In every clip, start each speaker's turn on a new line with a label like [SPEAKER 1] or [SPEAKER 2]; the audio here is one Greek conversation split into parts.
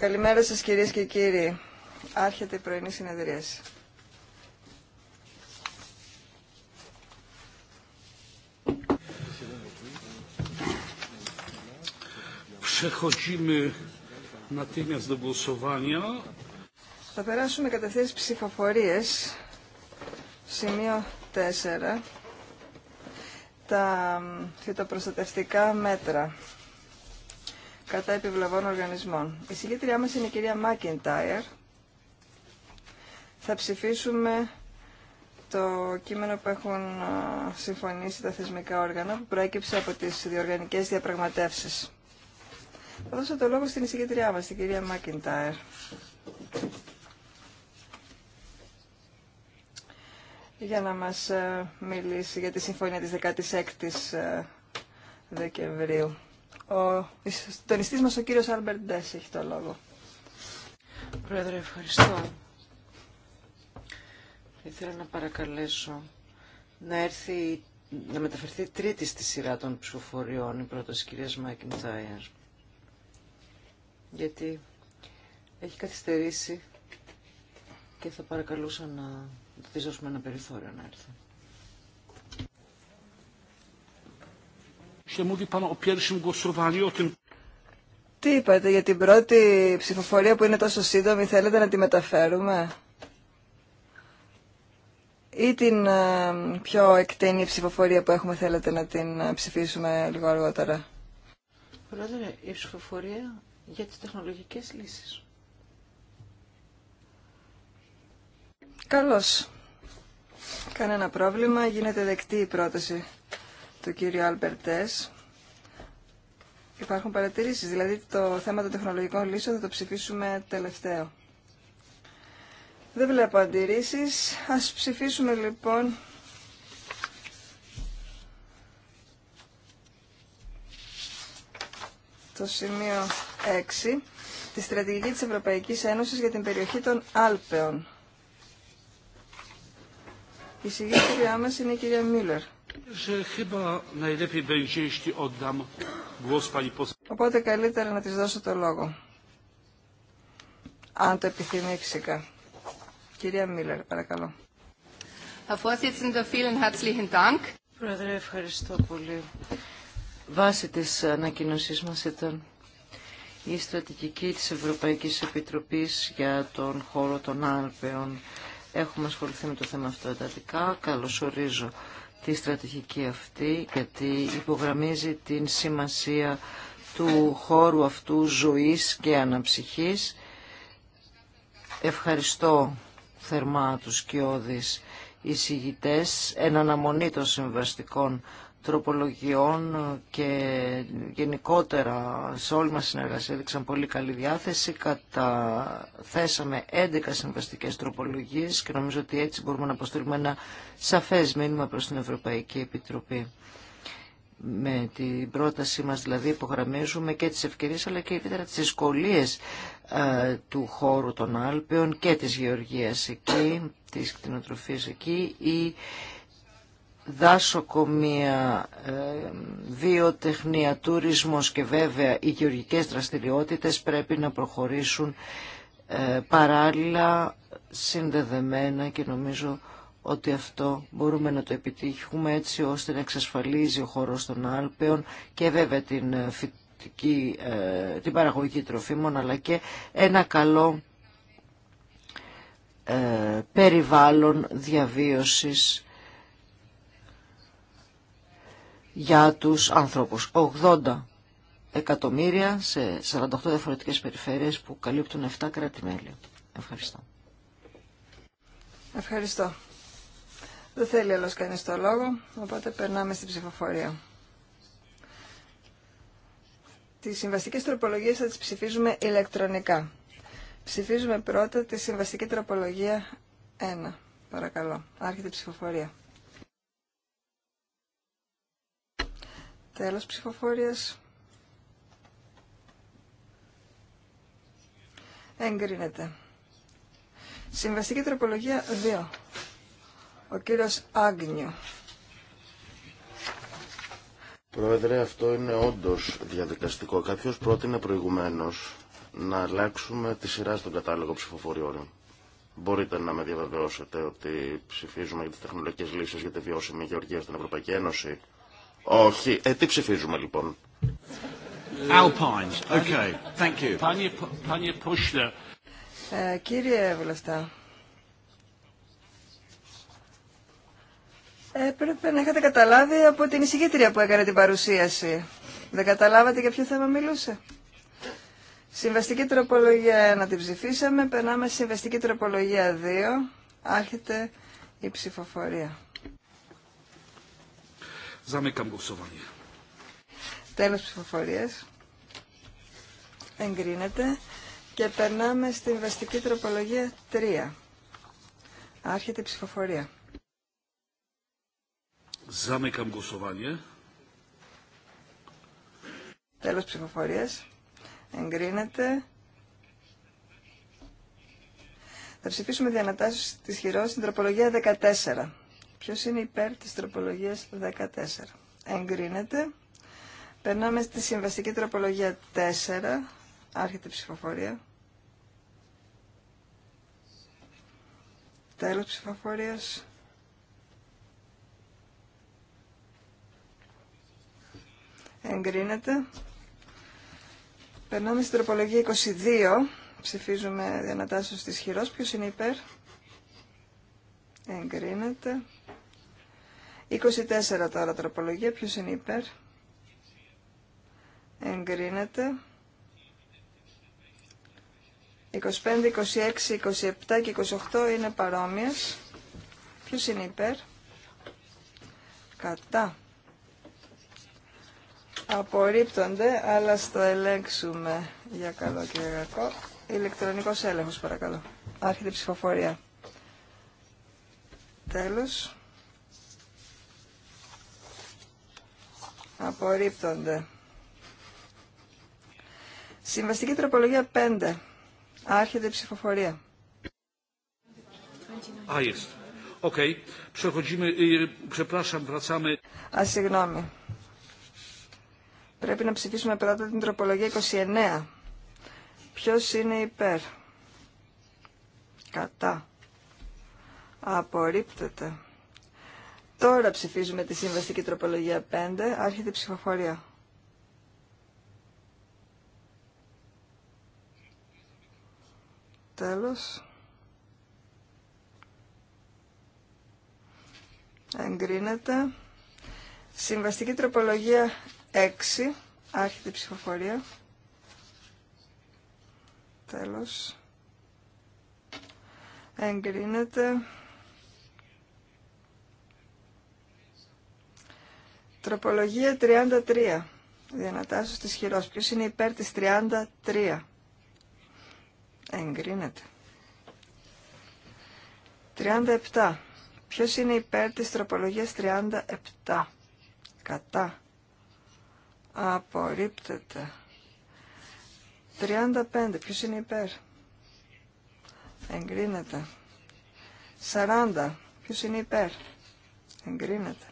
[SPEAKER 1] Καλημέρα σας κυρίες και κύριοι. Άρχεται η πρωινή συνεδρίαση. Θα περάσουμε κατευθείαν Σημείο 4. Τα φυτοπροστατευτικά μέτρα κατά επιβλαβών οργανισμών. Η συγκεκριά μας είναι η κυρία Μάκιντάιρ. Θα ψηφίσουμε το κείμενο που έχουν συμφωνήσει τα θεσμικά όργανα που προέκυψε από τις διοργανικές διαπραγματεύσεις. Θα δώσω το λόγο στην εισηγήτριά μας, την κυρία Μάκιντάιρ. για να μας ε, μιλήσει για τη συμφωνία της 16ης ε, Δεκεμβρίου. Ο τονιστής μας, ο κύριος Άλμπερντ Ντές, έχει το λόγο. Πρόεδρε, ευχαριστώ. Ήθελα να
[SPEAKER 2] παρακαλέσω να έρθει να μεταφερθεί τρίτη στη σειρά των ψηφοφοριών η πρόταση κυρίας Μάκιντάιρ. Γιατί έχει καθυστερήσει και θα παρακαλούσα να της δώσουμε ένα
[SPEAKER 3] περιθώριο να έρθει.
[SPEAKER 1] Τι είπατε για την πρώτη ψηφοφορία που είναι τόσο σύντομη, θέλετε να τη μεταφέρουμε ή την ε, πιο εκτενή ψηφοφορία που έχουμε θέλετε να την ε, ψηφίσουμε λίγο αργότερα.
[SPEAKER 2] Πρόεδρε, η ψηφοφορία για τις τεχνολογικές λύσεις.
[SPEAKER 1] Καλώς. Κανένα πρόβλημα. Γίνεται δεκτή η πρόταση του κύριου Αλμπερτές. Υπάρχουν παρατηρήσεις, δηλαδή το θέμα των τεχνολογικών λύσεων θα το ψηφίσουμε τελευταίο. Δεν βλέπω αντιρρήσεις. Ας ψηφίσουμε λοιπόν το σημείο 6 τη στρατηγική της Ευρωπαϊκής Ένωσης για την περιοχή των Άλπαιων. Η συγκεκριμένη μα είναι η κυρία Μίλλερ. Οπότε καλύτερα να της δώσω το λόγο. Αν το επιθυμεί φυσικά. Κυρία Μίλλερ, παρακαλώ.
[SPEAKER 2] Πρόεδρε, ευχαριστώ πολύ. Βάση της ανακοινωσής μας ήταν η στρατηγική της Ευρωπαϊκής Επιτροπής για τον χώρο των Άλπαιων Έχουμε ασχοληθεί με το θέμα αυτό εντατικά. Καλωσορίζω τη στρατηγική αυτή γιατί υπογραμμίζει την σημασία του χώρου αυτού ζωής και αναψυχής. Ευχαριστώ θερμά τους κοιόδης εισηγητές εν αναμονή των συμβαστικών τροπολογιών και γενικότερα σε όλη μας συνεργασία έδειξαν πολύ καλή διάθεση. Καταθέσαμε 11 συμβαστικές τροπολογίες και νομίζω ότι έτσι μπορούμε να αποστείλουμε ένα σαφές μήνυμα προς την Ευρωπαϊκή Επιτροπή. Με την πρότασή μας δηλαδή υπογραμμίζουμε και τις ευκαιρίες αλλά και ιδιαίτερα τις δυσκολίε ε, του χώρου των Άλπαιων και της γεωργίας εκεί, της κτηνοτροφίας εκεί. Η δάσοκομεία, βιοτεχνία, τουρισμός και βέβαια οι γεωργικές δραστηριότητες πρέπει να προχωρήσουν ε, παράλληλα συνδεδεμένα και νομίζω ότι αυτό μπορούμε να το επιτύχουμε έτσι ώστε να εξασφαλίζει ο χώρος των Άλπαιων και βέβαια την, ε, φυτική, ε, την παραγωγή τροφίμων αλλά και ένα καλό περιβάλλον διαβίωσης για τους ανθρώπους. 80 εκατομμύρια σε 48 διαφορετικές περιφέρειες που καλύπτουν 7 κρατη Ευχαριστώ.
[SPEAKER 1] Ευχαριστώ. Δεν θέλει άλλος κανείς το λόγο, οπότε περνάμε στην ψηφοφορία. Τις συμβαστικές τροπολογίες θα τις ψηφίζουμε ηλεκτρονικά. Ψηφίζουμε πρώτα τη συμβαστική τροπολογία 1. Παρακαλώ, άρχεται η ψηφοφορία. Τέλος ψηφοφορίας. Εγκρίνεται. Συμβαστική τροπολογία 2. Ο κύριος Άγνιου.
[SPEAKER 4] Πρόεδρε, αυτό είναι όντως διαδικαστικό. Κάποιος πρότεινε προηγουμένως να αλλάξουμε τη σειρά στον κατάλογο ψηφοφοριών. Μπορείτε να με διαβεβαιώσετε ότι ψηφίζουμε για τις τεχνολογικές λύσεις για τη βιώσιμη γεωργία στην Ευρωπαϊκή Ένωση όχι. Ε, τι ψηφίζουμε λοιπόν.
[SPEAKER 3] Alpines. Okay. Thank
[SPEAKER 1] ε, κύριε Βουλευτά, ε, έπρεπε να είχατε καταλάβει από την εισηγήτρια που έκανε την παρουσίαση. Δεν καταλάβατε για ποιο θέμα μιλούσε. Συμβαστική τροπολογία 1 την ψηφίσαμε, περνάμε στη συμβαστική τροπολογία 2, άρχεται η ψηφοφορία.
[SPEAKER 3] Zamykam głosowanie.
[SPEAKER 1] Τέλος ψηφοφορίας. Εγκρίνεται. Και περνάμε στην βαστική τροπολογία 3. Άρχεται η ψηφοφορία.
[SPEAKER 3] Zamykam głosowanie.
[SPEAKER 1] Τέλος ψηφοφορίας. Εγκρίνεται. Θα ψηφίσουμε διανατάσεις της χειρός στην τροπολογία 14. Ποιος είναι υπέρ της τροπολογίας 14. Εγκρίνεται. Περνάμε στη συμβαστική τροπολογία 4. Άρχεται η ψηφοφορία. Τέλος ψηφοφορίας. Εγκρίνεται. Περνάμε στην τροπολογία 22. Ψηφίζουμε διανατάσσεως της χειρός. Ποιος είναι υπέρ. Εγκρίνεται. 24 τώρα τροπολογία. Ποιο είναι υπέρ. Εγκρίνεται. 25, 26, 27 και 28 είναι παρόμοιες. Ποιος είναι υπέρ. Κατά. Απορρίπτονται, αλλά στο ελέγξουμε για καλό και κακό. Ηλεκτρονικός έλεγχος παρακαλώ. Άρχεται η ψηφοφορία. Τέλος. απορρίπτονται. Συμβαστική τροπολογία 5. Άρχεται η ψηφοφορία. Α, Α, συγγνώμη. Πρέπει να ψηφίσουμε πρώτα την τροπολογία 29. Ποιος είναι υπέρ. Κατά. Απορρίπτεται. Τώρα ψηφίζουμε τη συμβαστική τροπολογία 5. Άρχεται η ψηφοφορία. Τέλος. Εγκρίνεται. Συμβαστική τροπολογία 6. Άρχεται η ψηφοφορία. Τέλος. Εγκρίνεται. Τροπολογία 33. Διανατάσσω της χειρό. Ποιο είναι υπέρ της 33. Εγκρίνεται. 37. Ποιο είναι υπέρ της τροπολογίας 37. Κατά. Απορρίπτεται. 35. Ποιο είναι υπέρ. Εγκρίνεται. 40. Ποιο είναι υπέρ. Εγκρίνεται.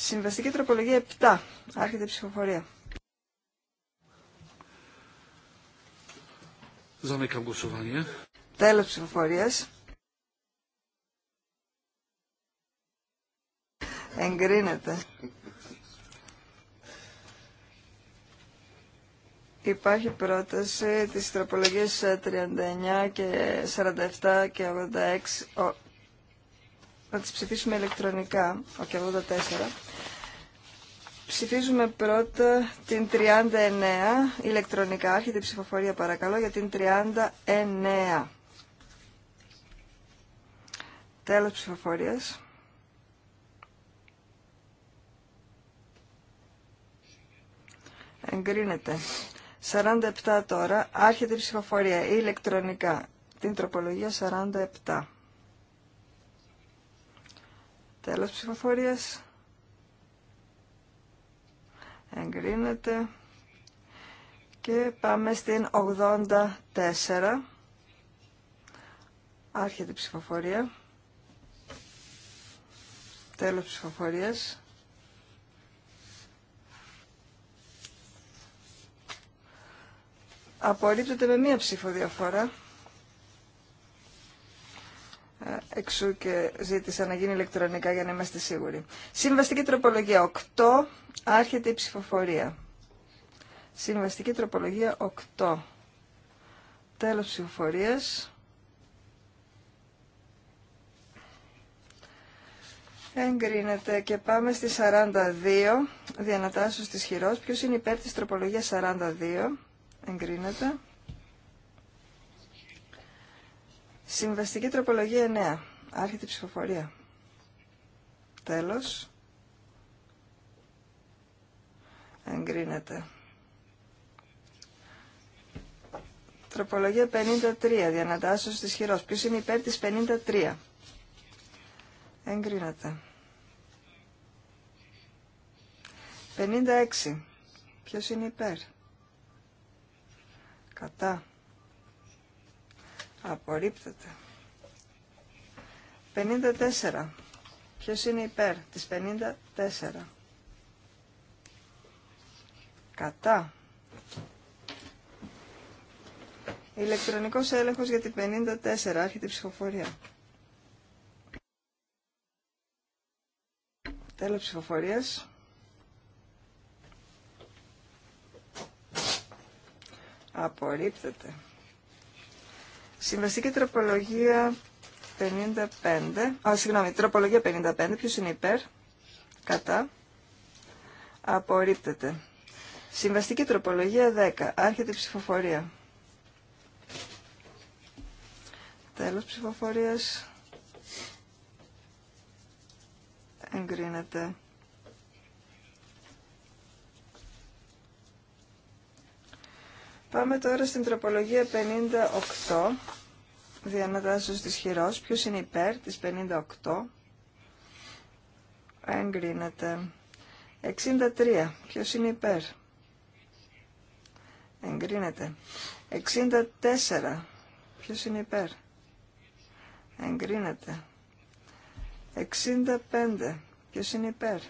[SPEAKER 1] Συμβαστική τροπολογία 7. Άρχεται η ψηφοφορία.
[SPEAKER 3] Τέλο ψηφοφορία.
[SPEAKER 1] Τέλος ψηφοφορίας. Εγκρίνεται. Υπάρχει πρόταση της τροπολογίας 39 και 47 και 86 να τις ψηφίσουμε ηλεκτρονικά, ο και 84. Ψηφίζουμε πρώτα την 39 ηλεκτρονικά. Άρχεται η ψηφοφορία παρακαλώ για την 39. Τέλος ψηφοφορίας. Εγκρίνεται. 47 τώρα. Άρχεται η ψηφοφορία ηλεκτρονικά. Την τροπολογία 47. Τέλος ψηφοφορίας εγκρίνεται και πάμε στην 84 άρχεται η ψηφοφορία τέλος ψηφοφορίας απορρίπτεται με μία ψηφοδιαφορά Εξού και ζήτησα να γίνει ηλεκτρονικά για να είμαστε σίγουροι. Συμβαστική τροπολογία 8. Άρχεται η ψηφοφορία. Συμβαστική τροπολογία 8. Τέλος ψηφοφορίας. Εγκρίνεται και πάμε στη 42. Διανατάσσω της χειρός. Ποιος είναι υπέρ της τροπολογίας 42. Εγκρίνεται. Συμβαστική τροπολογία 9. Άρχεται η ψηφοφορία. Τέλος. Εγκρίνεται. Τροπολογία 53. Διανατάσσεως της χειρός. Ποιος είναι υπέρ της 53. Εγκρίνεται. 56. Ποιος είναι υπέρ. Κατά. Απορρίπτεται. 54. Ποιος είναι υπέρ της 54. Κατά. Ηλεκτρονικός έλεγχος για την 54. Άρχεται η ψηφοφορία. Τέλος ψηφοφορίας. Απορρίπτεται. Συμβαστική τροπολογία 55, α, συγγνώμη, τροπολογία 55, Ποιο είναι υπέρ, κατά, απορρίπτεται. Συμβαστική τροπολογία 10, άρχεται η ψηφοφορία. Τέλος ψηφοφορίας, εγκρίνεται. Πάμε τώρα στην τροπολογία 58, διανατάσσεως της χειρός. Ποιος είναι υπέρ της 58. Εγκρίνεται. 63. Ποιος είναι υπέρ. Εγκρίνεται. 64. Ποιος είναι υπέρ. Εγκρίνεται. 65. Ποιος είναι υπέρ.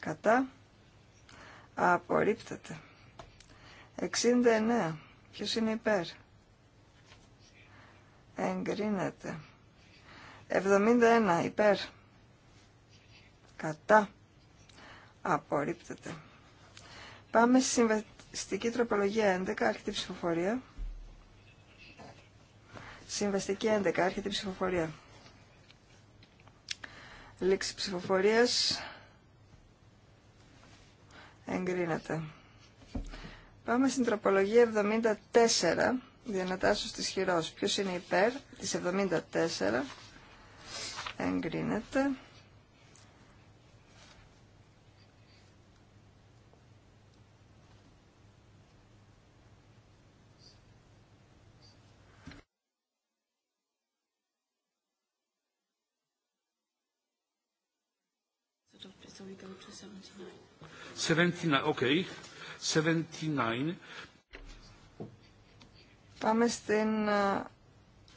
[SPEAKER 1] Κατά. Απορρίπτεται. 69. Ποιος είναι υπέρ. Εγκρίνεται. 71. Υπέρ. Κατά. Απορρίπτεται. Πάμε στη συμβαστική τροπολογία 11. Άρχεται η ψηφοφορία. Συμβαστική 11. Άρχεται η ψηφοφορία. Λήξη ψηφοφορίας. Εγκρίνεται. Πάμε στην τροπολογία 74, διανατάσσω της χειρός. Ποιος είναι υπέρ της 74,
[SPEAKER 4] εγκρίνεται.
[SPEAKER 3] Seventy-nine. okay. 79.
[SPEAKER 1] Πάμε στην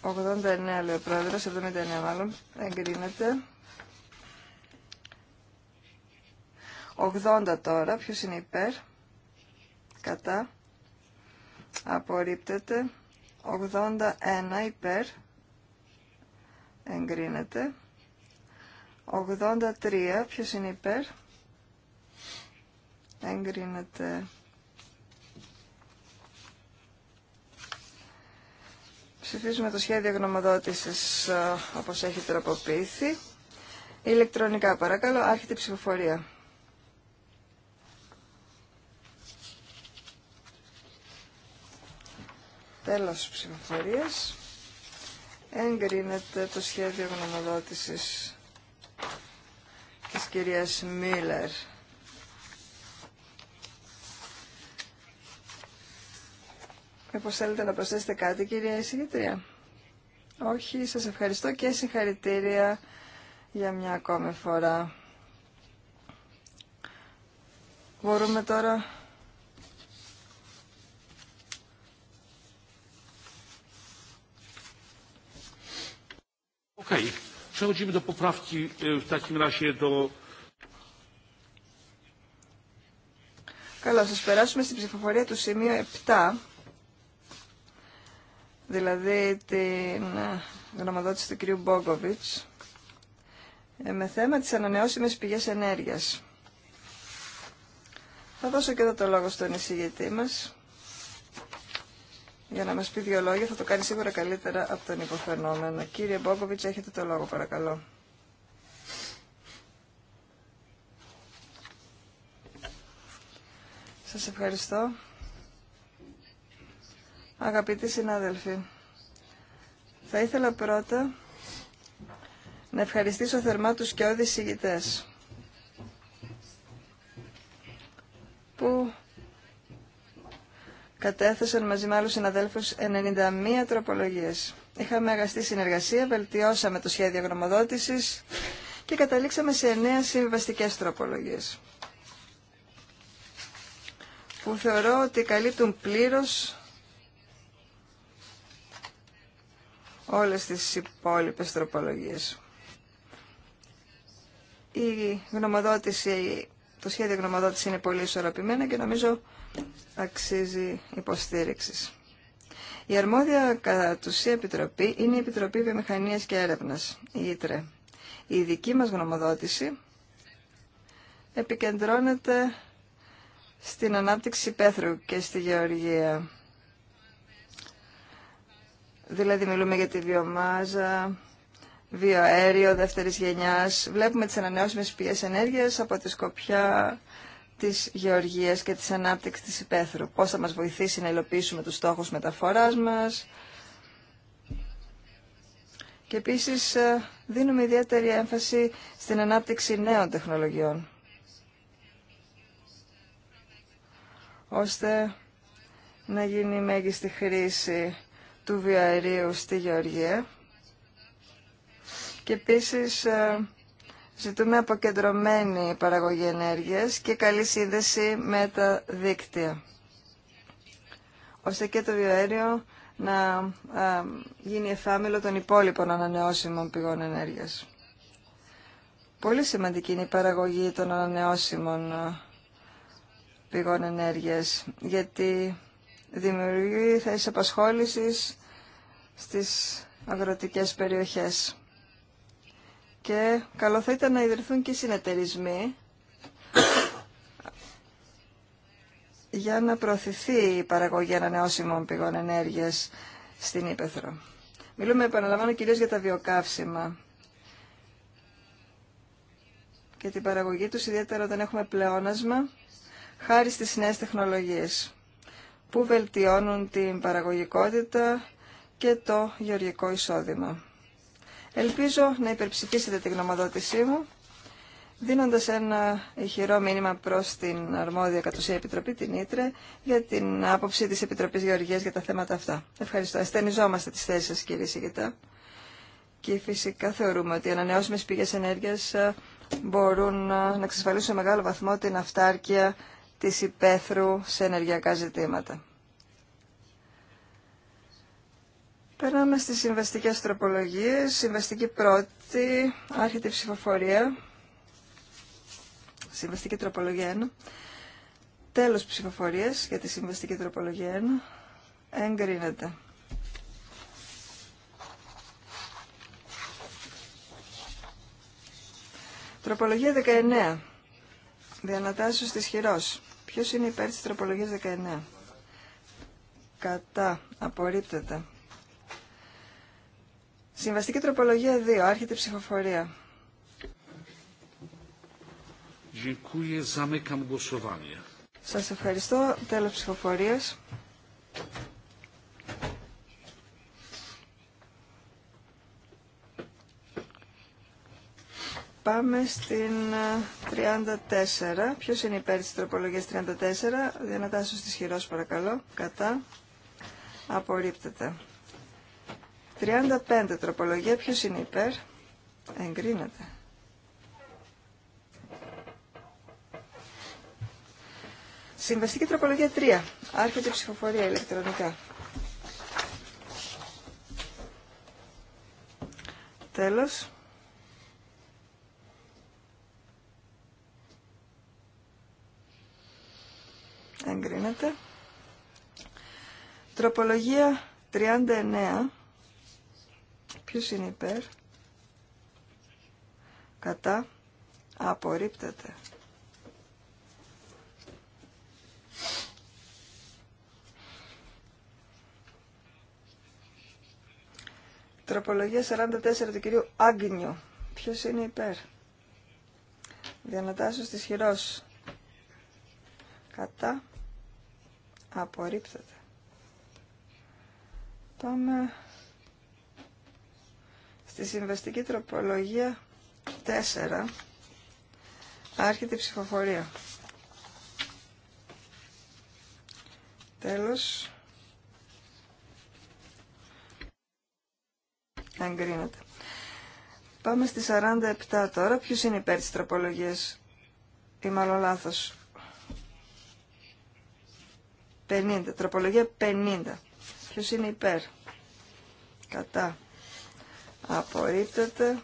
[SPEAKER 1] 89 ε, λέει ο πρόεδρος, 79 μάλλον, εγκρίνεται. 80 τώρα, ποιος είναι υπέρ, κατά, απορρίπτεται. 81 υπέρ, εγκρίνεται. 83, ποιος είναι υπέρ, εγκρίνεται. Ψηφίζουμε το σχέδιο γνωμοδότησης ε, όπως έχει τροποποιηθεί. Ηλεκτρονικά παρακαλώ, άρχεται η ψηφοφορία. Τέλος ψηφοφορίας. Εγκρίνεται το σχέδιο γνωμοδότησης της κυρίας Μίλλερ. Μήπως θέλετε να προσθέσετε κάτι, κυρία εισηγητρία. Όχι, σας ευχαριστώ και συγχαρητήρια για μια ακόμη φορά. Μπορούμε τώρα...
[SPEAKER 3] Okay. Przechodzimy do poprawki e, w takim razie do...
[SPEAKER 1] Καλώς, σας περάσουμε στην ψηφοφορία του σημείου 7 δηλαδή την ε, γνωμοδότηση του κυρίου Μπόγκοβιτς, ε, με θέμα τις ανανεώσιμες πηγές ενέργειας. Θα δώσω και εδώ το λόγο στον εισηγητή μας, για να μας πει δύο λόγια, θα το κάνει σίγουρα καλύτερα από τον υποφαινόμενο. Κύριε Μπόγκοβιτς, έχετε το λόγο παρακαλώ. Σας ευχαριστώ. Αγαπητοί συνάδελφοι, θα ήθελα πρώτα να ευχαριστήσω θερμά τους και ηγητές που κατέθεσαν μαζί με άλλους συναδέλφους 91 τροπολογίες. Είχαμε αγαστή συνεργασία, βελτιώσαμε το σχέδιο γνωμοδότησης και καταλήξαμε σε 9 συμβαστικές τροπολογίες που θεωρώ ότι καλύπτουν πλήρως όλες τις υπόλοιπες τροπολογίες. Η γνωμοδότηση, το σχέδιο γνωμοδότηση είναι πολύ ισορροπημένο και νομίζω αξίζει υποστήριξης. Η αρμόδια κατά ουσία επιτροπή είναι η Επιτροπή Βιομηχανίας και Έρευνας, η ΙΤΡΕ. Η δική μας γνωμοδότηση επικεντρώνεται στην ανάπτυξη πέθρου και στη γεωργία. Δηλαδή μιλούμε για τη βιομάζα, βιοαέριο δεύτερης γενιάς. Βλέπουμε τις ανανεώσιμες πηγές ενέργειας από τη σκοπιά της γεωργίας και της ανάπτυξης της υπαίθρου. Πώς θα μας βοηθήσει να υλοποιήσουμε τους στόχους μεταφοράς μας. Και επίσης ε, δίνουμε ιδιαίτερη έμφαση στην ανάπτυξη νέων τεχνολογιών. ώστε να γίνει μέγιστη χρήση του βιοαερίου στη Γεωργία και επίσης ε, ζητούμε αποκεντρωμένη παραγωγή ενέργειας και καλή σύνδεση με τα δίκτυα ώστε και το βιοαέριο να ε, γίνει εφάμιλο των υπόλοιπων ανανεώσιμων πηγών ενέργειας. Πολύ σημαντική είναι η παραγωγή των ανανεώσιμων ε, πηγών ενέργειας, γιατί δημιουργεί θέσεις απασχόλησης στις αγροτικές περιοχές. Και καλό θα ήταν να ιδρυθούν και οι συνεταιρισμοί για να προωθηθεί η παραγωγή ανανεώσιμων πηγών ενέργειας στην Ήπεθρο. Μιλούμε, επαναλαμβάνω, κυρίως για τα βιοκαύσιμα και την παραγωγή τους, ιδιαίτερα όταν έχουμε πλεόνασμα, χάρη στις νέες τεχνολογίες που βελτιώνουν την παραγωγικότητα και το γεωργικό εισόδημα. Ελπίζω να υπερψηφίσετε την γνωμοδότησή μου, δίνοντας ένα ηχηρό μήνυμα προς την αρμόδια κατουσία Επιτροπή, την Ήτρε, για την άποψη της Επιτροπής Γεωργίας για τα θέματα αυτά. Ευχαριστώ. Ασθενιζόμαστε τις θέσεις σας, κύριε Σιγητά. Και φυσικά θεωρούμε ότι οι ανανεώσιμες πηγές ενέργειας ε, μπορούν ε, να εξασφαλίσουν σε μεγάλο βαθμό την αυτάρκεια της υπαίθρου σε ενεργειακά ζητήματα. Περνάμε στις συμβαστικές τροπολογίες. Συμβαστική πρώτη, άρχεται η ψηφοφορία. Συμβαστική τροπολογία 1. Τέλος ψηφοφορίας για τη συμβαστική τροπολογία 1. Εγκρίνεται. Τροπολογία 19. Διανατάσσεως της χειρός. Ποιος είναι υπέρ της τροπολογία 19. Κατά. Απορρίπτεται. Συμβαστική τροπολογία 2. Άρχεται η ψηφοφορία. Σας ευχαριστώ. Τέλος ψηφοφορίας. Πάμε στην 34. Ε, Ποιος είναι υπέρ της τροπολογίας 34. Διανατάσσεως της χειρός παρακαλώ. Κατά. Απορρίπτεται. 35 τροπολογία. Ποιος είναι υπέρ. Εγκρίνεται. Συμβαστική τροπολογία 3. Άρχεται η ψηφοφορία ηλεκτρονικά. Τέλος. εγκρίνεται. Τροπολογία 39. Ποιος είναι υπέρ. Κατά. Απορρίπτεται. Τροπολογία 44 του κυρίου Άγγινιου. Ποιος είναι υπέρ. Διανατάσσω της χειρός κατά απορρίπτεται. Πάμε στη συμβαστική τροπολογία 4. Άρχεται η ψηφοφορία. Τέλος. Εγκρίνεται. Πάμε στη 47 τώρα. Ποιος είναι υπέρ της τροπολογίας ή μάλλον λάθος. 50. Τροπολογία 50. Ποιος είναι υπέρ. Κατά. Απορρίπτεται.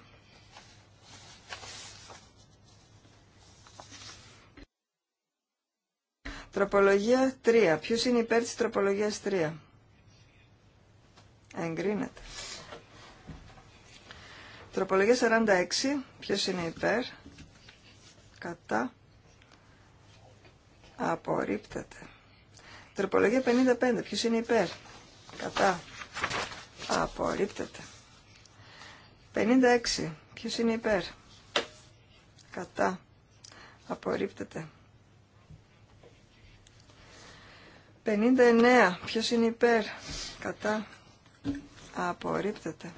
[SPEAKER 1] Τροπολογία 3. Ποιος είναι υπέρ της τροπολογίας 3. Εγκρίνεται. Τροπολογία 46. Ποιος είναι υπέρ. Κατά. Απορρίπτεται. Τροπολογία 55. Ποιος είναι υπέρ. Κατά. Απορρίπτεται. 56. Ποιος είναι υπέρ. Κατά. Απορρίπτεται. 59. Ποιος είναι υπέρ. Κατά. Απορρίπτεται.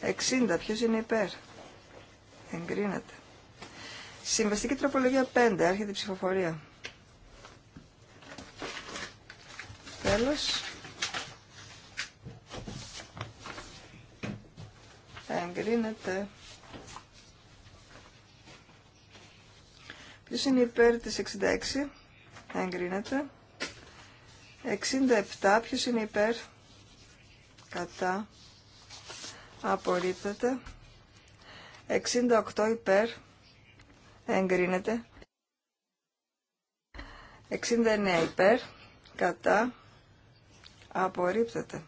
[SPEAKER 1] 60. Ποιος είναι υπέρ. Εγκρίνεται. Συμβαστική τροπολογία 5. Άρχεται η ψηφοφορία. Τέλος. Εγκρίνεται. Ποιος είναι υπέρ της 66. Εγκρίνεται. 67. Ποιος είναι υπέρ. Κατά. Απορρίπτεται. 68 υπέρ. Εγκρίνεται. 69 υπέρ. Κατά. Απορρίπτεται.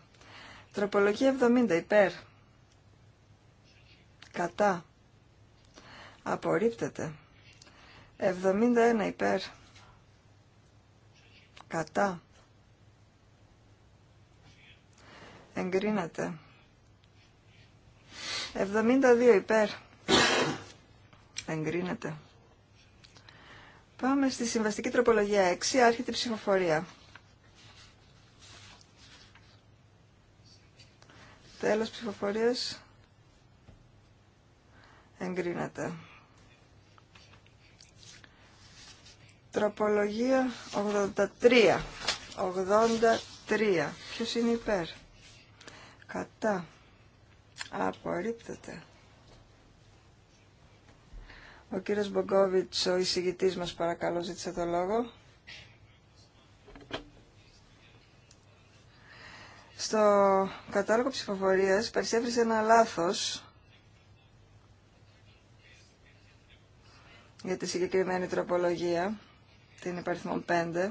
[SPEAKER 1] Τροπολογία 70 υπέρ. Κατά. Απορρίπτεται. 71 υπέρ. Κατά. Εγκρίνεται. 72 υπέρ. Εγκρίνεται. Πάμε στη συμβαστική τροπολογία 6, άρχεται η ψηφοφορία. Τέλος ψηφοφορίας. Εγκρίνεται. Τροπολογία 83. 83. Ποιος είναι υπέρ. Κατά. Απορρίπτεται. Ο κύριος Μπογκόβιτς, ο εισηγητής μας παρακαλώ ζήτησε το λόγο. Στο κατάλογο ψηφοφορίας παρισέφρισε ένα λάθος για τη συγκεκριμένη τροπολογία, την υπαριθμό 5.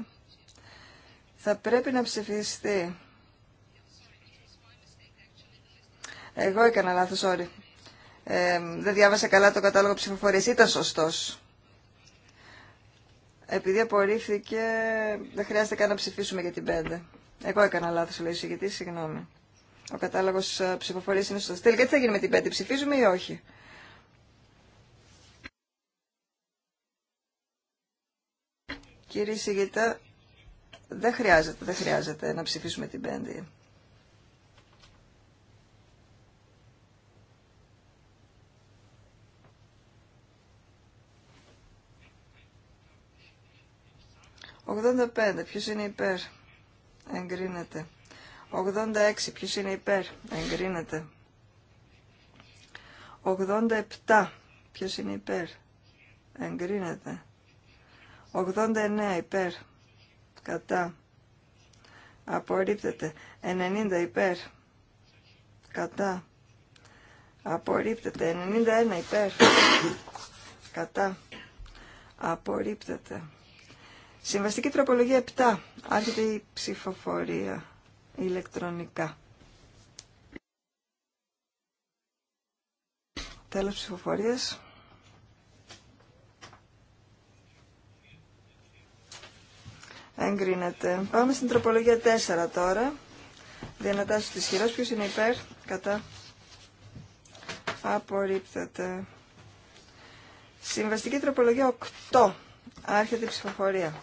[SPEAKER 1] Θα πρέπει να ψηφιστεί. Εγώ έκανα λάθος, sorry. Ε, δεν διάβασα καλά το κατάλογο ψηφοφορίας. Ήταν σωστός. Επειδή απορρίφθηκε, δεν χρειάζεται καν να ψηφίσουμε για την 5. Εγώ έκανα λάθο, λέει ο συγγητή, συγγνώμη. Ο κατάλογο ε, ψηφοφορία είναι σωστό. Τελικά τι θα γίνει με την πέντε ψηφίζουμε ή όχι. Κύριε Σιγητά, δεν χρειάζεται, δεν χρειάζεται να ψηφίσουμε την 5. Ογδόντα πέντε. Ποιος είναι υπέρ εγκρίνεται. 86, ποιος είναι υπέρ, εγκρίνεται. 87, ποιος είναι υπέρ, εγκρίνεται. 89 υπέρ, κατά, απορρίπτεται. 90 υπέρ, κατά, απορρίπτεται. 91 υπέρ, κατά, απορρίπτεται. Συμβαστική τροπολογία 7. Άρχεται η ψηφοφορία ηλεκτρονικά. Τέλος ψηφοφορίας. Εγκρίνεται. Πάμε στην τροπολογία 4 τώρα. Διανατάσεις της χειρός. Ποιος είναι υπέρ. Κατά. Απορρίπτεται. Συμβαστική τροπολογία 8. Άρχεται η ψηφοφορία.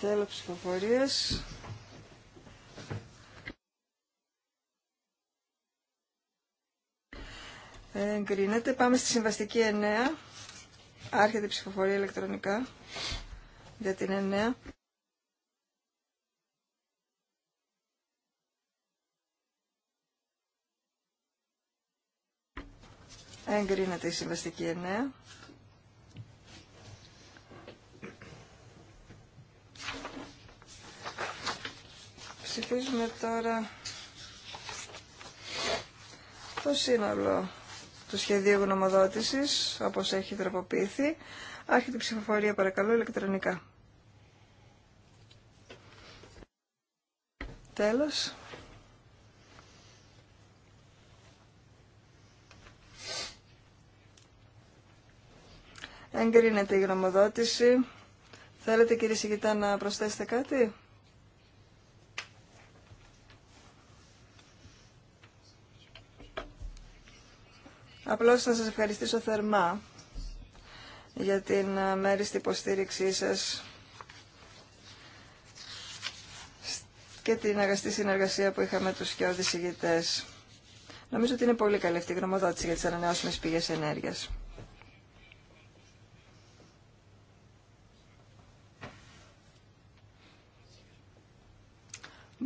[SPEAKER 1] Τέλος ψηφοφορίας. Εγκρίνεται. Πάμε στη συμβαστική εννέα. Άρχεται η ψηφοφορία ηλεκτρονικά για την εννέα. Εγκρίνεται η συμβαστική Ενέα. Ψηφίζουμε τώρα το σύνολο του σχεδίου γνωμοδότησης, όπως έχει τροποποιηθεί. Άρχεται η ψηφοφορία παρακαλώ ηλεκτρονικά. Τέλος. Εγκρίνεται η γνωμοδότηση. Θέλετε κύριε Σιγητά να προσθέσετε κάτι. Απλώς να σας ευχαριστήσω θερμά για την ε, μέριστη υποστήριξή σας και την αγαστή συνεργασία που είχαμε τους και ηγητές. Νομίζω ότι είναι πολύ καλή αυτή η γνωμοδότηση για τις ανανεώσιμες πηγές ενέργειας.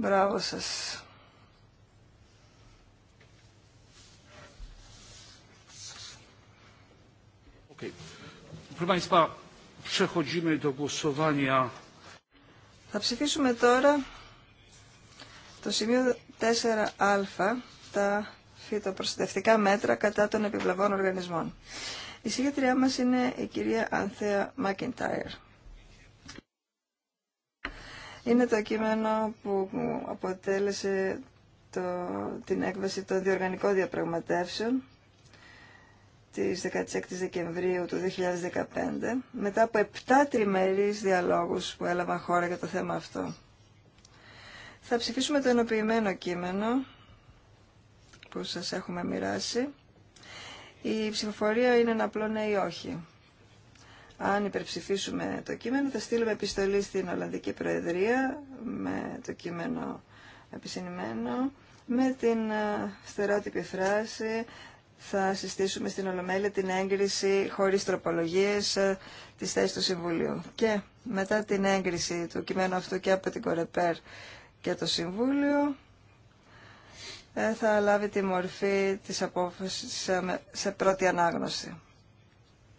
[SPEAKER 1] Μπράβο σας. Θα ψηφίσουμε τώρα το σημείο 4α, τα φυτοπροστατευτικά μέτρα κατά των επιβλαβών οργανισμών. Η συγκεκριά μας είναι η κυρία Ανθέα Μάκιντάιρ είναι το κείμενο που αποτέλεσε το, την έκβαση των διοργανικών διαπραγματεύσεων της 16 Δεκεμβρίου του 2015, μετά από 7 τριμερείς διαλόγους που έλαβαν χώρα για το θέμα αυτό. Θα ψηφίσουμε το ενοποιημένο κείμενο που σας έχουμε μοιράσει. Η ψηφοφορία είναι ένα απλό ναι ή όχι. Αν υπερψηφίσουμε το κείμενο, θα στείλουμε επιστολή στην Ολλανδική Προεδρία με το κείμενο επισυνημένο, με την ε, στερότυπη φράση θα συστήσουμε στην Ολομέλεια την έγκριση χωρίς τροπολογίες ε, της θέσης του Συμβουλίου. Και μετά την έγκριση του κειμένου αυτού και από την Κορεπέρ και το Συμβούλιο ε, θα λάβει τη μορφή της απόφασης σε πρώτη ανάγνωση.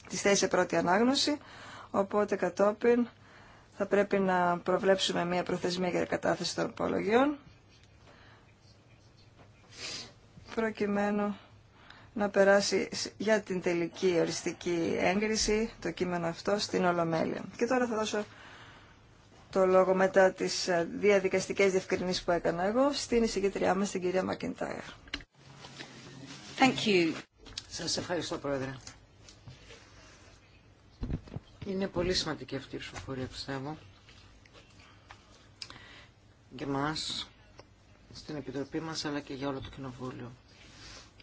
[SPEAKER 1] Τη θέση σε πρώτη ανάγνωση, οπότε κατόπιν θα πρέπει να προβλέψουμε μια προθεσμία για κατάθεση των υπολογιών, προκειμένου να περάσει για την τελική οριστική έγκριση το κείμενο αυτό στην Ολομέλεια. Και τώρα θα δώσω το λόγο μετά τις ε, διαδικαστικές διευκρινήσεις που έκανα εγώ στην εισηγητριά μας, την κυρία Μακεντάγερ
[SPEAKER 2] Thank Σας ευχαριστώ, Πρόεδρε. Είναι πολύ σημαντική αυτή η ψηφοφορία, πιστεύω. Για μας, στην Επιτροπή μας, αλλά και για όλο το Κοινοβούλιο.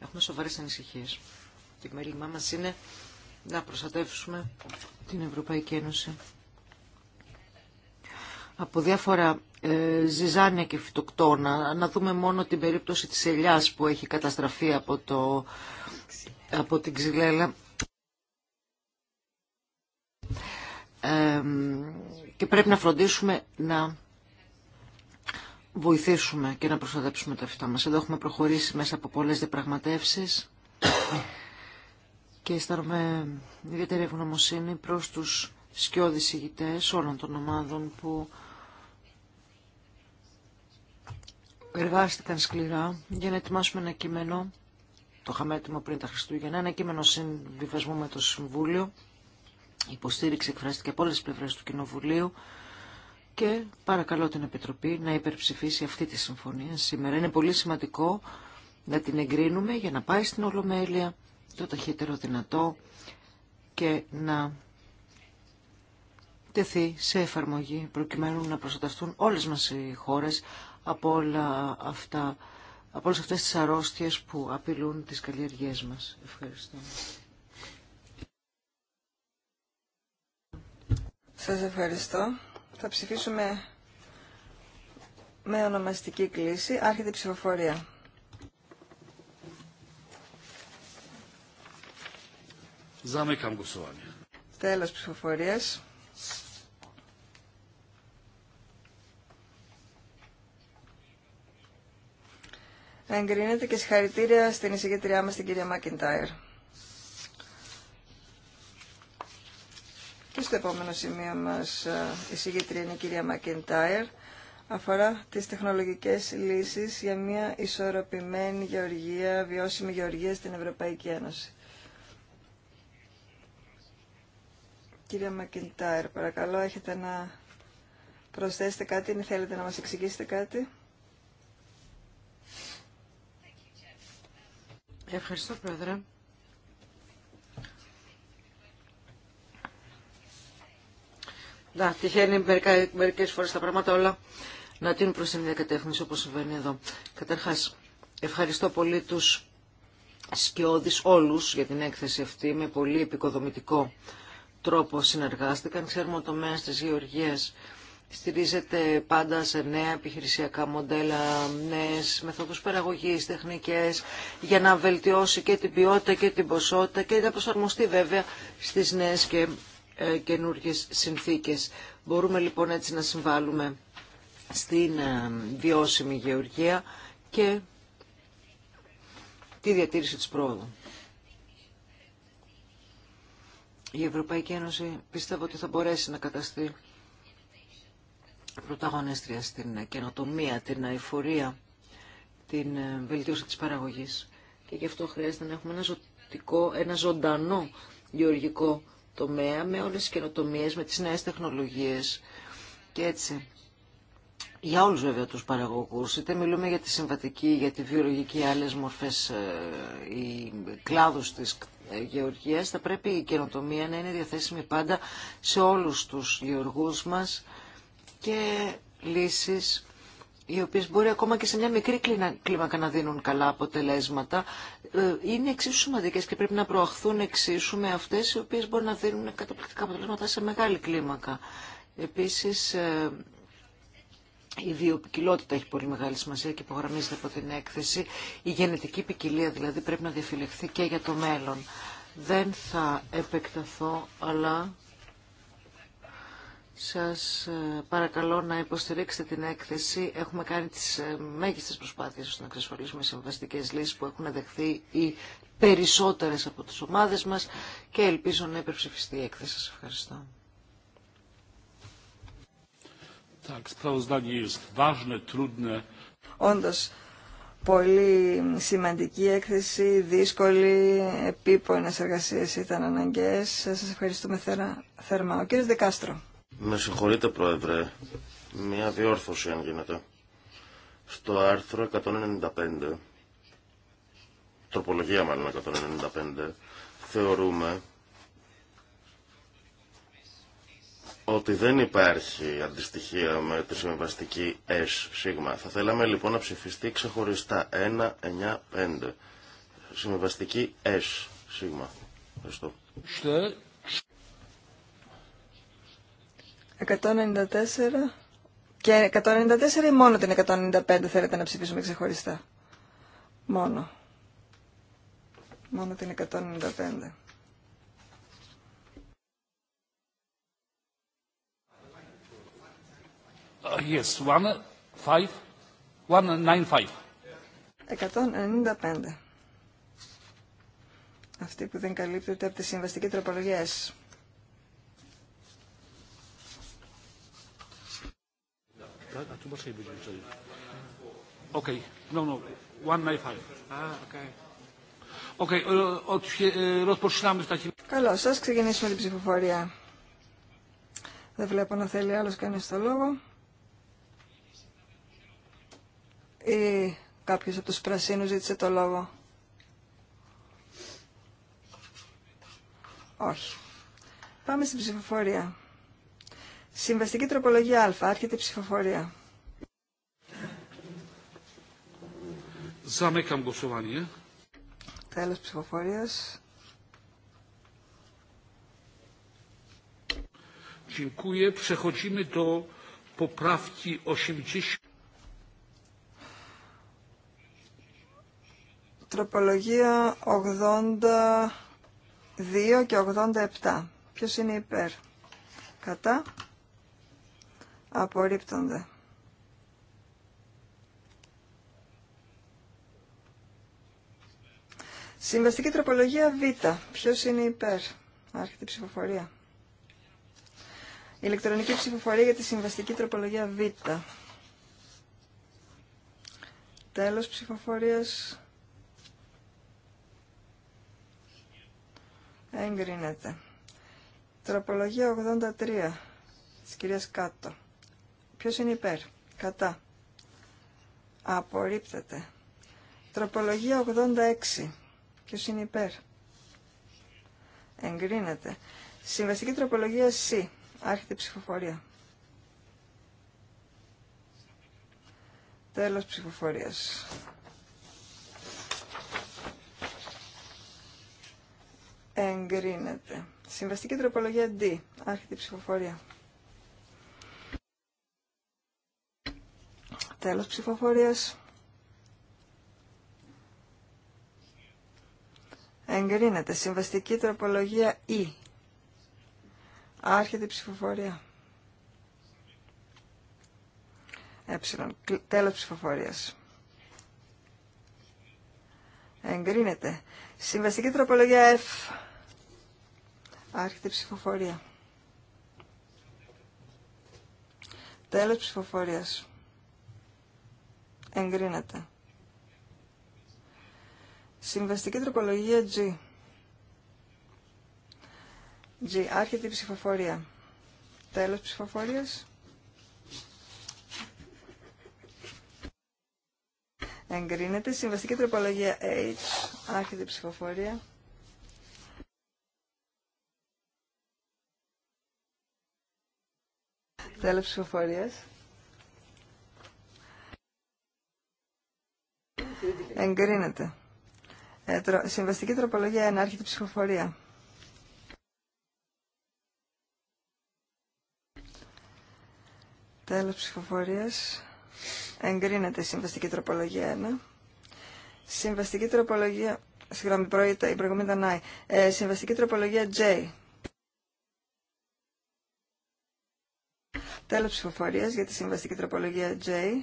[SPEAKER 2] Έχουμε σοβαρές ανησυχίες. τη μέλημά μα είναι να προστατεύσουμε την Ευρωπαϊκή Ένωση από διάφορα ε, ζυζάνια και φυτοκτόνα. Να δούμε μόνο την περίπτωση της ελιάς που έχει καταστραφεί από, το, από την ξυλέλα. και πρέπει να φροντίσουμε να βοηθήσουμε και να προστατέψουμε τα φυτά μας. Εδώ έχουμε προχωρήσει μέσα από πολλές διαπραγματεύσεις και αισθάνομαι ιδιαίτερη ευγνωμοσύνη προς τους σκιώδεις ηγητές όλων των ομάδων που εργάστηκαν σκληρά για να ετοιμάσουμε ένα κείμενο, το είχαμε έτοιμο πριν τα Χριστούγεννα, ένα κείμενο συμβιβασμού με το Συμβούλιο υποστήριξη εκφράστηκε από όλες τις πλευρές του Κοινοβουλίου και παρακαλώ την Επιτροπή να υπερψηφίσει αυτή τη συμφωνία σήμερα. Είναι πολύ σημαντικό να την εγκρίνουμε για να πάει στην Ολομέλεια το ταχύτερο δυνατό και να τεθεί σε εφαρμογή προκειμένου να προστατευτούν όλες μας οι χώρες από, όλα αυτά, από όλες αυτές τις αρρώστιες που απειλούν τις καλλιεργίες μας. Ευχαριστώ.
[SPEAKER 1] Σας ευχαριστώ. Θα ψηφίσουμε με ονομαστική κλίση. Άρχεται η ψηφοφορία.
[SPEAKER 3] Zamykam głosowanie.
[SPEAKER 1] Τέλος ψηφοφορίας. Εγκρίνεται και συγχαρητήρια στην εισηγήτριά μας την κυρία Μάκιντάιρ. Και στο επόμενο σημείο μας ε, η συγγετρία είναι η κυρία Μακεντάιρ. Αφορά τις τεχνολογικές λύσεις για μια ισορροπημένη γεωργία, βιώσιμη γεωργία στην Ευρωπαϊκή Ένωση. Κυρία Μακεντάιρ, παρακαλώ, έχετε να προσθέσετε κάτι ή θέλετε να μας εξηγήσετε κάτι. Ευχαριστώ, Πρόεδρε.
[SPEAKER 2] Να, τυχαίνει μερικέ μερικές φορές τα πράγματα όλα να τίνουν προς την διακατεύθυνση κατεύθυνση όπως συμβαίνει εδώ. Καταρχάς, ευχαριστώ πολύ τους σκιώδεις όλους για την έκθεση αυτή με πολύ επικοδομητικό τρόπο συνεργάστηκαν. Ξέρουμε ότι το μέσο τη γεωργίας στηρίζεται πάντα σε νέα επιχειρησιακά μοντέλα, νέες μεθόδους παραγωγής, τεχνικές, για να βελτιώσει και την ποιότητα και την ποσότητα και να προσαρμοστεί βέβαια στις νέες και ε, καινούργιες συνθήκες. Μπορούμε λοιπόν έτσι να συμβάλλουμε στην ε, βιώσιμη γεωργία και τη διατήρηση της πρόοδου. Η Ευρωπαϊκή Ένωση πιστεύω ότι θα μπορέσει να καταστεί πρωταγωνίστρια στην καινοτομία, την αηφορία, την ε, βελτίωση της παραγωγής. Και γι' αυτό χρειάζεται να έχουμε ένα, ζωτικό, ένα ζωντανό γεωργικό τομέα με όλες τις καινοτομίες, με τις νέες τεχνολογίες και έτσι. Για όλους βέβαια τους παραγωγούς, είτε μιλούμε για τη συμβατική, για τη βιολογική, άλλες μορφές, οι ε, κλάδους της ε, γεωργίας, θα πρέπει η καινοτομία να είναι διαθέσιμη πάντα σε όλους τους γεωργούς μας και λύσεις οι οποίες μπορεί ακόμα και σε μια μικρή κλίμακα να δίνουν καλά αποτελέσματα, ε, είναι εξίσου σημαντικές και πρέπει να προαχθούν εξίσου με αυτές οι οποίες μπορεί να δίνουν καταπληκτικά αποτελέσματα σε μεγάλη κλίμακα. Επίσης, ε, η βιοπικιλότητα έχει πολύ μεγάλη σημασία και υπογραμμίζεται από την έκθεση. Η γενετική ποικιλία δηλαδή πρέπει να διαφυλεχθεί και για το μέλλον. Δεν θα επεκταθώ, αλλά σας ε, παρακαλώ να υποστηρίξετε την έκθεση. Έχουμε κάνει τις ε, μέγιστες προσπάθειες ώστε να εξασφαλίσουμε συμβαστικές λύσεις που έχουν δεχθεί οι περισσότερες από τις ομάδες μας και ελπίζω να υπερψηφιστεί η έκθεση. Σας ευχαριστώ.
[SPEAKER 1] Όντως, πολύ σημαντική έκθεση, δύσκολη, επίπονες εργασίες ήταν αναγκαίες. Σας ευχαριστούμε θερμά. Ο κύριος Δεκάστρο.
[SPEAKER 4] Με συγχωρείτε, Πρόεδρε. Μια διόρθωση, αν γίνεται. Στο άρθρο 195, τροπολογία μάλλον 195, θεωρούμε ότι δεν υπάρχει αντιστοιχεία με τη συμβαστική S σίγμα. Θα θέλαμε λοιπόν να ψηφιστεί ξεχωριστά 1, 9, 5. Συμβαστική S σίγμα. Ευχαριστώ.
[SPEAKER 1] 194 και 194 ή μόνο την 195 θέλετε να ψηφίσουμε ξεχωριστά. Μόνο. Μόνο την 195.
[SPEAKER 3] Uh, yes, one, five, one,
[SPEAKER 1] 195. Αυτή που δεν καλύπτεται από τη συμβαστική τροπολογία
[SPEAKER 3] Ah, e,
[SPEAKER 1] Καλώ σα ξεκινήσουμε την ψηφοφορία. Δεν βλέπω να θέλει άλλο κάνει το λόγο. Ή κάποιο από του πράσινου ζήτησε το λόγο. Όχι. Πάμε στην ψηφοφορία. Συμβαστική τροπολογία Α. Άρχεται η ψηφοφορία.
[SPEAKER 3] Ζαμέκαμ głosowanie.
[SPEAKER 1] Τέλος ψηφοφορίας. 80. Τροπολογία 82 και 87. Ποιος είναι υπέρ. Κατά απορρίπτονται. Συμβαστική τροπολογία Β. Ποιος είναι υπέρ. Άρχεται η ψηφοφορία. Ηλεκτρονική ψηφοφορία για τη συμβαστική τροπολογία Β. Τέλος ψηφοφορίας. Εγκρίνεται. Τροπολογία 83 της κυρία Κάτω. Ποιος είναι υπέρ. Κατά. Απορρίπτεται. Τροπολογία 86. Ποιος είναι υπέρ. Εγκρίνεται. Συμβαστική τροπολογία C. Άρχεται η ψηφοφορία. Τέλος ψηφοφορίας. Εγκρίνεται. Συμβαστική τροπολογία D. Άρχεται η ψηφοφορία. Τέλος ψηφοφορίας. Εγκρίνεται. Συμβαστική τροπολογία ή e. Άρχεται η ψηφοφορία. Ε. Τέλος ψηφοφορίας. Εγκρίνεται. Συμβαστική τροπολογία F. Άρχεται η ψηφοφορία. Τέλος ψηφοφορίας εγκρίνεται. Συμβαστική τροπολογία G. G. Άρχεται η ψηφοφορία. Τέλος ψηφοφορίας. Εγκρίνεται. Συμβαστική τροπολογία H. Άρχεται η ψηφοφορία. Τέλος ψηφοφορίας. Εγκρίνεται. Ε, συμβαστική τροπολογία 1. Άρχεται ψηφοφορία. Τέλος ψηφοφορια Εγκρίνεται η συμβαστική τροπολογία 1. Συμβαστική τροπολογία... Συγγνώμη, η προηγούμενη ήταν I. Ε, συμβαστική τροπολογία J. Τέλος ψηφοφορία για τη συμβαστική τροπολογία J.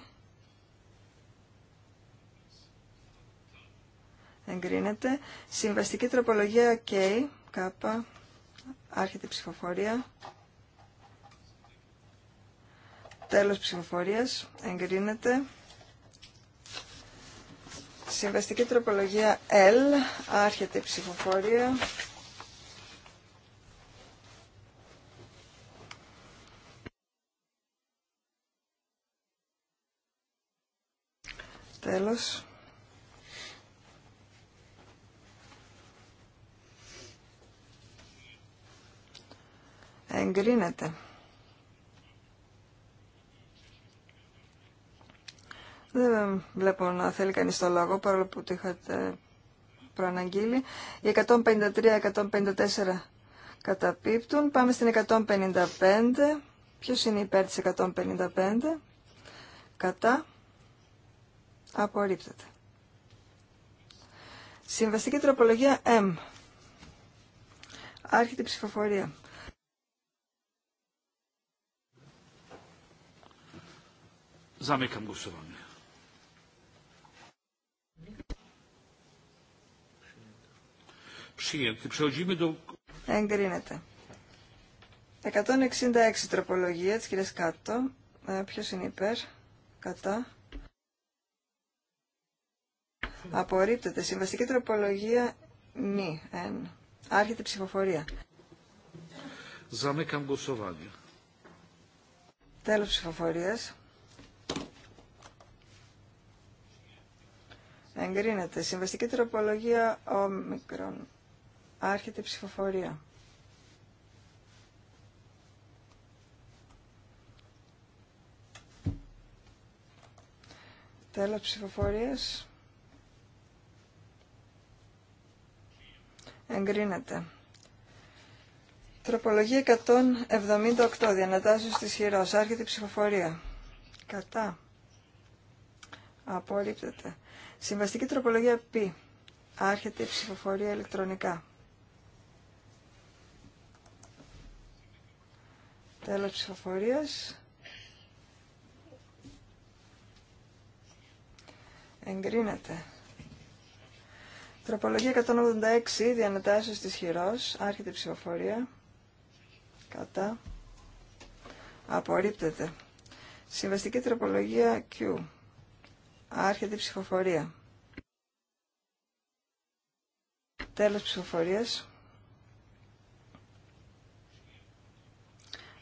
[SPEAKER 1] εγκρίνεται. Συμβαστική τροπολογία K, K, άρχεται ψηφοφορία. Τέλος ψηφοφορίας, εγκρίνεται. Συμβαστική τροπολογία L, άρχεται η ψηφοφορία. Τέλος. εγκρίνεται. Δεν βλέπω να θέλει κανείς το λόγο, παρόλο που το είχατε προαναγγείλει. Οι 153-154 καταπίπτουν. Πάμε στην 155. Ποιος είναι υπέρ της 155? Κατά. Απορρίπτεται. Συμβαστική τροπολογία M. Άρχεται ψηφοφορία.
[SPEAKER 3] Zamykam głosowanie. Przyjęty.
[SPEAKER 1] Εγκρίνεται. 166 τροπολογία τη Κάτω. ποιος είναι υπέρ, κατά. Απορρίπτεται. Συμβαστική τροπολογία μη Εν. Άρχεται ψηφοφορία.
[SPEAKER 3] Ζαμίκαμ głosowanie.
[SPEAKER 1] Τέλος ψηφοφορίας. Εγκρίνεται. Συμβαστική τροπολογία όμικρον. Άρχεται η ψηφοφορία. Τέλος ψηφοφορίας. Εγκρίνεται. Τροπολογία 178. Διανατάσεις της χειρός. Άρχεται η ψηφοφορία. Κατά. Απορρίπτεται. Συμβαστική τροπολογία π. Άρχεται η ψηφοφορία ηλεκτρονικά. Τέλος ψηφοφορίας. Εγκρίνεται. Τροπολογία 186, διανατάσεις της χειρός, άρχεται η ψηφοφορία. Κατά. Απορρίπτεται. Συμβαστική τροπολογία Q. Άρχεται η ψηφοφορία. Τέλος ψηφοφορίας.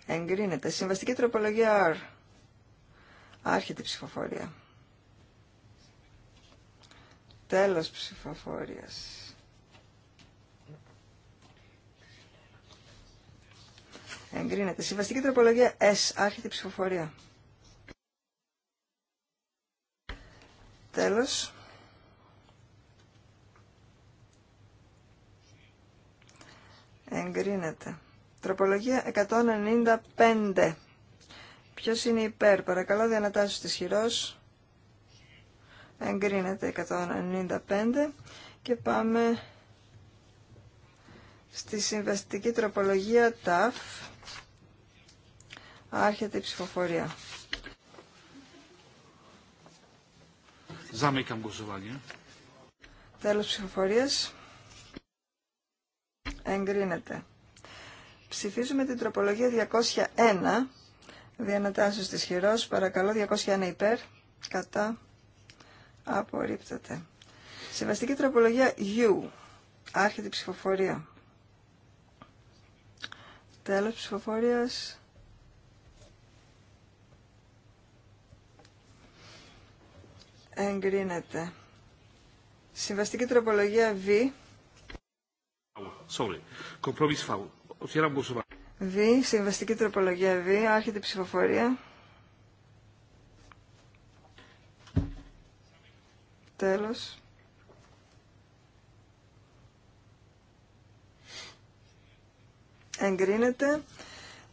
[SPEAKER 1] Εγκρίνεται. Συμβαστική τροπολογία R. Άρχεται η ψηφοφορία. Τέλος ψηφοφορίας. Εγκρίνεται. Συμβαστική τροπολογία S. Άρχεται η ψηφοφορία. Τέλος. Εγκρίνεται. Τροπολογία 195. Ποιος είναι υπέρ, παρακαλώ διανατάσεις της χειρός. Εγκρίνεται 195 και πάμε στη συμβαστική τροπολογία ΤΑΦ. Άρχεται η ψηφοφορία.
[SPEAKER 3] Zamykam głosowanie.
[SPEAKER 1] Τέλος ψηφοφορίας. Εγκρίνεται. Ψηφίζουμε την τροπολογία 201. Διανατάσσεως της χειρός. Παρακαλώ 201 υπέρ. Κατά. Απορρίπτεται. Σεβαστική τροπολογία U. Άρχεται η ψηφοφορία. Τέλος ψηφοφορίας. Εγκρίνεται. Συμβαστική τροπολογία Β. Sorry. Β. Συμβαστική τροπολογία Β. Άρχεται η ψηφοφορία. Τέλος. Εγκρίνεται.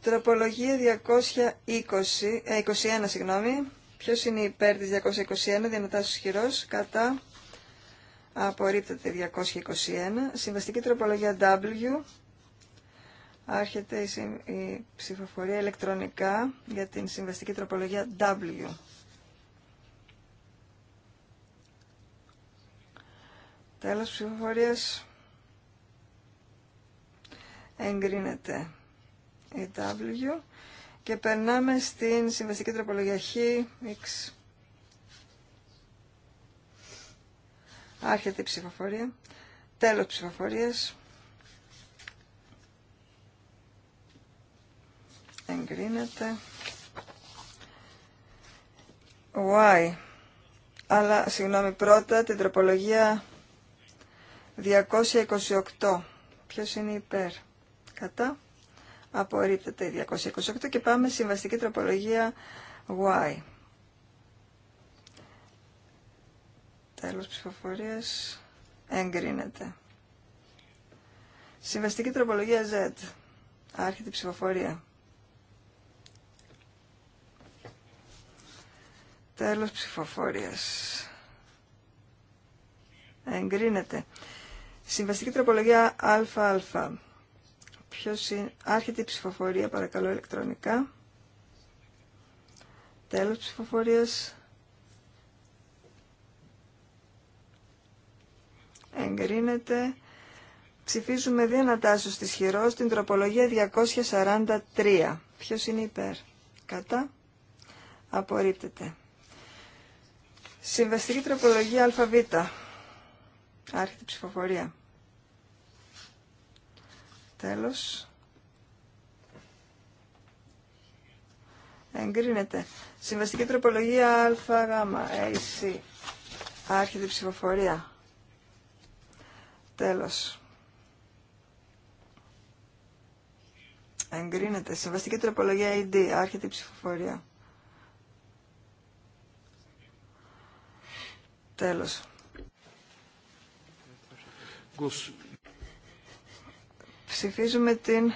[SPEAKER 1] Τροπολογία 220, 21, ε, συγγνώμη. Ποιο είναι υπέρ τη 221, διανατάσεις χειρός, κατά, απορρίπτεται 221. Συμβαστική τροπολογία W, άρχεται η ψηφοφορία ηλεκτρονικά για την συμβαστική τροπολογία W. Τέλος ψηφοφορίας εγκρίνεται η W. Και περνάμε στην συμβαστική τροπολογία Χ, X. Άρχεται η ψηφοφορία. Τέλος ψηφοφορίας. Εγκρίνεται. Y. Αλλά, συγγνώμη, πρώτα την τροπολογία 228. Ποιος είναι υπέρ. Κατά απορρίπτεται 228 και πάμε συμβαστική τροπολογία Y. Τέλος ψηφοφορίας εγκρίνεται. Συμβαστική τροπολογία Z. Άρχεται η ψηφοφορία. Τέλος ψηφοφορίας. Εγκρίνεται. Συμβαστική τροπολογία ΑΑ. Ποιος είναι. Άρχεται η ψηφοφορία παρακαλώ ηλεκτρονικά. Τέλος ψηφοφορίας. Εγκρίνεται. Ψηφίζουμε δύο ανατάσεις της χειρός την τροπολογία 243. Ποιος είναι υπέρ. Κατά. Απορρίπτεται. Συμβαστική τροπολογία ΑΒ. Άρχεται η ψηφοφορία. Τέλος. Εγκρίνεται. Συμβαστική τροπολογία ΑΓ. AC. Ε, Άρχεται η ψηφοφορία. Τέλος. Εγκρίνεται. Συμβαστική τροπολογία ID. Ε, Άρχεται η ψηφοφορία. Τέλος. Ψηφίζουμε την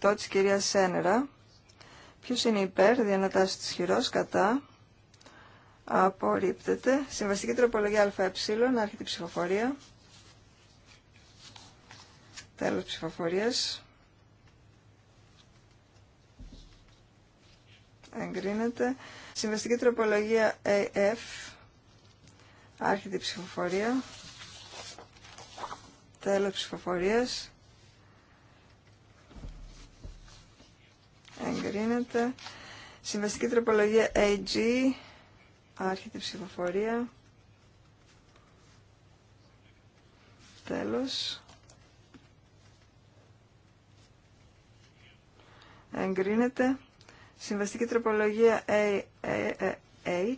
[SPEAKER 1] 268 της κυρίας Σένερα. Ποιος είναι υπέρ, διανατάσσεται ισχυρός, χειρός, κατά. Απορρίπτεται. Συμβαστική τροπολογία ΑΕ, έρχεται η ψηφοφορία. Τέλος ψηφοφορίας. Εγκρίνεται. Συμβαστική τροπολογία AF, ε, άρχεται η ψηφοφορία. Τέλος ψηφοφορίας. Εγκρίνεται. Συμβαστική τροπολογία AG. Άρχεται ψηφοφορία. Τέλος. Εγκρίνεται. Συμβαστική τροπολογία A, A, H.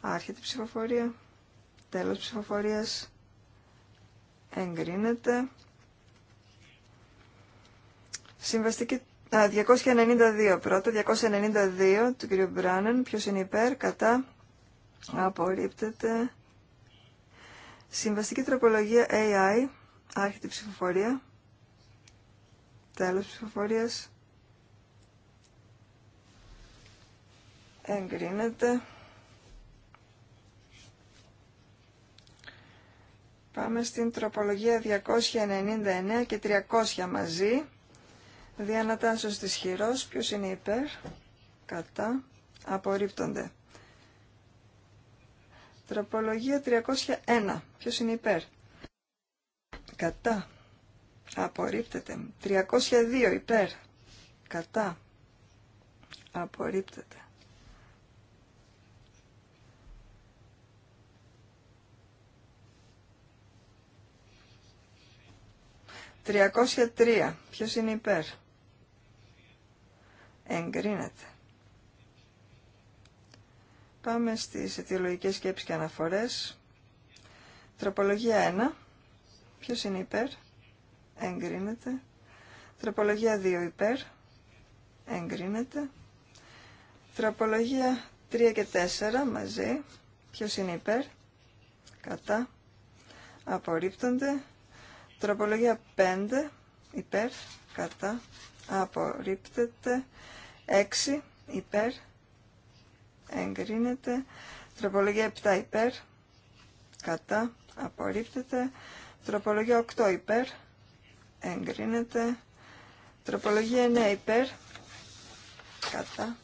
[SPEAKER 1] Άρχεται ψηφοφορία. Τέλος ψηφοφορίας εγκρίνεται. Συμβαστική α, 292 πρώτα, 292 του κ. Μπράνεν, ποιος είναι υπέρ, κατά, απορρίπτεται. Συμβαστική τροπολογία AI, άρχεται ψηφοφορία, τέλος ψηφοφορίας, εγκρίνεται. Πάμε στην τροπολογία 299 και 300 μαζί. Διανατάσσος της χειρός. Ποιος είναι υπέρ. Κατά. Απορρίπτονται. Τροπολογία 301. Ποιος είναι υπέρ. Κατά. Απορρίπτεται. 302 υπέρ. Κατά. Απορρίπτεται. 303. Ποιος είναι υπέρ. Εγκρίνεται. Πάμε στις αιτιολογικές σκέψεις και αναφορές. Τροπολογία 1. Ποιος είναι υπέρ. Εγκρίνεται. Τροπολογία 2 υπέρ. Εγκρίνεται. Τροπολογία 3 και 4 μαζί. Ποιος είναι υπέρ. Κατά. Απορρίπτονται. Τροπολογία 5 υπέρ κατά απορρίπτεται. 6 υπέρ εγκρίνεται. Τροπολογία 7 υπέρ κατά απορρίπτεται. Τροπολογία 8 υπέρ εγκρίνεται. Τροπολογία 9 υπέρ κατά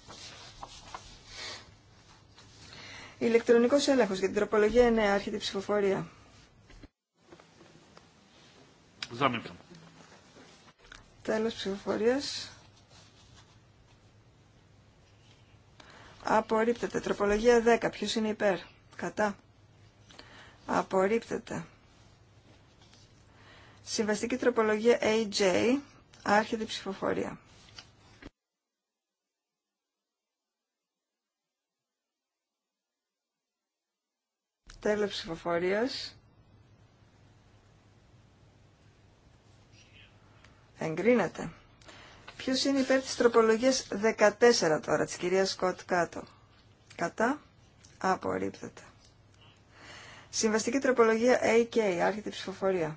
[SPEAKER 1] Ηλεκτρονικός έλεγχος για την τροπολογία 9 άρχεται η ψηφοφορία. Τέλο Τέλος ψηφοφορίας. Απορρίπτεται. Τροπολογία 10. Ποιος είναι υπέρ. Κατά. Απορρίπτεται. Συμβαστική τροπολογία AJ. Άρχεται η ψηφοφορία. Τέλος ψηφοφορίας. Εγκρίνεται. Ποιος είναι υπέρ της τροπολογίας 14 τώρα, της κυρίας Σκοτ κάτω. Κατά. Απορρίπτεται. Συμβαστική τροπολογία AK, άρχεται η ψηφοφορία.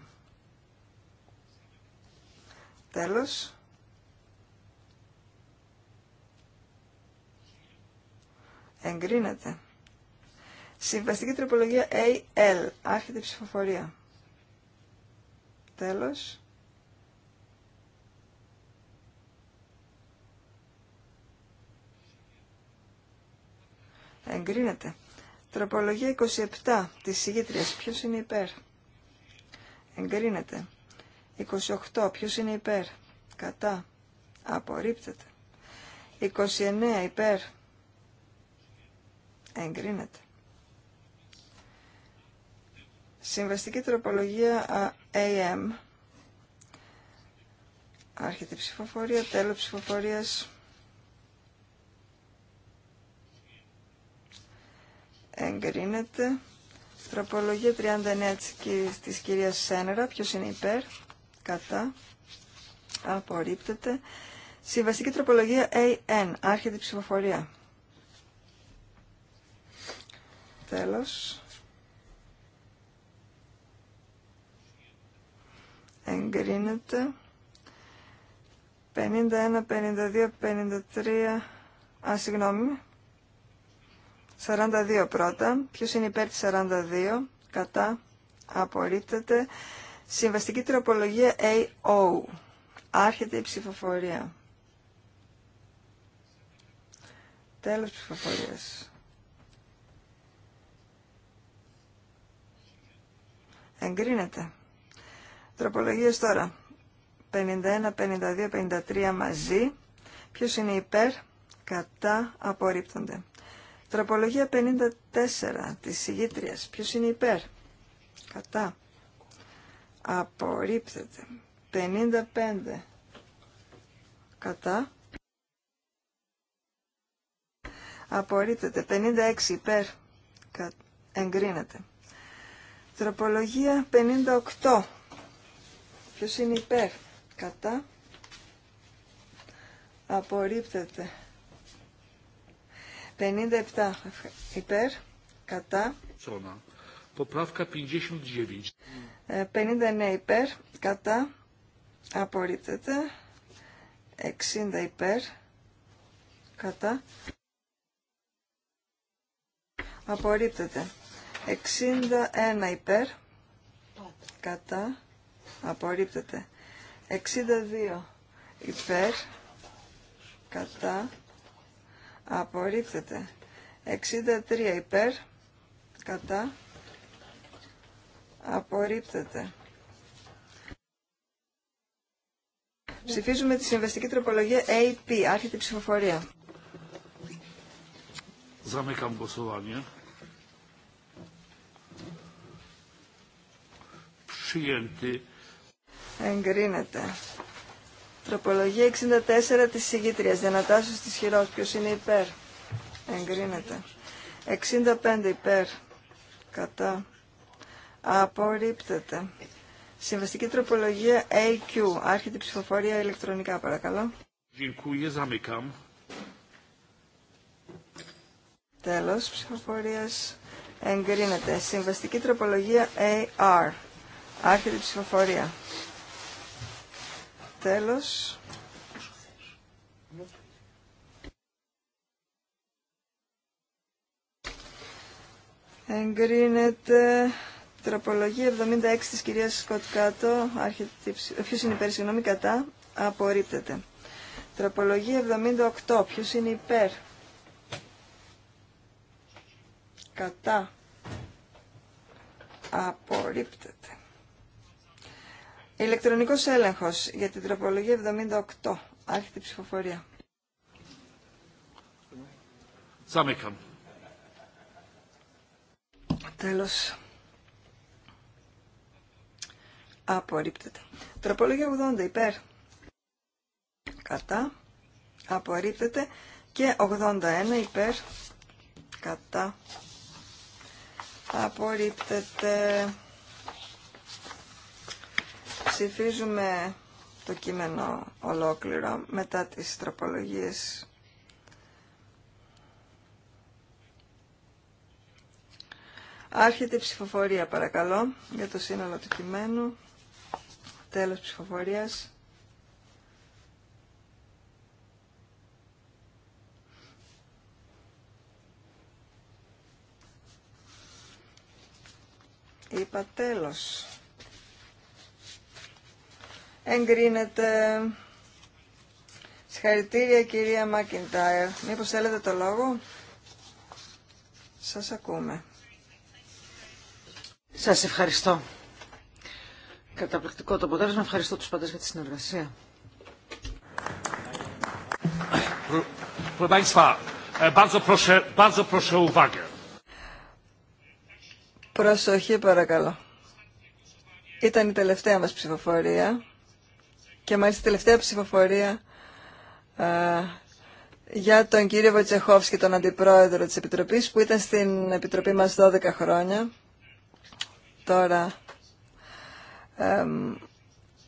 [SPEAKER 1] Τέλος. Εγκρίνεται. Συμβαστική τροπολογία AL, άρχεται η ψηφοφορία. Τέλος. Εγκρίνεται. Τροπολογία 27 της συγγήτριας. Ποιος είναι υπέρ. Εγκρίνεται. 28. Ποιος είναι υπέρ. Κατά. Απορρίπτεται. 29. Υπέρ. Εγκρίνεται. Συμβαστική τροπολογία AM. Άρχεται η ψηφοφορία. Τέλος ψηφοφορίας. εγκρίνεται. Τροπολογία 39 της κυρίας Σένερα. Ποιος είναι υπέρ. Κατά. Απορρίπτεται. Συμβαστική τροπολογία AN. Άρχεται η ψηφοφορία. Τέλος. Εγκρίνεται. 51, 52, 53... Α, συγγνώμη. 42 πρώτα. Ποιος είναι υπέρ της 42, κατά, απορρίπτεται. Συμβαστική τροπολογία AO. Άρχεται η ψηφοφορία. Τέλος ψηφοφορίας. Εγκρίνεται. Τροπολογίες τώρα. 51, 52, 53 μαζί. Ποιος είναι υπέρ, κατά, απορρίπτονται. Τροπολογία 54 της ηγήτριας. Ποιος είναι υπέρ. Κατά. Απορρίπτεται. 55. Κατά. Απορρίπτεται. 56 υπέρ. Κα... Εγκρίνεται. Τροπολογία 58. Ποιος είναι υπέρ. Κατά. Απορρίπτεται. 57 υπέρ, κατά.
[SPEAKER 3] 59
[SPEAKER 1] ε, υπέρ, κατά. Απορρίπτεται. 60 υπέρ, κατά. Απορρίπτεται. 61 υπέρ, κατά. Απορρίπτεται. 62 υπέρ, κατά Απορρίπτεται. 63 υπέρ. Κατά. Απορρίπτεται. Ψηφίζουμε τη συμβαστική τροπολογία AP. Άρχεται η ψηφοφορία. Zamykam Εγκρίνεται. Τροπολογία 64 της Δυνατά Διανατάσεις της χειρός. Ποιος είναι υπέρ. Εγκρίνεται. 65 υπέρ. Κατά. Απορρίπτεται. Συμβαστική τροπολογία AQ. Άρχεται η ψηφοφορία ηλεκτρονικά παρακαλώ. Τέλος ψηφοφορίας. Εγκρίνεται. Συμβαστική τροπολογία AR. Άρχεται ψηφοφορία. Τέλος. Εγκρίνεται τροπολογία 76 της κυρίας Σκοτ Κάτω, ποιος είναι υπέρ, συγγνώμη, κατά, απορρίπτεται. Τροπολογία 78, ποιος είναι υπέρ, κατά, απορρίπτεται. Ηλεκτρονικός έλεγχος για την τροπολογία 78. Άρχεται η ψηφοφορία. Τέλο. Τέλος. Απορρίπτεται. Τροπολογία 80 υπέρ. Κατά. Απορρίπτεται. Και 81 υπέρ. Κατά. Απορρίπτεται ψηφίζουμε το κείμενο ολόκληρο μετά τις τροπολογίες. Άρχεται η ψηφοφορία παρακαλώ για το σύνολο του κειμένου. Τέλος ψηφοφορίας. Είπα τέλος. Εγκρίνεται. Συγχαρητήρια κυρία Μάκιντάιρ. Μήπως θέλετε το λόγο. Σας ακούμε. Σας ευχαριστώ. Καταπληκτικό το αποτέλεσμα.
[SPEAKER 3] Ευχαριστώ τους πάντες για τη συνεργασία. E,
[SPEAKER 1] Προσοχή παρακαλώ. Ήταν η τελευταία μας ψηφοφορία. Και μάλιστα τελευταία ψηφοφορία α, για τον κύριο Βοτσεχόφσκι, τον αντιπρόεδρο της Επιτροπής, που ήταν στην Επιτροπή μας 12 χρόνια. Τώρα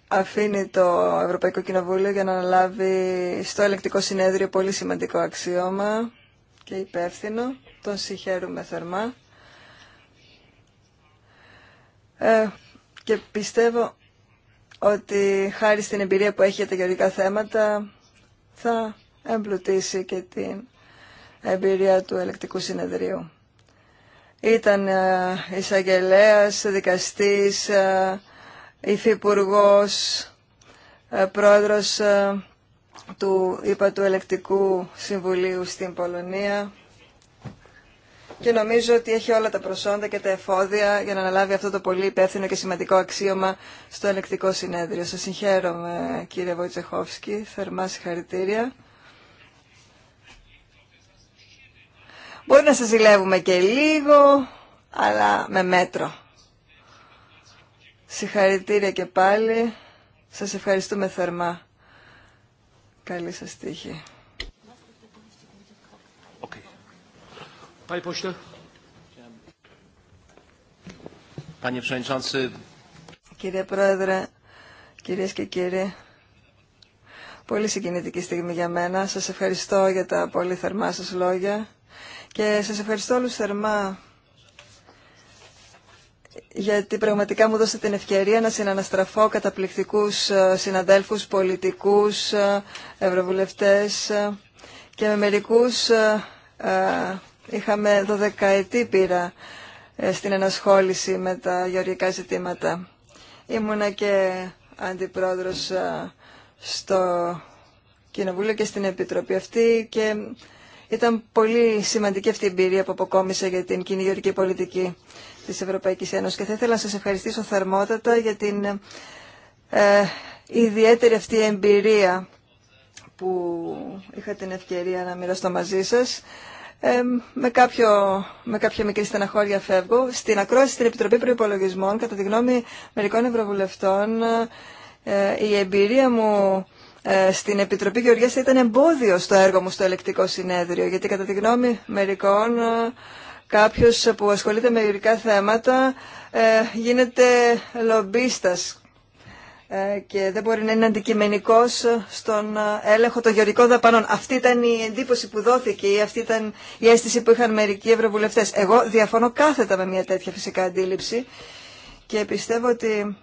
[SPEAKER 1] αφήνει το Ευρωπαϊκό Κοινοβούλιο για να αναλάβει στο ελεκτικό συνέδριο πολύ σημαντικό αξίωμα και υπεύθυνο. Τον συγχαίρουμε θερμά. Ε, και πιστεύω ότι χάρη στην εμπειρία που έχει για τα γεωργικά θέματα θα εμπλουτίσει και την εμπειρία του ελεκτικού συνεδρίου. Ήταν ε, εισαγγελέα, δικαστής, ε, υφυπουργός, ε, πρόεδρος του είπα του Ελεκτικού Συμβουλίου στην Πολωνία και νομίζω ότι έχει όλα τα προσόντα και τα εφόδια για να αναλάβει αυτό το πολύ υπεύθυνο και σημαντικό αξίωμα στο ελεκτικό συνέδριο. Σας συγχαίρομαι κύριε Βοητσεχόφσκι, θερμά συγχαρητήρια. Μπορεί να σας ζηλεύουμε και λίγο, αλλά με μέτρο. Συγχαρητήρια και πάλι. Σας ευχαριστούμε θερμά. Καλή σας τύχη. Panie pośle. Κύριε Πρόεδρε, κυρίες και κύριοι, πολύ συγκινητική στιγμή για μένα. Σας ευχαριστώ για τα πολύ θερμά σας λόγια και σας ευχαριστώ όλους θερμά γιατί πραγματικά μου δώσατε την ευκαιρία να συναναστραφώ καταπληκτικούς ε, συναδέλφους, πολιτικούς, ε, ευρωβουλευτές ε, και με μερικούς Είχαμε δωδεκαετή πείρα ε, στην ενασχόληση με τα γεωργικά ζητήματα. Ήμουνα και αντιπρόεδρος ε, στο Κοινοβούλιο και στην Επιτροπή αυτή και ήταν πολύ σημαντική αυτή η εμπειρία που αποκόμισα για την κοινή γεωργική πολιτική της Ευρωπαϊκής Ένωσης και θα ήθελα να σας ευχαριστήσω θερμότατα για την ε, ιδιαίτερη αυτή εμπειρία που είχα την ευκαιρία να μοιραστώ μαζί σας με, κάποιο, με κάποια μικρή στεναχώρια φεύγω. Στην ακρόαση στην Επιτροπή Προπολογισμών, κατά τη γνώμη μερικών ευρωβουλευτών, ε, η εμπειρία μου ε, στην Επιτροπή Γεωργίας ήταν εμπόδιο στο έργο μου στο ελεκτικό συνέδριο, γιατί κατά τη γνώμη μερικών ε, κάποιος που ασχολείται με γεωργικά θέματα γίνεται λομπίστας ε, και δεν μπορεί να είναι αντικειμενικός στον ε, έλεγχο των γεωρικών δαπανών. Αυτή ήταν η εντύπωση που δόθηκε ή αυτή ήταν η αίσθηση που είχαν μερικοί ευρωβουλευτές. Εγώ διαφωνώ κάθετα με μια τέτοια φυσικά αντίληψη και πιστεύω ότι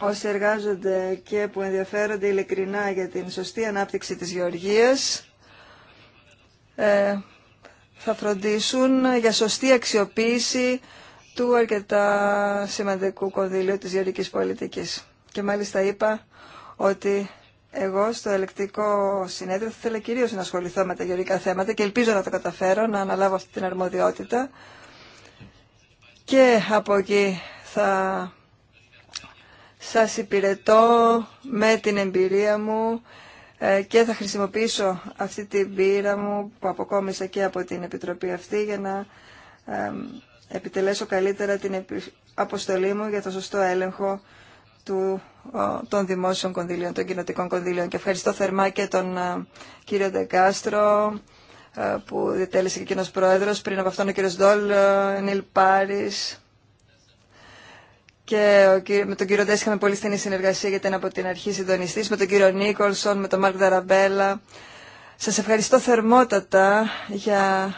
[SPEAKER 1] όσοι εργάζονται και που ενδιαφέρονται ειλικρινά για την σωστή ανάπτυξη της γεωργίας ε, θα φροντίσουν για σωστή αξιοποίηση του αρκετά σημαντικού κονδύλιου της γεωργικής πολιτικής. Και μάλιστα είπα ότι εγώ στο ελεκτικό συνέδριο θα ήθελα κυρίως να ασχοληθώ με τα γεωργικά θέματα και ελπίζω να το καταφέρω, να αναλάβω αυτή την αρμοδιότητα. Και από εκεί θα σας υπηρετώ με την εμπειρία μου ε, και θα χρησιμοποιήσω αυτή την πείρα μου που αποκόμισα και από την Επιτροπή αυτή για να ε, επιτελέσω καλύτερα την αποστολή μου για το σωστό έλεγχο του, των δημόσιων κονδύλιων, των κοινοτικών κονδύλιων. Και ευχαριστώ θερμά και τον ε, κύριο Ντεκάστρο ε, που διτέλεσε και εκείνος πρόεδρος, πριν από αυτόν ο κύριος Ντόλ, ε, Νίλ Πάρης και ο με τον κύριο Ντές είχαμε πολύ στενή συνεργασία γιατί ήταν από την αρχή συντονιστή, με τον κύριο Νίκολσον, με τον Μάρκ Δαραμπέλα. Σας ευχαριστώ θερμότατα για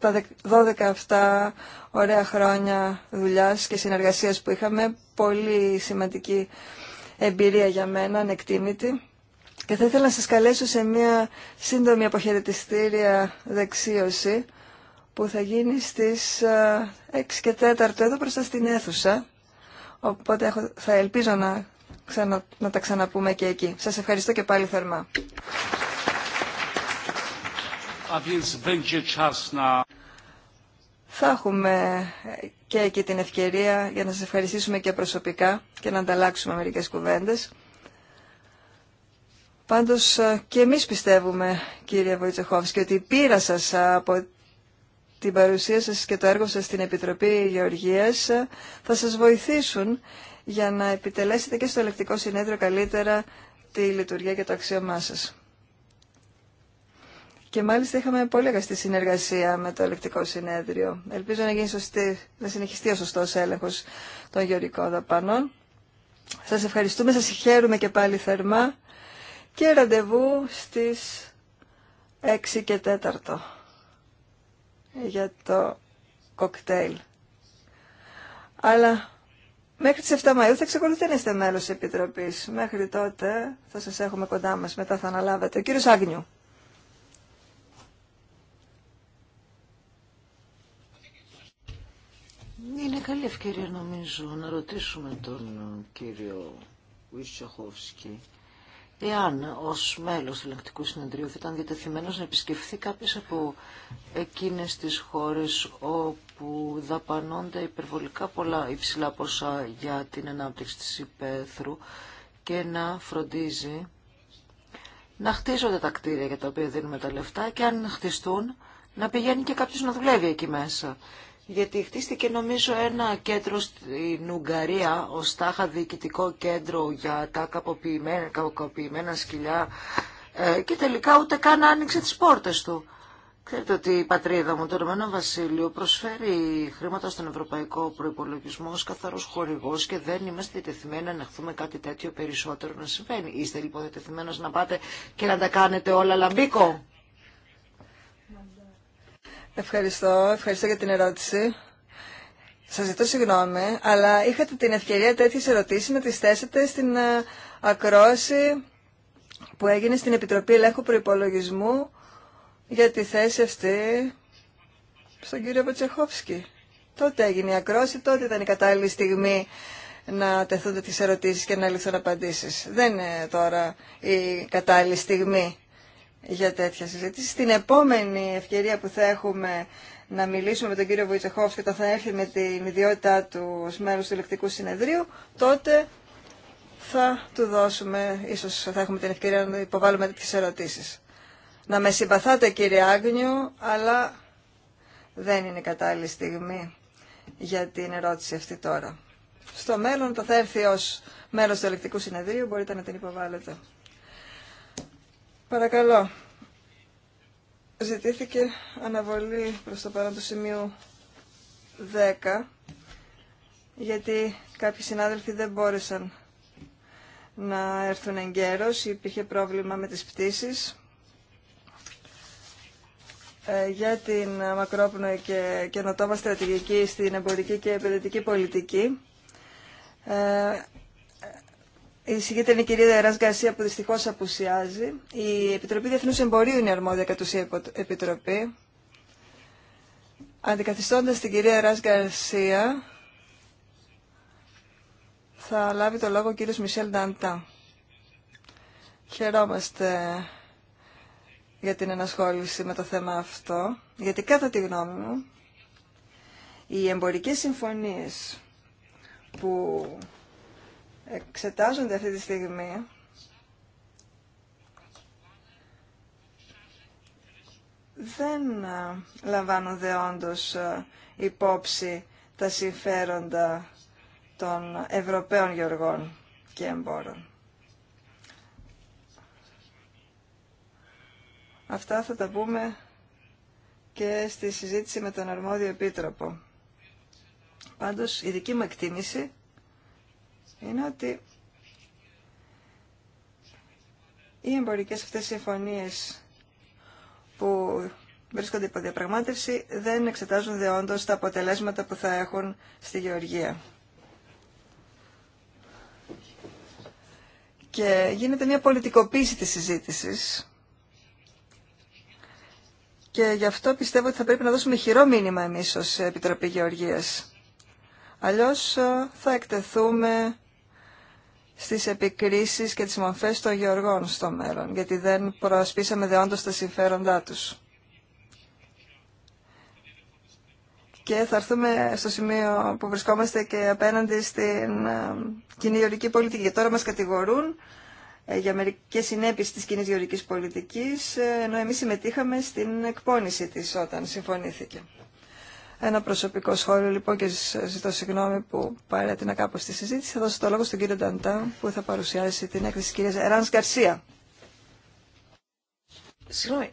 [SPEAKER 1] τα 12 αυτά ωραία χρόνια δουλειάς και συνεργασίας που είχαμε. Πολύ σημαντική εμπειρία για μένα, ανεκτήμητη. Και θα ήθελα να σας καλέσω σε μια σύντομη αποχαιρετιστήρια δεξίωση που θα γίνει στις 6 και 4 εδώ μπροστά στην αίθουσα. Οπότε θα ελπίζω να, να τα ξαναπούμε και εκεί. Σας ευχαριστώ και πάλι θερμά θα έχουμε και εκεί την ευκαιρία για να σας ευχαριστήσουμε και προσωπικά και να ανταλλάξουμε μερικές κουβέντες. Πάντως και εμείς πιστεύουμε, κύριε και ότι η πείρα σας από την παρουσία σας και το έργο σας στην Επιτροπή Γεωργίας θα σας βοηθήσουν για να επιτελέσετε και στο ελεκτικό συνέδριο καλύτερα τη λειτουργία και το αξίωμά σας. Και μάλιστα είχαμε πολύ αγαστή συνεργασία με το ελεκτικό συνέδριο. Ελπίζω να, γίνει σωστή, να συνεχιστεί ο σωστό έλεγχο των γεωρικών δαπανών. Σα ευχαριστούμε, Σα χαίρουμε και πάλι θερμά και ραντεβού στι 6 και 4 για το κοκτέιλ. Αλλά μέχρι τις 7 Μαΐου θα εξακολουθείτε να είστε μέλος της Επιτροπής. Μέχρι τότε θα σας έχουμε κοντά μας, μετά θα αναλάβετε. Ο κύριος Άγνιου.
[SPEAKER 2] Είναι καλή ευκαιρία νομίζω να ρωτήσουμε τον κύριο Βουιστσαχόφσκι εάν ως μέλος του ελεγκτικού συνεδρίου θα ήταν διατεθειμένος να επισκεφθεί κάποιες από εκείνες τις χώρες όπου δαπανώνται υπερβολικά πολλά υψηλά ποσά για την ανάπτυξη της υπαίθρου και να φροντίζει να χτίζονται τα κτίρια για τα οποία δίνουμε τα λεφτά και αν χτιστούν να πηγαίνει και κάποιος να δουλεύει εκεί μέσα γιατί χτίστηκε νομίζω ένα κέντρο στην Ουγγαρία ως τάχα διοικητικό κέντρο για τα κακοποιημένα, κακοποιημένα σκυλιά ε, και τελικά ούτε καν άνοιξε τις πόρτες του. Ξέρετε ότι η πατρίδα μου, το Ρωμανό Βασίλειο, προσφέρει χρήματα στον ευρωπαϊκό προπολογισμό ω καθαρό χορηγό και δεν είμαστε τεθειμένοι να ανεχθούμε κάτι τέτοιο περισσότερο να συμβαίνει. Είστε λοιπόν τεθειμένο να πάτε και να τα κάνετε όλα λαμπίκο.
[SPEAKER 1] Ευχαριστώ. Ευχαριστώ για την ερώτηση. Σας ζητώ συγγνώμη, αλλά είχατε την ευκαιρία τέτοιε ερωτήσει να τις θέσετε στην ε, ακρόση που έγινε στην Επιτροπή Ελέγχου Προϋπολογισμού για τη θέση αυτή στον κύριο Βατσεχόφσκι. Τότε έγινε η ακρόση, τότε ήταν η κατάλληλη στιγμή να τεθούνται τις ερωτήσεις και να ληφθούν απαντήσεις. Δεν είναι τώρα η κατάλληλη στιγμή για τέτοια συζήτηση. Στην επόμενη ευκαιρία που θα έχουμε να μιλήσουμε με τον κύριο Βοητσεχόφ και όταν θα έρθει με την ιδιότητά του ως μέλος του ηλεκτρικού συνεδρίου, τότε θα του δώσουμε, ίσως θα έχουμε την ευκαιρία να υποβάλουμε τις ερωτήσεις. Να με συμπαθάτε κύριε Άγνιου, αλλά δεν είναι κατάλληλη στιγμή για την ερώτηση αυτή τώρα. Στο μέλλον, το θα έρθει ως μέλος του ηλεκτρικού συνεδρίου, μπορείτε να την υποβάλλετε. Παρακαλώ. Ζητήθηκε αναβολή προς το παρόν του σημείου 10, γιατί κάποιοι συνάδελφοι δεν μπόρεσαν να έρθουν εγκαίρως, υπήρχε πρόβλημα με τις πτήσεις. Ε, για την μακρόπνοη και καινοτόμα στρατηγική στην εμπορική και επενδυτική πολιτική, ε, η κυρία Δεράς Γκαρσία που δυστυχώ απουσιάζει. Η Επιτροπή Διεθνού Εμπορίου είναι αρμόδια κατ' ουσία επιτροπή. Αντικαθιστώντας την κυρία Δεράς Γκαρσία θα λάβει το λόγο ο κύριο Μισελ Νταντά. Χαιρόμαστε για την ενασχόληση με το θέμα αυτό, γιατί κατά τη γνώμη μου οι εμπορικές συμφωνίες που εξετάζονται αυτή τη στιγμή δεν ε, λαμβάνονται όντως ε, υπόψη τα συμφέροντα των Ευρωπαίων γεωργών και εμπόρων. Αυτά θα τα πούμε και στη συζήτηση με τον Αρμόδιο Επίτροπο. Πάντως, η δική μου εκτίμηση είναι ότι οι εμπορικές αυτές συμφωνίες που βρίσκονται υπό διαπραγμάτευση δεν εξετάζουν δεόντως τα αποτελέσματα που θα έχουν στη Γεωργία. Και γίνεται μια πολιτικοποίηση της συζήτησης και γι' αυτό πιστεύω ότι θα πρέπει να δώσουμε χειρό μήνυμα εμείς ως Επιτροπή Γεωργίας. Αλλιώς ε, θα εκτεθούμε στις επικρίσεις και τις μορφές των γεωργών στο μέλλον, γιατί δεν προασπίσαμε δεόντως τα συμφέροντά τους. Και θα έρθουμε στο σημείο που βρισκόμαστε και απέναντι στην ε, κοινή γεωργική πολιτική. τώρα μας κατηγορούν ε, για μερικές συνέπειες της κοινής γεωργικής πολιτικής, ε, ενώ εμείς συμμετείχαμε στην εκπόνηση της όταν συμφωνήθηκε ένα προσωπικό σχόλιο λοιπόν και ζητώ συγγνώμη που παρέτεινα κάπως τη συζήτηση. Θα δώσω το λόγο στον κύριο Νταντάν που θα παρουσιάσει την έκθεση της κυρίας Εράνς Γκαρσία.
[SPEAKER 2] Συγγνώμη.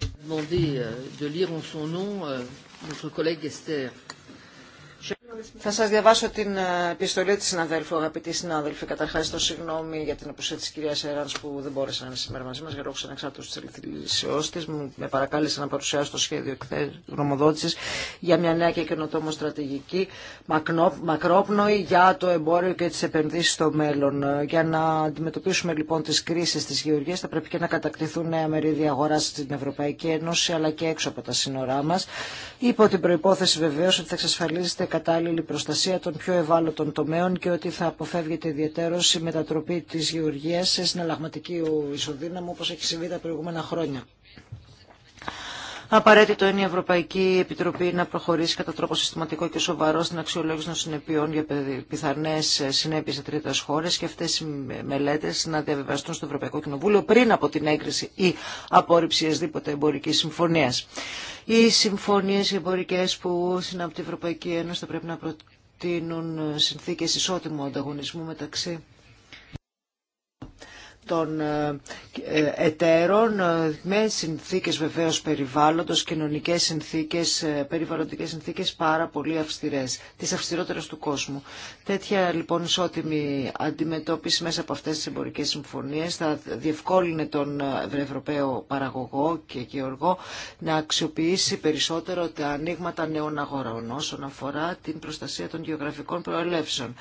[SPEAKER 2] Θα σα διαβάσω την ε, επιστολή τη συναδέλφου, αγαπητοί συνάδελφοι. Καταρχάς, το συγγνώμη για την αποσία τη κυρία Έρανς που δεν μπόρεσε να είναι σήμερα μαζί μας για λόγους ανεξάρτητους της ελευθερήσεώς της. Με παρακάλεσε να παρουσιάσω το σχέδιο γνωμοδότησης για μια νέα και καινοτόμο στρατηγική μακρόπνοη για το εμπόριο και τις επενδύσει στο μέλλον. Ε, για να αντιμετωπίσουμε λοιπόν τις κρίσεις τη γεωργίας θα πρέπει και να κατακτηθούν νέα μερίδια αγορά στην Ευρωπαϊκή Ένωση αλλά και έξω από τα σύνορά μας. Υπό την προπόθεση βεβαίως ότι θα εξασφαλίζεται κατάλληλη η προστασία των πιο ευάλωτων τομέων και ότι θα αποφεύγεται ιδιαίτερω η μετατροπή τη γεωργία σε συναλλαγματική ισοδύναμη όπω έχει συμβεί τα προηγούμενα χρόνια. Απαραίτητο είναι η Ευρωπαϊκή Επιτροπή να προχωρήσει κατά τρόπο συστηματικό και σοβαρό στην αξιολόγηση των συνεπειών για πιθανέ ε, συνέπειε σε τρίτε χώρε και αυτέ οι μελέτε να διαβεβαστούν στο Ευρωπαϊκό Κοινοβούλιο πριν από την έγκριση ή απόρριψη εσδήποτε εμπορική συμφωνία. Οι συμφωνίε εμπορικέ που συνάπτει η Ευρωπαϊκή Ένωση θα πρέπει να προτείνουν συνθήκε ισότιμου ανταγωνισμού μεταξύ των ε, ε, εταίρων ε, με συνθήκες βεβαίως περιβάλλοντος, κοινωνικές συνθήκες, περιβαλλοντικές συνθήκες πάρα πολύ αυστηρές, τις αυστηρότερες του κόσμου. Τέτοια λοιπόν ισότιμη αντιμετώπιση μέσα από αυτές τις εμπορικές συμφωνίες θα διευκόλυνε τον Ευρωπαίο παραγωγό και γεωργό να αξιοποιήσει περισσότερο τα ανοίγματα νέων αγορών όσον αφορά την προστασία των γεωγραφικών προελεύσεων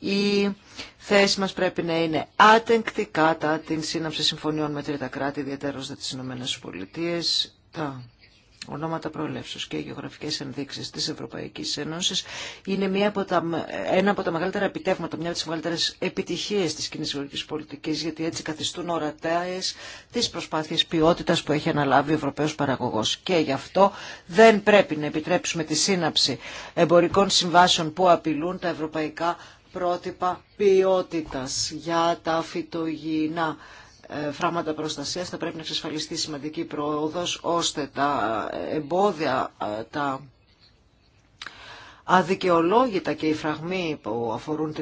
[SPEAKER 2] η θέση μας πρέπει να είναι άτεγκτη κατά την σύναψη συμφωνιών με τρίτα κράτη, ιδιαίτερως δε τις Ηνωμένες Πολιτείες, τα ονόματα προελεύσεως και οι γεωγραφικές ενδείξεις της Ευρωπαϊκής Ένωσης είναι μία από τα, ένα από τα μεγαλύτερα επιτεύγματα, μια από τις μεγαλύτερες επιτυχίες της κοινής πολιτικής, γιατί έτσι καθιστούν ορατές τις προσπάθειες ποιότητας που έχει αναλάβει ο Ευρωπαίος παραγωγός. Και γι' αυτό δεν πρέπει να επιτρέψουμε τη σύναψη εμπορικών συμβάσεων που απειλούν τα ευρωπαϊκά πρότυπα ποιότητας για τα φυτογεινά ε, φράγματα προστασίας θα πρέπει να εξασφαλιστεί σημαντική πρόοδος ώστε τα ε, εμπόδια, ε, τα αδικαιολόγητα και οι φραγμοί που αφορούν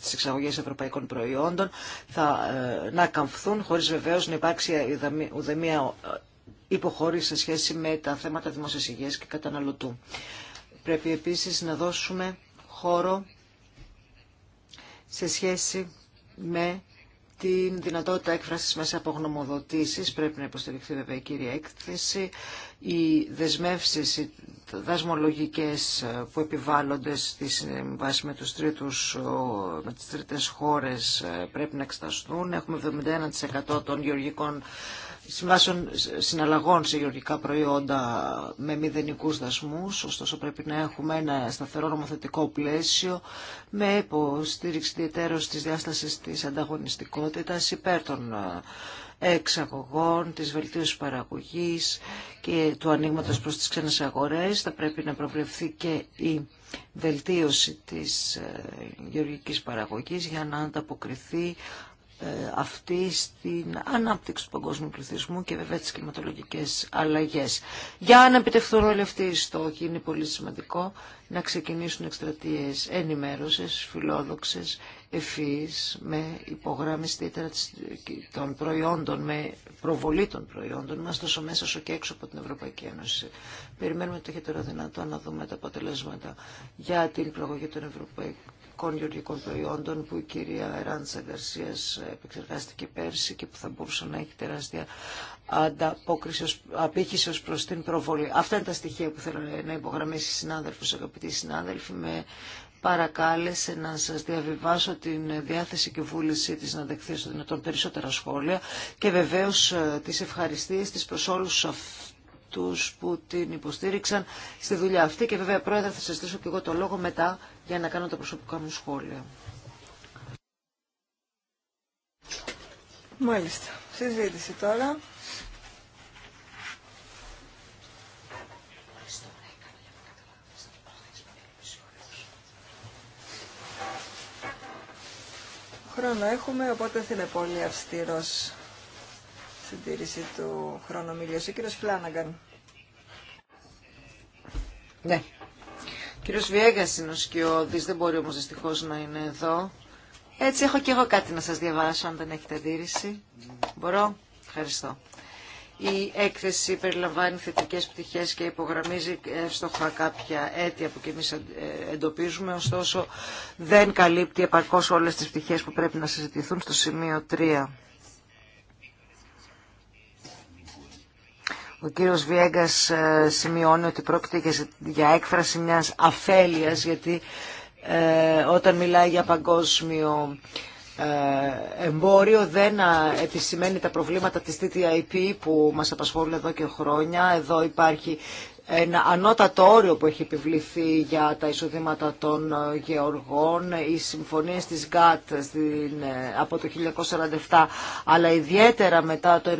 [SPEAKER 2] τις εξαγωγές ευρωπαϊκών προϊόντων θα να καμφθούν χωρίς βεβαίως να υπάρξει ουδεμία υποχώρηση σε σχέση με τα θέματα δημόσιας υγείας και καταναλωτού. Πρέπει επίσης να δώσουμε χώρο σε σχέση με την δυνατότητα έκφρασης μέσα από γνωμοδοτήσεις, πρέπει να υποστηριχθεί βέβαια η κύρια έκθεση, οι δεσμεύσεις οι δασμολογικές ε, που επιβάλλονται στη βάση με, τρίτους, με τις τρίτες χώρες ε, πρέπει να εξεταστούν. Έχουμε 71% των γεωργικών συμβάσεων συναλλαγών σε γεωργικά προϊόντα με μηδενικούς δασμούς, ωστόσο πρέπει να έχουμε ένα σταθερό νομοθετικό πλαίσιο με υποστήριξη ιδιαίτερως της διάστασης της ανταγωνιστικότητας υπέρ των ε, εξαγωγών, της βελτίωσης παραγωγής και του ανοίγματο προς τις ξένες αγορές. Θα πρέπει να προβλεφθεί και η βελτίωση της ε, γεωργικής παραγωγής για να ανταποκριθεί ε, αυτή στην ανάπτυξη του παγκόσμιου πληθυσμού και βέβαια τις κλιματολογικές αλλαγές. Για να επιτευχθούν όλοι αυτοί οι στόχοι είναι πολύ σημαντικό να ξεκινήσουν εκστρατείες ενημέρωσης, φιλόδοξες, ευφύης, με υπογράμμιση τίτερα των προϊόντων, με προβολή των προϊόντων μας, τόσο μέσα όσο και έξω από την Ευρωπαϊκή Ένωση. Περιμένουμε το χειρότερο δυνατό να δούμε τα αποτελέσματα για την προογή των Ευρωπαϊκών γεωργικών γεωργικών προϊόντων που η κυρία Ράντσα Γκαρσία επεξεργάστηκε πέρσι και που θα μπορούσε να έχει τεράστια ανταπόκριση, απήχηση ω προ την προβολή. Αυτά είναι τα στοιχεία που θέλω να υπογραμμίσει συνάδελφο, αγαπητοί συνάδελφοι, με παρακάλεσε να σας διαβιβάσω την διάθεση και βούλησή της να δεχθεί στο δυνατόν περισσότερα σχόλια και βεβαίως ε, τις ευχαριστίες της προς όλους αυτούς που την υποστήριξαν στη δουλειά αυτή και βέβαια πρόεδρε θα σας δώσω και εγώ το λόγο μετά για να κάνω τα προσωπικά
[SPEAKER 1] μου σχόλια. Μάλιστα. Συζήτηση τώρα. Χρόνο έχουμε, οπότε θα είναι πολύ αυστηρός στην τήρηση του χρόνου μιλίωση. Ο κύριος Φλάναγκαν.
[SPEAKER 2] Ναι. Κύριο Βιέγα είναι ο σκιώδη, δεν μπορεί όμω δυστυχώ να είναι εδώ. Έτσι έχω και εγώ κάτι να σα διαβάσω αν δεν έχετε αντίρρηση. Μπορώ. Ευχαριστώ. Η έκθεση περιλαμβάνει θετικέ πτυχέ και υπογραμμίζει εύστοχα κάποια αίτια που και εμεί ε, εντοπίζουμε, ωστόσο δεν καλύπτει επαρκώ όλε τι πτυχέ που πρέπει να συζητηθούν στο σημείο 3. Ο κύριος Βιέγκας ε, σημειώνει ότι πρόκειται για έκφραση μιας αφέλειας γιατί ε, όταν μιλάει για παγκόσμιο ε, εμπόριο δεν επισημαίνει τα προβλήματα της TTIP που μας απασχολούν εδώ και χρόνια. Εδώ υπάρχει ένα ανώτατο όριο που έχει επιβληθεί για τα εισοδήματα των ε, γεωργών, οι συμφωνίες της ΓΑΤ ε, από το 1947, αλλά ιδιαίτερα μετά το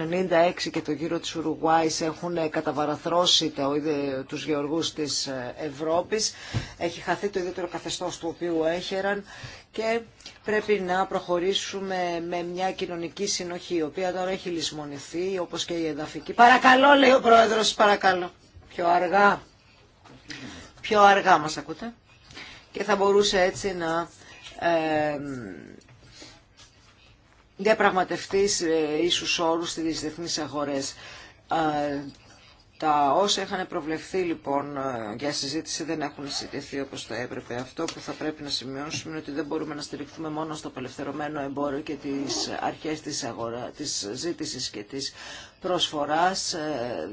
[SPEAKER 2] 1996 και το γύρο της Ουρουγουάης έχουν καταβαραθρώσει το, ε, τους γεωργούς της Ευρώπης. Έχει χαθεί το ιδιαίτερο καθεστώς του οποίου έχεραν και πρέπει να προχωρήσουμε με μια κοινωνική συνοχή, η οποία τώρα έχει λησμονηθεί, όπως και η εδαφική. Παρακαλώ, λέει ο Πρόεδρος, παρακαλώ πιο αργά. Πιο αργά μας ακούτε. Και θα μπορούσε έτσι να ε, διαπραγματευτεί ε, ίσους όρους στις διεθνείς αγορές. τα όσα είχαν προβλεφθεί λοιπόν ε, για συζήτηση δεν έχουν συζητηθεί όπως θα έπρεπε. Αυτό που θα πρέπει να σημειώσουμε είναι ότι δεν μπορούμε να στηριχθούμε μόνο στο απελευθερωμένο εμπόριο και τις αρχές της, αγορά, της ζήτησης και της προσφοράς. Ε,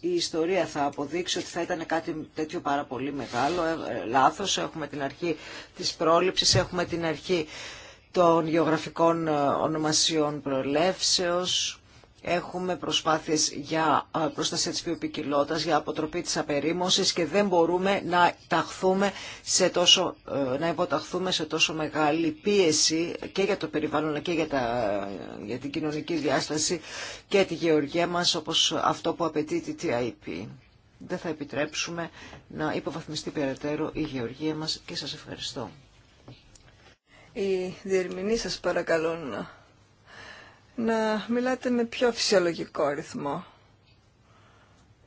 [SPEAKER 2] η ιστορία θα αποδείξει ότι θα ήταν κάτι τέτοιο πάρα πολύ μεγάλο ε, ε, λάθος. Έχουμε την αρχή της πρόληψης, έχουμε την αρχή των γεωγραφικών ε, ονομασιών προελεύσεως Έχουμε προσπάθειες για ε, προστασία της βιοποικιλότητας, για αποτροπή της απερίμωσης και δεν μπορούμε να, ταχθούμε σε τόσο, ε, να υποταχθούμε σε τόσο μεγάλη πίεση και για το περιβάλλον και για, τα, για την κοινωνική διάσταση και τη γεωργία μας όπως αυτό που απαιτεί τη TIP. Δεν θα επιτρέψουμε να υποβαθμιστεί περαιτέρω η γεωργία μας και
[SPEAKER 1] σας ευχαριστώ. Η διερμηνείς σας να μιλάτε με πιο φυσιολογικό ρυθμό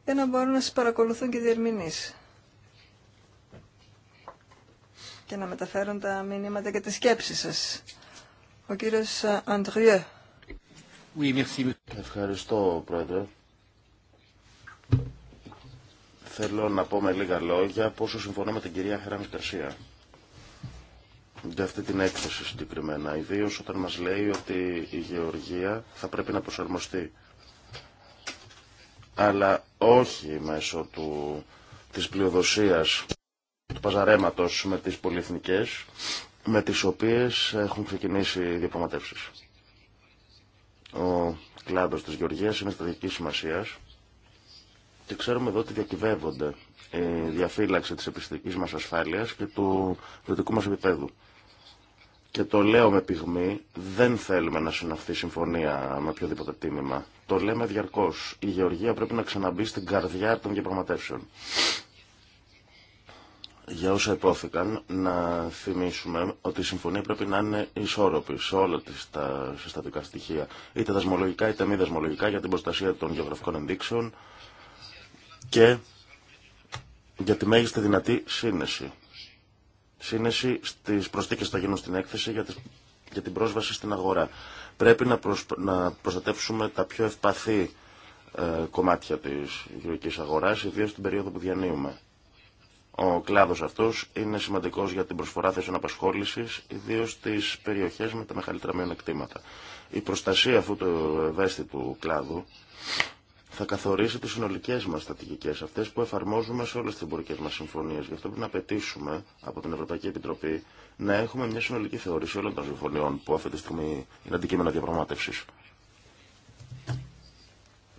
[SPEAKER 1] για να μπορούν να σας παρακολουθούν και διερμηνείς και να μεταφέρουν τα μηνύματα και τις σκέψεις σας. Ο κύριος Αντριέ.
[SPEAKER 4] Ευχαριστώ, Πρόεδρε. Θέλω να πω με λίγα λόγια πόσο συμφωνώ με την κυρία Χεράμις Καρσία για αυτή την έκθεση συγκεκριμένα. Ιδίω όταν μας λέει ότι η γεωργία θα πρέπει να προσαρμοστεί. Αλλά όχι μέσω του, της πλειοδοσίας του παζαρέματος με τις πολυεθνικές, με τις οποίες έχουν ξεκινήσει οι διαπραγματεύσεις. Ο κλάδος της γεωργίας είναι στρατηγική σημασίας και ξέρουμε εδώ ότι διακυβεύονται η διαφύλαξη της επιστημικής μας ασφάλειας και του δυτικού μας επίπεδου και το λέω με πυγμή, δεν θέλουμε να συναυθεί συμφωνία με οποιοδήποτε τίμημα. Το λέμε διαρκώ. Η Γεωργία πρέπει να ξαναμπεί στην καρδιά των διαπραγματεύσεων. Για όσα υπόθηκαν, να θυμίσουμε ότι η συμφωνία πρέπει να είναι ισόρροπη σε όλα τις τα συστατικά στοιχεία, είτε δασμολογικά είτε μη δασμολογικά, για την προστασία των γεωγραφικών ενδείξεων και για τη μέγιστη δυνατή σύνεση σύνεση στις προσθήκες που θα γίνουν στην έκθεση για, την πρόσβαση στην αγορά. Πρέπει να, να προστατεύσουμε τα πιο ευπαθή ε, κομμάτια της γεωργικής αγοράς, ιδίως στην περίοδο που διανύουμε. Ο κλάδος αυτός είναι σημαντικός για την προσφορά θέσεων απασχόλησης, ιδίως στις περιοχές με τα μεγαλύτερα μειονεκτήματα. Η προστασία αυτού του ευαίσθητου κλάδου θα καθορίσει τις συνολικές μας στρατηγικές αυτές που εφαρμόζουμε σε όλες τις εμπορικές μας συμφωνίες. Γι' αυτό πρέπει να απαιτήσουμε από την Ευρωπαϊκή Επιτροπή να έχουμε μια συνολική θεώρηση όλων των συμφωνιών που αυτή τη στιγμή είναι αντικείμενα διαπραγμάτευσης.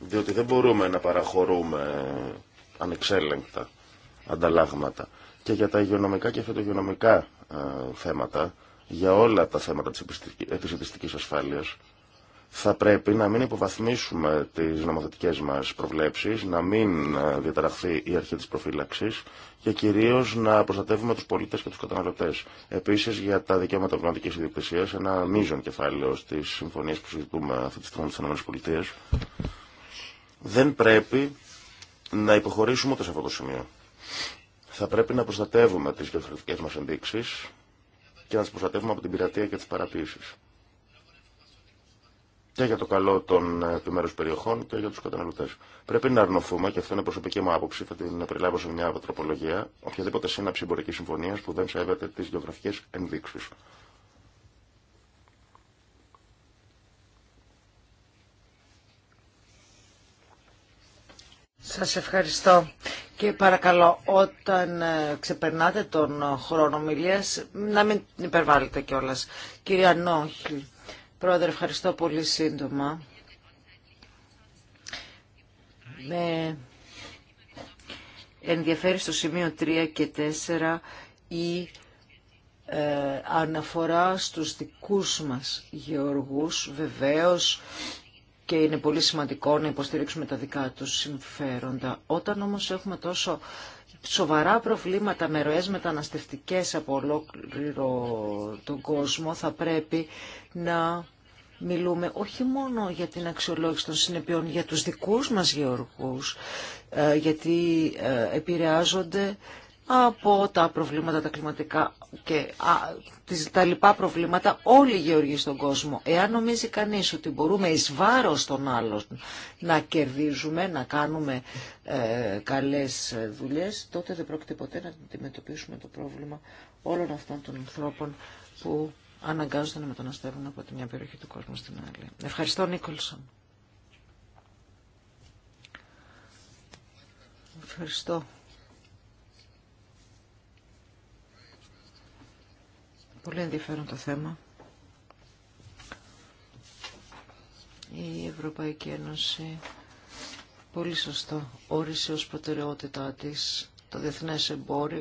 [SPEAKER 4] Διότι δεν μπορούμε να παραχωρούμε ανεξέλεγκτα ανταλλάγματα. Και για τα υγειονομικά και φετογειονομικά ε, θέματα, για όλα τα θέματα της επιστικής ασφάλειας, θα πρέπει να μην υποβαθμίσουμε τις νομοθετικές μας προβλέψεις, να μην ε, διαταραχθεί η αρχή της προφύλαξης και κυρίως να προστατεύουμε τους πολίτες και τους καταναλωτές. Επίσης για τα δικαιώματα πνευματικής ιδιοκτησίας, ένα μείζον κεφάλαιο στις συμφωνίες που συζητούμε αυτή τη στιγμή με ΗΠΑ, δεν πρέπει να υποχωρήσουμε ούτε σε αυτό το σημείο. Θα πρέπει να προστατεύουμε τις διαφορετικές μας ενδείξεις και να τις προστατεύουμε από την πειρατεία και τις παρατήσει και για το καλό των επιμέρου περιοχών και για του καταναλωτέ. Πρέπει να αρνοθούμε, και αυτό είναι προσωπική μου άποψη, θα την περιλάβω σε μια τροπολογία, οποιαδήποτε σύναψη εμπορική συμφωνία που δεν σέβεται τι γεωγραφικέ ενδείξει.
[SPEAKER 2] Σας ευχαριστώ και παρακαλώ όταν ε, ξεπερνάτε τον χρόνο μιλία να μην υπερβάλλετε κιόλας. Κυρία Νόχη, Πρόεδρε, ευχαριστώ πολύ σύντομα. Με ενδιαφέρει στο σημείο 3 και 4 η ε, αναφορά στους δικούς μας γεωργούς βεβαίως και είναι πολύ σημαντικό να υποστηρίξουμε τα δικά τους συμφέροντα. Όταν όμως έχουμε τόσο σοβαρά προβλήματα με ροές μεταναστευτικές από ολόκληρο τον κόσμο θα πρέπει να μιλούμε όχι μόνο για την αξιολόγηση των συνεπειών για τους δικούς μας γεωργούς, ε, γιατί ε, επηρεάζονται από τα προβλήματα τα κλιματικά και τα λοιπά προβλήματα όλοι οι γεωργοί στον κόσμο. Εάν νομίζει κανείς ότι μπορούμε εις βάρος των άλλων να κερδίζουμε, να κάνουμε ε, καλές ε, δουλειές, τότε δεν πρόκειται ποτέ να αντιμετωπίσουμε το πρόβλημα όλων αυτών των ανθρώπων που αναγκάζονται να μεταναστεύουν από τη μια περιοχή του κόσμου στην άλλη. Ευχαριστώ Νίκολσον. Ευχαριστώ. Πολύ ενδιαφέρον το θέμα. Η Ευρωπαϊκή Ένωση πολύ σωστό όρισε ως προτεραιότητά της το διεθνές εμπόριο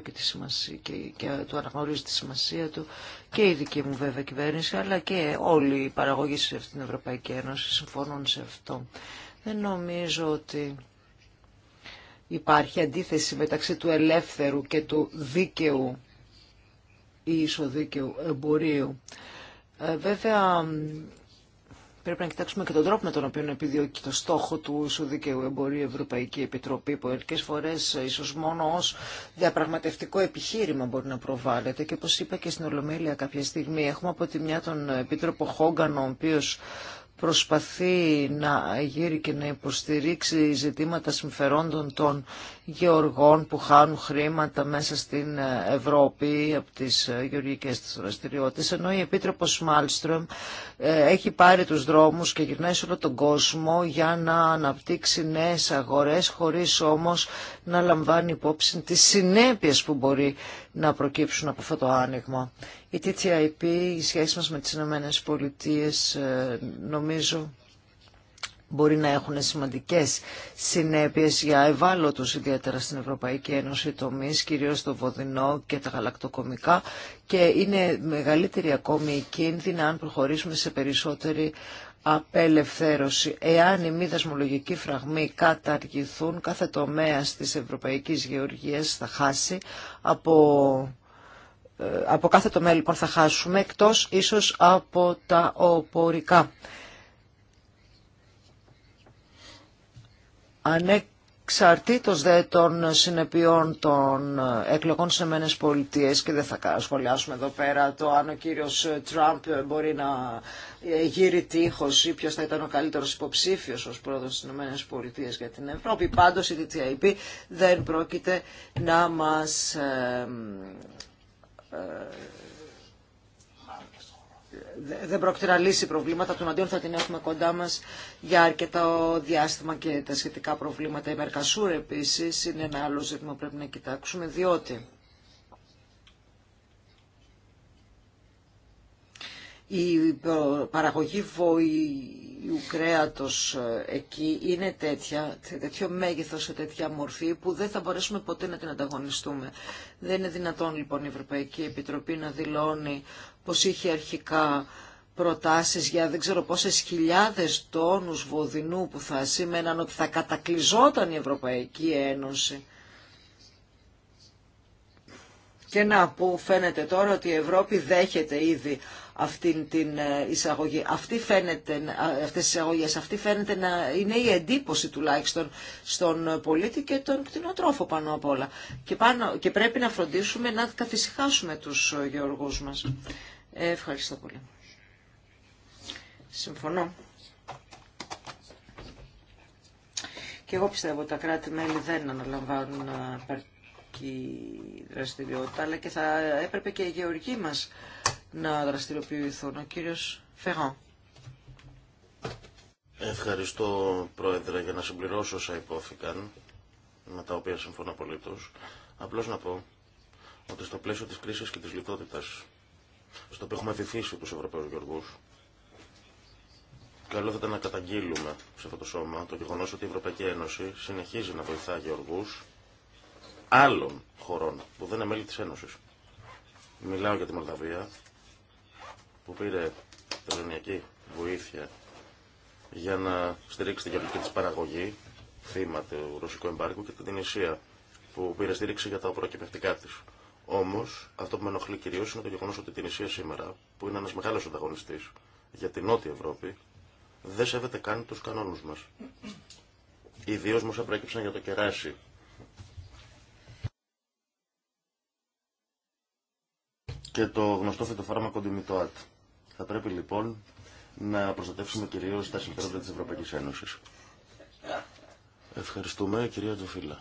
[SPEAKER 2] και, και, του αναγνωρίζει τη σημασία του και η δική μου βέβαια κυβέρνηση αλλά και όλοι οι παραγωγείς σε αυτήν την Ευρωπαϊκή Ένωση συμφωνούν σε αυτό. Δεν νομίζω ότι υπάρχει αντίθεση μεταξύ του ελεύθερου και του δίκαιου ή ισοδίκαιου εμπορίου. Ε, βέβαια Πρέπει να κοιτάξουμε και τον τρόπο με τον οποίο επιδιώκει το στόχο του δικαίου εμπορίου Ευρωπαϊκή Επιτροπή, που ερικέ φορέ ίσω μόνο ω διαπραγματευτικό επιχείρημα μπορεί να προβάλλεται. Και όπω είπα και στην Ολομέλεια κάποια στιγμή, έχουμε από τη μια τον Επίτροπο Χόγκανο ο οποίο προσπαθεί να γύρει και να υποστηρίξει ζητήματα συμφερόντων των γεωργών που χάνουν χρήματα μέσα στην Ευρώπη από τις γεωργικές της δραστηριότητες, ενώ η Επίτροπος Μάλστρομ ε, έχει πάρει τους δρόμους και γυρνάει σε όλο τον κόσμο για να αναπτύξει νέες αγορές, χωρίς όμως να λαμβάνει υπόψη τις συνέπειες που μπορεί να προκύψουν από αυτό το άνοιγμα. Η TTIP, η σχέση μας με τις Ηνωμένε Πολιτείε, ε, νομίζω μπορεί να έχουν σημαντικές συνέπειες για ευάλωτους ιδιαίτερα στην Ευρωπαϊκή Ένωση τομείς, κυρίως το βοδινό και τα γαλακτοκομικά και είναι μεγαλύτερη ακόμη η κίνδυνα αν προχωρήσουμε σε περισσότερη απελευθέρωση. Εάν οι μη δασμολογικοί φραγμοί καταργηθούν, κάθε τομέα της Ευρωπαϊκής Γεωργίας θα χάσει από ε, από κάθε τομέα λοιπόν θα χάσουμε, εκτός ίσως από τα οπορικά. Ανεξαρτήτως δε των συνεπειών των ε, εκλογών σε μένες πολιτείες και δεν θα σχολιάσουμε εδώ πέρα το αν ο κύριος Τραμπ μπορεί να ε, γύρει τείχος ή ποιος θα ήταν ο καλύτερος υποψήφιος ως πρόεδρος της ΗΠΑ για την Ευρώπη. Πάντως η DTIP δεν πρόκειται να μας ε, δεν πρόκειται να λύσει προβλήματα. Του αντίον θα την έχουμε κοντά μα για αρκετό διάστημα και τα σχετικά προβλήματα. Η Μερκασούρ επίση είναι ένα άλλο ζήτημα που πρέπει να κοιτάξουμε, διότι η παραγωγή βοη κρέατο ε, εκεί είναι τέτοια, τέτοιο μέγεθο σε τέτοια μορφή που δεν θα μπορέσουμε ποτέ να την ανταγωνιστούμε. Δεν είναι δυνατόν λοιπόν η Ευρωπαϊκή Επιτροπή να δηλώνει πως είχε αρχικά προτάσεις για δεν ξέρω πόσες χιλιάδες τόνους βοδινού που θα σήμαιναν ότι θα κατακλυζόταν η Ευρωπαϊκή Ένωση. Και να που φαίνεται τώρα ότι η Ευρώπη δέχεται ήδη αυτήν την ε, εισαγωγή. Αυτή φαίνεται, ε, αυτές τις εισαγωγές, αυτή φαίνεται να είναι η εντύπωση τουλάχιστον στον πολίτη και τον κτηνοτρόφο πάνω απ' όλα. Και, πάνω, και πρέπει να φροντίσουμε να καθησυχάσουμε τους γεωργούς μας. Ε, ευχαριστώ πολύ. Συμφωνώ. Και εγώ πιστεύω ότι τα κράτη-μέλη δεν αναλαμβάνουν παρκή δραστηριότητα, αλλά και θα έπρεπε και οι γεωργοί μας να δραστηριοποιηθούν. Ο κύριος Φεγάν.
[SPEAKER 4] Ευχαριστώ, Πρόεδρε, για να συμπληρώσω όσα υπόθηκαν, με τα οποία συμφωνώ απολύτως. Απλώς να πω ότι στο πλαίσιο τη κρίση και της λιτότητας, στο οποίο έχουμε βυθίσει του Ευρωπαίους Γεωργούς, Καλό θα ήταν να καταγγείλουμε σε αυτό το σώμα το γεγονό ότι η Ευρωπαϊκή Ένωση συνεχίζει να βοηθά γεωργού άλλων χωρών που δεν είναι μέλη τη Ένωση. Μιλάω για τη Μολδαβία, που πήρε τελωνιακή βοήθεια για να στηρίξει την κεντρική τη παραγωγή, θύμα του ρωσικού εμπάρκου και την Τινησία που πήρε στήριξη για τα προκυπευτικά τη. Όμως, αυτό που με ενοχλεί κυρίω είναι το γεγονό ότι η Τινησία σήμερα, που είναι ένα μεγάλο ανταγωνιστής για την Νότια Ευρώπη, δεν σέβεται καν του κανόνους μα. Ιδίω μα απρέκυψαν για το κεράσι. Και το γνωστό φυτοφάρμακο Ντιμιτοάτ. Θα πρέπει λοιπόν να προστατεύσουμε κυρίως τα συμφέροντα της Ευρωπαϊκής Ένωσης. Ευχαριστούμε, κυρία Τζοφίλα.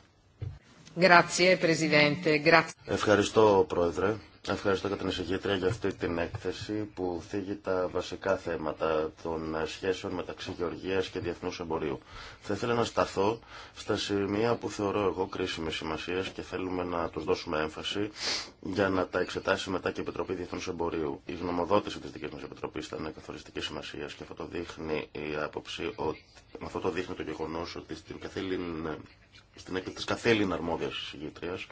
[SPEAKER 4] Ευχαριστώ, Πρόεδρε. Ευχαριστώ και την εισηγήτρια για αυτή την έκθεση που θίγει τα βασικά θέματα των σχέσεων μεταξύ γεωργίας και διεθνούς εμπορίου. Θα ήθελα να σταθώ στα σημεία που θεωρώ εγώ κρίσιμη σημασία και θέλουμε να τους δώσουμε έμφαση για να τα εξετάσει μετά και η Επιτροπή Διεθνούς Εμπορίου. Η γνωμοδότηση της δικής μας Επιτροπής ήταν καθοριστική σημασία και αυτό το δείχνει η άποψη ότι, αυτό το δείχνει το γεγονός ότι στην καθήλυνη στην έκθεση της καθέλην αρμόδιας συγκήτριας.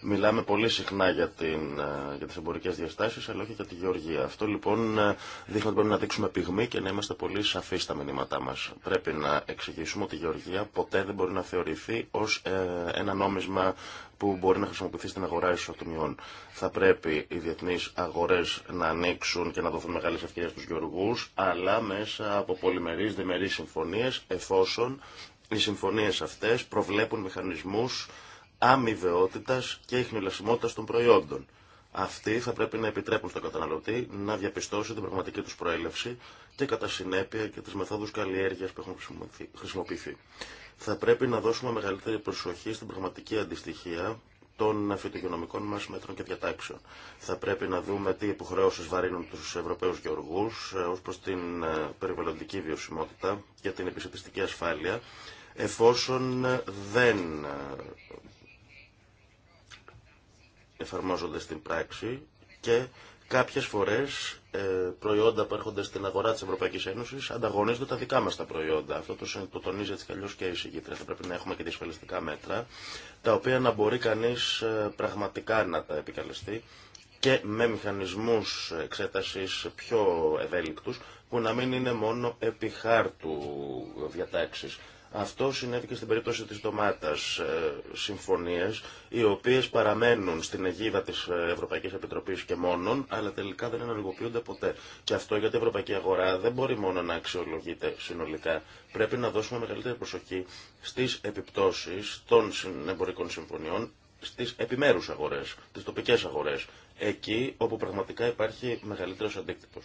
[SPEAKER 4] Μιλάμε πολύ συχνά για, την, ε, για τις εμπορικές διαστάσεις, αλλά όχι για τη γεωργία. Αυτό λοιπόν ε, δείχνει ότι πρέπει να δείξουμε πυγμή και να είμαστε πολύ σαφείς στα μηνύματά μας. Πρέπει να εξηγήσουμε ότι η γεωργία ποτέ δεν μπορεί να θεωρηθεί ως ε, ένα νόμισμα που μπορεί να χρησιμοποιηθεί στην αγορά ισοτιμιών. Θα πρέπει οι διεθνεί αγορέ να ανοίξουν και να δοθούν μεγάλε ευκαιρίε στου γεωργού, αλλά μέσα από πολυμερεί διμερεί συμφωνίε, εφόσον οι συμφωνίες αυτές προβλέπουν μηχανισμούς αμοιβαιότητας και ειχνηλασιμότητας των προϊόντων. Αυτοί θα πρέπει να επιτρέπουν στον καταναλωτή να διαπιστώσει την πραγματική τους προέλευση και κατά συνέπεια και τις μεθόδους καλλιέργειας που έχουν χρησιμοποιηθεί. Θα πρέπει να δώσουμε μεγαλύτερη προσοχή στην πραγματική αντιστοιχεία των φυτογενομικών μας μέτρων και διατάξεων. Θα πρέπει να δούμε τι υποχρεώσεις βαρύνουν τους Ευρωπαίους γεωργούς ε, ως προς την ε, περιβαλλοντική βιωσιμότητα και την επισητιστική ασφάλεια εφόσον δεν εφαρμόζονται στην πράξη και κάποιες φορές ε, προϊόντα που έρχονται στην αγορά της Ευρωπαϊκής Ένωσης ανταγωνίζονται τα δικά μας τα προϊόντα. Αυτό το, τονίζει έτσι καλώς και η συγκήτρια. Θα πρέπει να έχουμε και δυσφαλιστικά μέτρα, τα οποία να μπορεί κανείς ε, πραγματικά να τα επικαλεστεί και με μηχανισμούς εξέτασης πιο ευέλικτους, που να μην είναι μόνο επί χάρτου διατάξεις. Αυτό συνέβη και στην περίπτωση της ντομάτας ε, συμφωνίες, οι οποίες παραμένουν στην αιγίδα της ε, Ευρωπαϊκής Επιτροπής και μόνον, αλλά τελικά δεν ενεργοποιούνται ποτέ. Και αυτό γιατί η Ευρωπαϊκή Αγορά δεν μπορεί μόνο να αξιολογείται συνολικά. Πρέπει να δώσουμε μεγαλύτερη προσοχή στις επιπτώσεις των εμπορικών συμφωνιών στις επιμέρους αγορές, τις τοπικές αγορές, εκεί όπου πραγματικά υπάρχει μεγαλύτερος αντίκτυπος.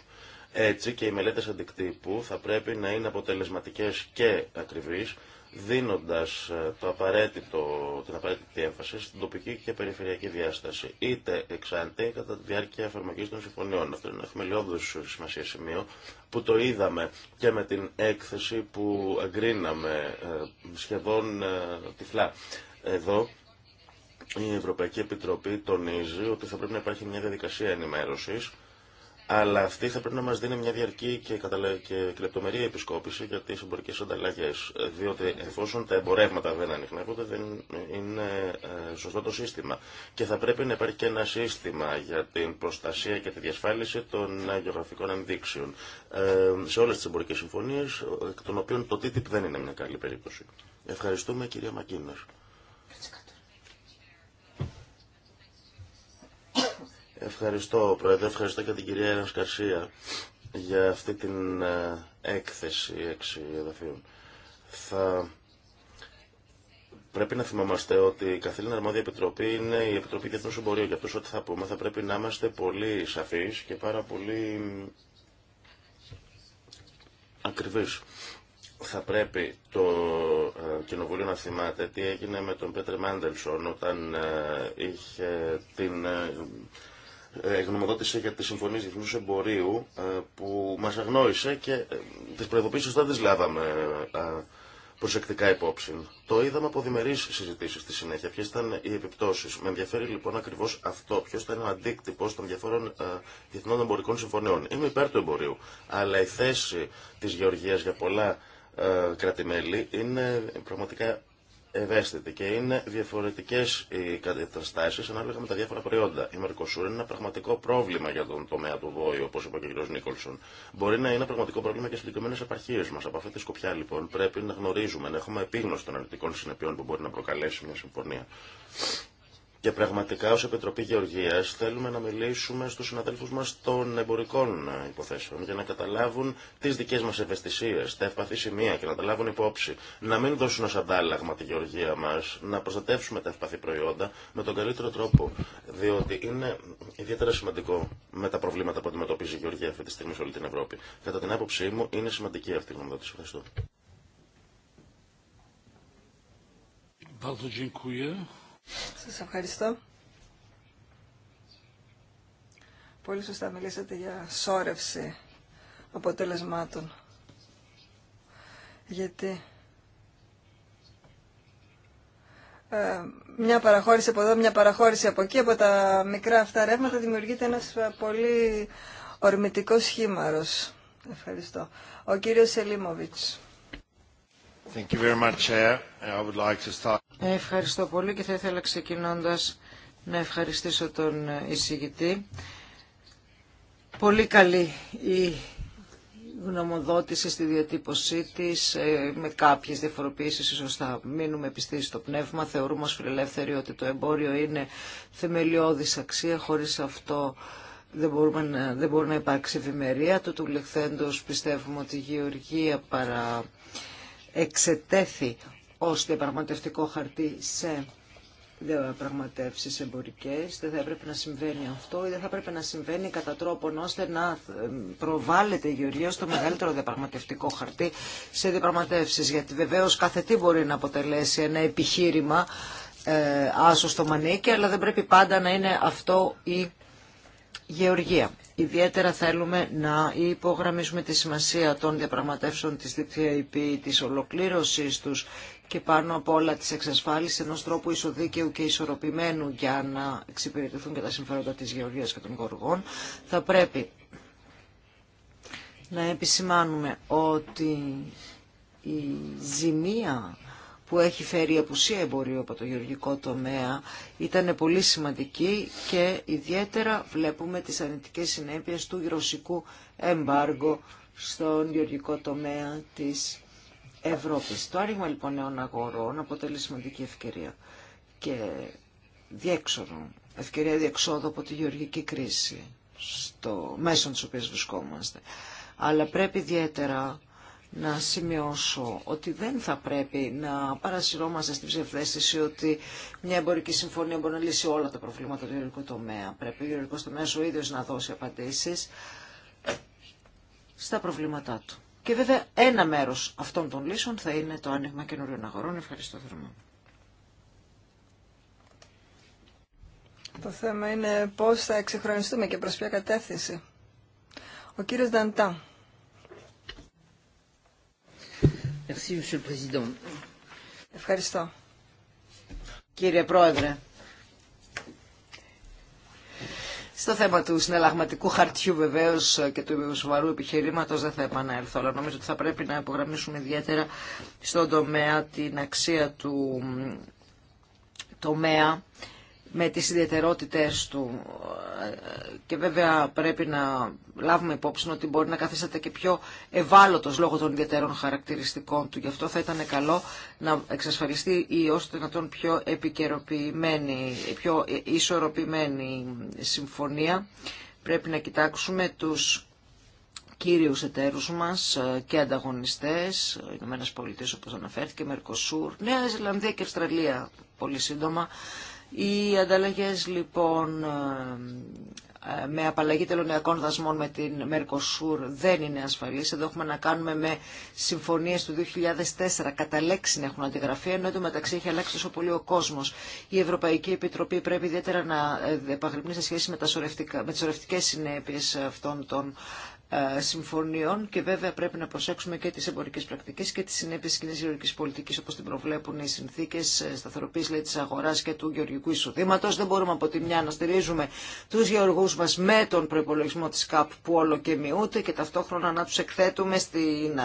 [SPEAKER 4] Έτσι και οι μελέτες αντικτύπου θα πρέπει να είναι αποτελεσματικές και ακριβείς, δίνοντας ε, το την απαραίτητη έμφαση στην τοπική και περιφερειακή διάσταση, είτε εξάντια κατά τη διάρκεια εφαρμογής των συμφωνιών. Αυτό είναι ένα σημασία σημείο που το είδαμε και με την έκθεση που εγκρίναμε ε, σχεδόν ε, τυφλά. Εδώ η Ευρωπαϊκή Επιτροπή τονίζει ότι θα πρέπει να υπάρχει μια διαδικασία ενημέρωσης αλλά αυτή θα πρέπει να μα δίνει μια διαρκή και, καταλα... και λεπτομερή επισκόπηση για τι εμπορικέ ανταλλαγέ, Διότι εφόσον τα εμπορεύματα δεν ανοιχνεύονται δεν είναι ε, σωστό το σύστημα. Και θα πρέπει να υπάρχει και ένα σύστημα για την προστασία και τη διασφάλιση των γεωγραφικών ενδείξεων ε, σε όλες τις εμπορικές συμφωνίε των οποίων το TTIP δεν είναι μια καλή περίπτωση. Ευχαριστούμε κυρία Μακίνα. Ευχαριστώ, Πρόεδρε. Ευχαριστώ και την κυρία για αυτή την ε, έκθεση έξι εδαφείων. Θα... Πρέπει να θυμάμαστε ότι η Καθήλυνα Αρμόδια Επιτροπή είναι η Επιτροπή Διεθνού Εμπορίου. Για αυτό ό,τι θα πούμε θα πρέπει να είμαστε πολύ σαφεί και πάρα πολύ ακριβεί. Θα πρέπει το ε, Κοινοβούλιο να θυμάται τι έγινε με τον Πέτρε Μάντελσον όταν ε, είχε την ε, γνωμοδότησε για τις συμφωνίες διεθνού εμπορίου ε, που μας αγνόησε και ε, τις προειδοποίησεις δεν τις λάβαμε προσεκτικά υπόψη. Το είδαμε από διμερεί συζητήσει στη συνέχεια. Ποιε ήταν οι επιπτώσει. Με ενδιαφέρει λοιπόν ακριβώ αυτό. Ποιο ήταν ο αντίκτυπο των διαφόρων ε, διεθνών εμπορικών συμφωνιών. Είμαι υπέρ του εμπορίου. Αλλά η θέση τη Γεωργία για πολλά ε, κρατημέλη είναι πραγματικά ευαίσθητη και είναι διαφορετικέ οι καταστάσει ανάλογα με τα διάφορα προϊόντα. Η Μερκοσούρ είναι ένα πραγματικό πρόβλημα για τον τομέα του βόη, όπω είπε και ο κ. Νίκολσον. Μπορεί να είναι ένα πραγματικό πρόβλημα και στι συγκεκριμένε επαρχίε μα. Από αυτή τη σκοπιά, λοιπόν, πρέπει να γνωρίζουμε, να έχουμε επίγνωση των αρνητικών συνεπειών που μπορεί να προκαλέσει μια συμφωνία. Και πραγματικά ως Επιτροπή Γεωργίας θέλουμε να μιλήσουμε στους συναδέλφους μας των εμπορικών υποθέσεων για να καταλάβουν τις δικές μας ευαισθησίες, τα ευπαθή σημεία και να τα λάβουν υπόψη. Να μην δώσουν ως αντάλλαγμα τη γεωργία μας, να προστατεύσουμε τα ευπαθή προϊόντα με τον καλύτερο τρόπο. Διότι είναι ιδιαίτερα σημαντικό με τα προβλήματα που αντιμετωπίζει η γεωργία αυτή τη στιγμή σε όλη την Ευρώπη. Κατά την άποψή μου είναι σημαντική αυτή η γνωμοδότηση. Ευχαριστώ.
[SPEAKER 1] Σας ευχαριστώ. Πολύ σωστά μιλήσατε για σόρευση αποτελεσμάτων. Γιατί ε, μια παραχώρηση από εδώ, μια παραχώρηση από εκεί, από τα μικρά αυτά ρεύματα δημιουργείται ένας ε, πολύ ορμητικός σχήμαρος. Ευχαριστώ. Ο κύριος Σελίμωβιτς. Ευχαριστώ
[SPEAKER 2] πολύ και θα ήθελα ξεκινώντας να ευχαριστήσω τον εισηγητή. Πολύ καλή η γνωμοδότηση στη διατύπωσή της ε, με κάποιες διαφοροποιήσεις ίσως θα μείνουμε πιστοί στο πνεύμα θεωρούμε ως φιλελεύθεροι ότι το εμπόριο είναι θεμελιώδης αξία χωρίς αυτό δεν, μπορούμε να, δεν μπορεί να υπάρξει ευημερία του του πιστεύουμε ότι η γεωργία παρά εξετέθη ως διαπραγματευτικό χαρτί σε διαπραγματεύσεις εμπορικές. Δεν θα έπρεπε να συμβαίνει αυτό ή δεν θα έπρεπε να συμβαίνει κατά τρόπον ώστε να προβάλλεται η Γεωργία στο μεγαλύτερο διαπραγματευτικό χαρτί σε διαπραγματεύσεις. Γιατί βεβαίως κάθε τι μπορεί να αποτελέσει ένα επιχείρημα ε, άσο στο μανίκι, αλλά δεν πρέπει πάντα να είναι αυτό η γεωργία. Ιδιαίτερα θέλουμε να υπογραμμίσουμε τη σημασία των διαπραγματεύσεων της DTIP, της ολοκλήρωσης τους και πάνω από όλα της εξασφάλισης ενός τρόπου ισοδίκαιου και ισορροπημένου για να εξυπηρετηθούν και τα συμφέροντα της γεωργίας και των γοργών. Θα πρέπει να επισημάνουμε ότι η ζημία που έχει φέρει η απουσία εμπορίου από το γεωργικό τομέα ήταν πολύ σημαντική και ιδιαίτερα βλέπουμε τις αρνητικές συνέπειες του ρωσικού εμπάργου στον γεωργικό τομέα της το άνοιγμα λοιπόν νέων αγορών αποτελεί σημαντική ευκαιρία και διέξοδο, ευκαιρία διεξόδου από τη γεωργική κρίση στο μέσο της οποίας βρισκόμαστε. Αλλά πρέπει ιδιαίτερα να σημειώσω ότι δεν θα πρέπει να παρασυρώμαστε στην ψευδέστηση ότι μια εμπορική συμφωνία μπορεί να λύσει όλα τα προβλήματα του γεωργικού τομέα. Πρέπει ο γεωργικός τομέας ο ίδιος να δώσει απαντήσεις στα προβλήματά του. Και βέβαια ένα μέρος αυτών των λύσεων θα είναι το άνοιγμα καινούριων αγορών. Ευχαριστώ θερμά.
[SPEAKER 1] Το θέμα είναι πώς θα εξυγχρονιστούμε και προς ποια κατεύθυνση. Ο κύριος Νταντά. Ευχαριστώ.
[SPEAKER 2] Κύριε Πρόεδρε, Στο θέμα του συναλλαγματικού χαρτιού βεβαίω και του σοβαρού επιχειρήματο δεν θα επανέλθω, αλλά νομίζω ότι θα πρέπει να υπογραμμίσουμε ιδιαίτερα στον τομέα την αξία του τομέα με τις ιδιαιτερότητες του ε, και βέβαια πρέπει να λάβουμε υπόψη ότι μπορεί να καθίσατε και πιο ευάλωτος λόγω των ιδιαίτερων χαρακτηριστικών του. Γι' αυτό θα ήταν καλό να εξασφαλιστεί η να δυνατόν πιο επικαιροποιημένη, πιο ε, ισορροπημένη συμφωνία. Πρέπει να κοιτάξουμε τους κύριους εταίρους μας ε, και ανταγωνιστές, Ηνωμένες Πολιτείες όπως αναφέρθηκε, Μερκοσούρ, Νέα Ζηλανδία και Αυστραλία πολύ σύντομα οι ανταλλαγές λοιπόν ε, με απαλλαγή τελωνιακών δασμών με την Mercosur δεν είναι ασφαλής. Εδώ έχουμε να κάνουμε με συμφωνίες του 2004. Κατά λέξη έχουν αντιγραφεί, ενώ το μεταξύ έχει αλλάξει τόσο πολύ ο κόσμος. Η Ευρωπαϊκή Επιτροπή πρέπει ιδιαίτερα να ε, επαγρυπνεί σε σχέση με, τα σορευτικά με τις σωρευτικές συνέπειες αυτών των ε, συμφωνιών και βέβαια πρέπει να προσέξουμε και τις εμπορικές πρακτικές και τις συνέπειες κοινής γεωργικής πολιτικής όπως την προβλέπουν οι συνθήκες σταθεροποίησης λέει, της αγοράς και του γεωργικού εισοδήματος. Δεν μπορούμε από τη μια να στηρίζουμε τους γεωργούς μας με τον προπολογισμό της ΚΑΠ που όλο και μειούται και ταυτόχρονα να τους εκθέτουμε στην,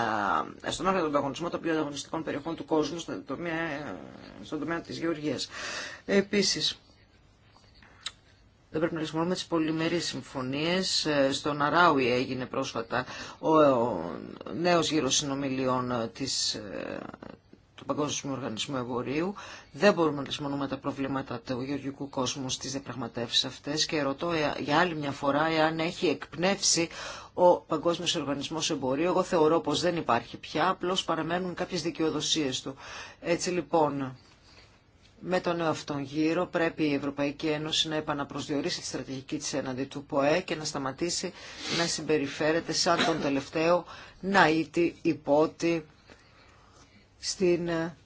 [SPEAKER 2] στον των ανταγωνισμών των πιο ανταγωνιστικών περιοχών του κόσμου στον τομέα, στον τομέα της γεωργίας. Επίσης, δεν πρέπει να λησμονούμε τις πολυμερείς συμφωνίες. Ε, Στον Αράουι έγινε πρόσφατα ο νέος γύρος συνομιλιών ε, της, ε, του Παγκόσμιου Οργανισμού Εμπορίου. Δεν μπορούμε να λησμονούμε τα προβλήματα του γεωργικού κόσμου στις διαπραγματεύσει αυτές και ρωτώ για άλλη μια φορά εάν έχει εκπνεύσει ο Παγκόσμιος Οργανισμός Εμπορίου. Εγώ θεωρώ πως δεν υπάρχει πια, απλώς παραμένουν κάποιες δικαιοδοσίες του. Έτσι λοιπόν... Με τον νέο αυτόν γύρο πρέπει η Ευρωπαϊκή Ένωση να επαναπροσδιορίσει τη στρατηγική της έναντι του ΠΟΕ και να σταματήσει να συμπεριφέρεται σαν τον τελευταίο ναήτη υπότι στην, ε,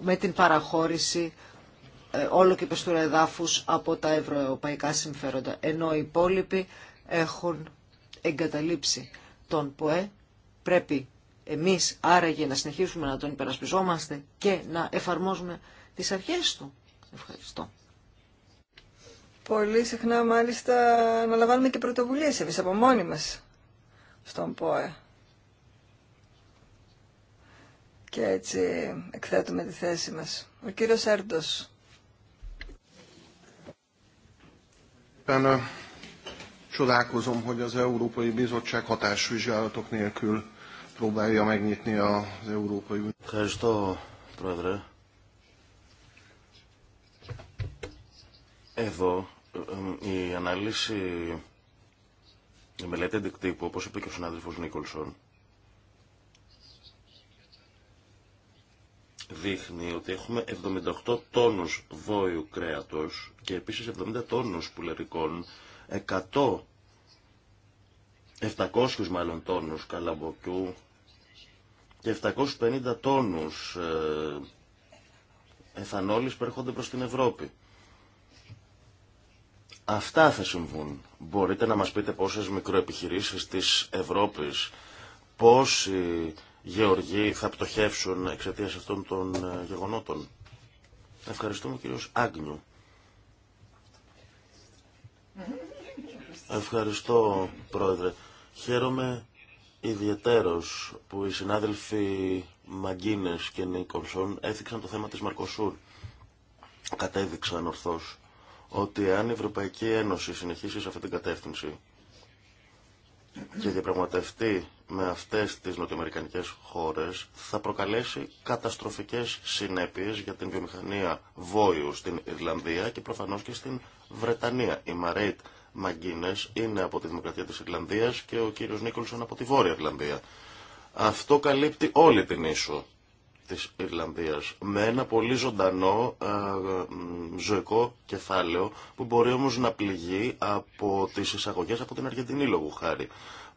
[SPEAKER 2] με την παραχώρηση ε, όλο και πεστούρα εδάφους από τα ευρωπαϊκά συμφέροντα, ενώ οι υπόλοιποι έχουν εγκαταλείψει τον ΠΟΕ. Πρέπει εμείς άραγε να συνεχίσουμε να τον υπερασπιζόμαστε και να εφαρμόζουμε τις αρχές του. Ευχαριστώ.
[SPEAKER 1] Πολύ συχνά μάλιστα να λαμβάνουμε και πρωτοβουλίες εμείς από μόνοι μας στον ΠΟΕ. Και έτσι εκθέτουμε τη θέση μας. Ο κύριος Έρντος.
[SPEAKER 4] Csodálkozom, hogy az Európai Bizottság hatásvizsgálatok nélkül próbálja megnyitni az Európai Unió. Ευχαριστώ, Πρόεδρε. Εδώ η ανάλυση, η μελέτη αντικτύπου, όπως είπε και ο συνάδελφος Νίκολσον, δείχνει ότι έχουμε 78 τόνους βόηου κρέατος και επίσης 70 τόνους πουλερικών, 100, 700 μάλλον τόνους καλαμποκιού και 750 τόνους ε, εθανόλης που έρχονται προς την Ευρώπη. Αυτά θα συμβούν. Μπορείτε να μας πείτε πόσες μικροεπιχειρήσεις της Ευρώπης, πόσοι γεωργοί θα πτωχεύσουν εξαιτία αυτών των ε, γεγονότων. Ευχαριστούμε κύριος Άγνιου. Ευχαριστώ πρόεδρε. Χαίρομαι ιδιαιτέρως που οι συνάδελφοι Μαγκίνες και Νίκολσον έθιξαν το θέμα της Μαρκοσούρ. Κατέδειξαν ορθώς ότι αν η Ευρωπαϊκή Ένωση συνεχίσει σε αυτή την κατεύθυνση και διαπραγματευτεί με αυτές τις νοτιοαμερικανικές χώρες θα προκαλέσει καταστροφικές συνέπειες για την βιομηχανία βόηου στην Ιρλανδία και προφανώς και στην Βρετανία. Η Μαρέιτ Μαγκίνες είναι από τη Δημοκρατία της Ιρλανδίας και ο κύριος Νίκολσον από τη Βόρεια Ιρλανδία. Αυτό καλύπτει όλη την ίσο της Ιρλανδίας με ένα πολύ ζωντανό ε, ζωικό κεφάλαιο που μπορεί όμως να πληγεί από τις εισαγωγές από την Αργεντινή λόγου χάρη.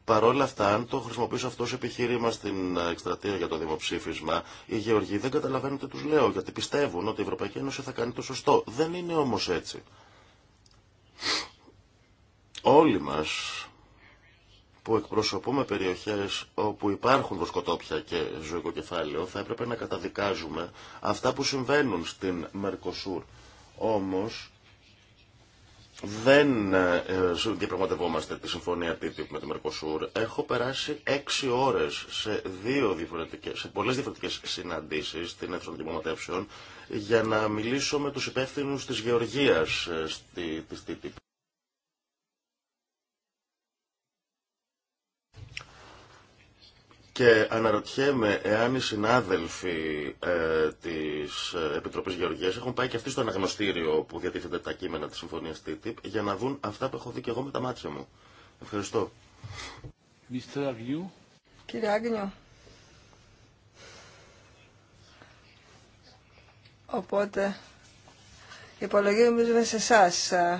[SPEAKER 4] Παρόλα αυτά, αν το χρησιμοποιήσω αυτό σε επιχείρημα στην εκστρατεία για το δημοψήφισμα, οι Γεωργοί δεν καταλαβαίνουν τι του λέω, γιατί πιστεύουν ότι η Ευρωπαϊκή Ένωση θα κάνει το σωστό. Δεν είναι όμω έτσι. Όλοι μας που εκπροσωπούμε περιοχές όπου υπάρχουν βοσκοτόπια και ζωικό κεφάλαιο, θα έπρεπε να καταδικάζουμε αυτά που συμβαίνουν στην Μερκοσούρ. Όμως, δεν ε, ε, διαπραγματευόμαστε τη συμφωνία TTIP με τη Μερκοσούρ. Έχω περάσει έξι ώρες σε, δύο διαφορετικές, σε πολλές διαφορετικές συναντήσεις στην αίθουσα των για να μιλήσω με τους υπεύθυνους της Γεωργίας ε, στη, της TTIP. Και αναρωτιέμαι εάν οι συνάδελφοι ε, της ε, Επιτροπής Γεωργίας έχουν πάει και αυτοί στο αναγνωστήριο που διατίθεται τα κείμενα της Συμφωνίας TTIP για να δουν αυτά που έχω δει και εγώ με τα μάτια μου. Ευχαριστώ.
[SPEAKER 1] Κύριε Άγνιο. Οπότε, υπολογίζουμε σε εσά ε,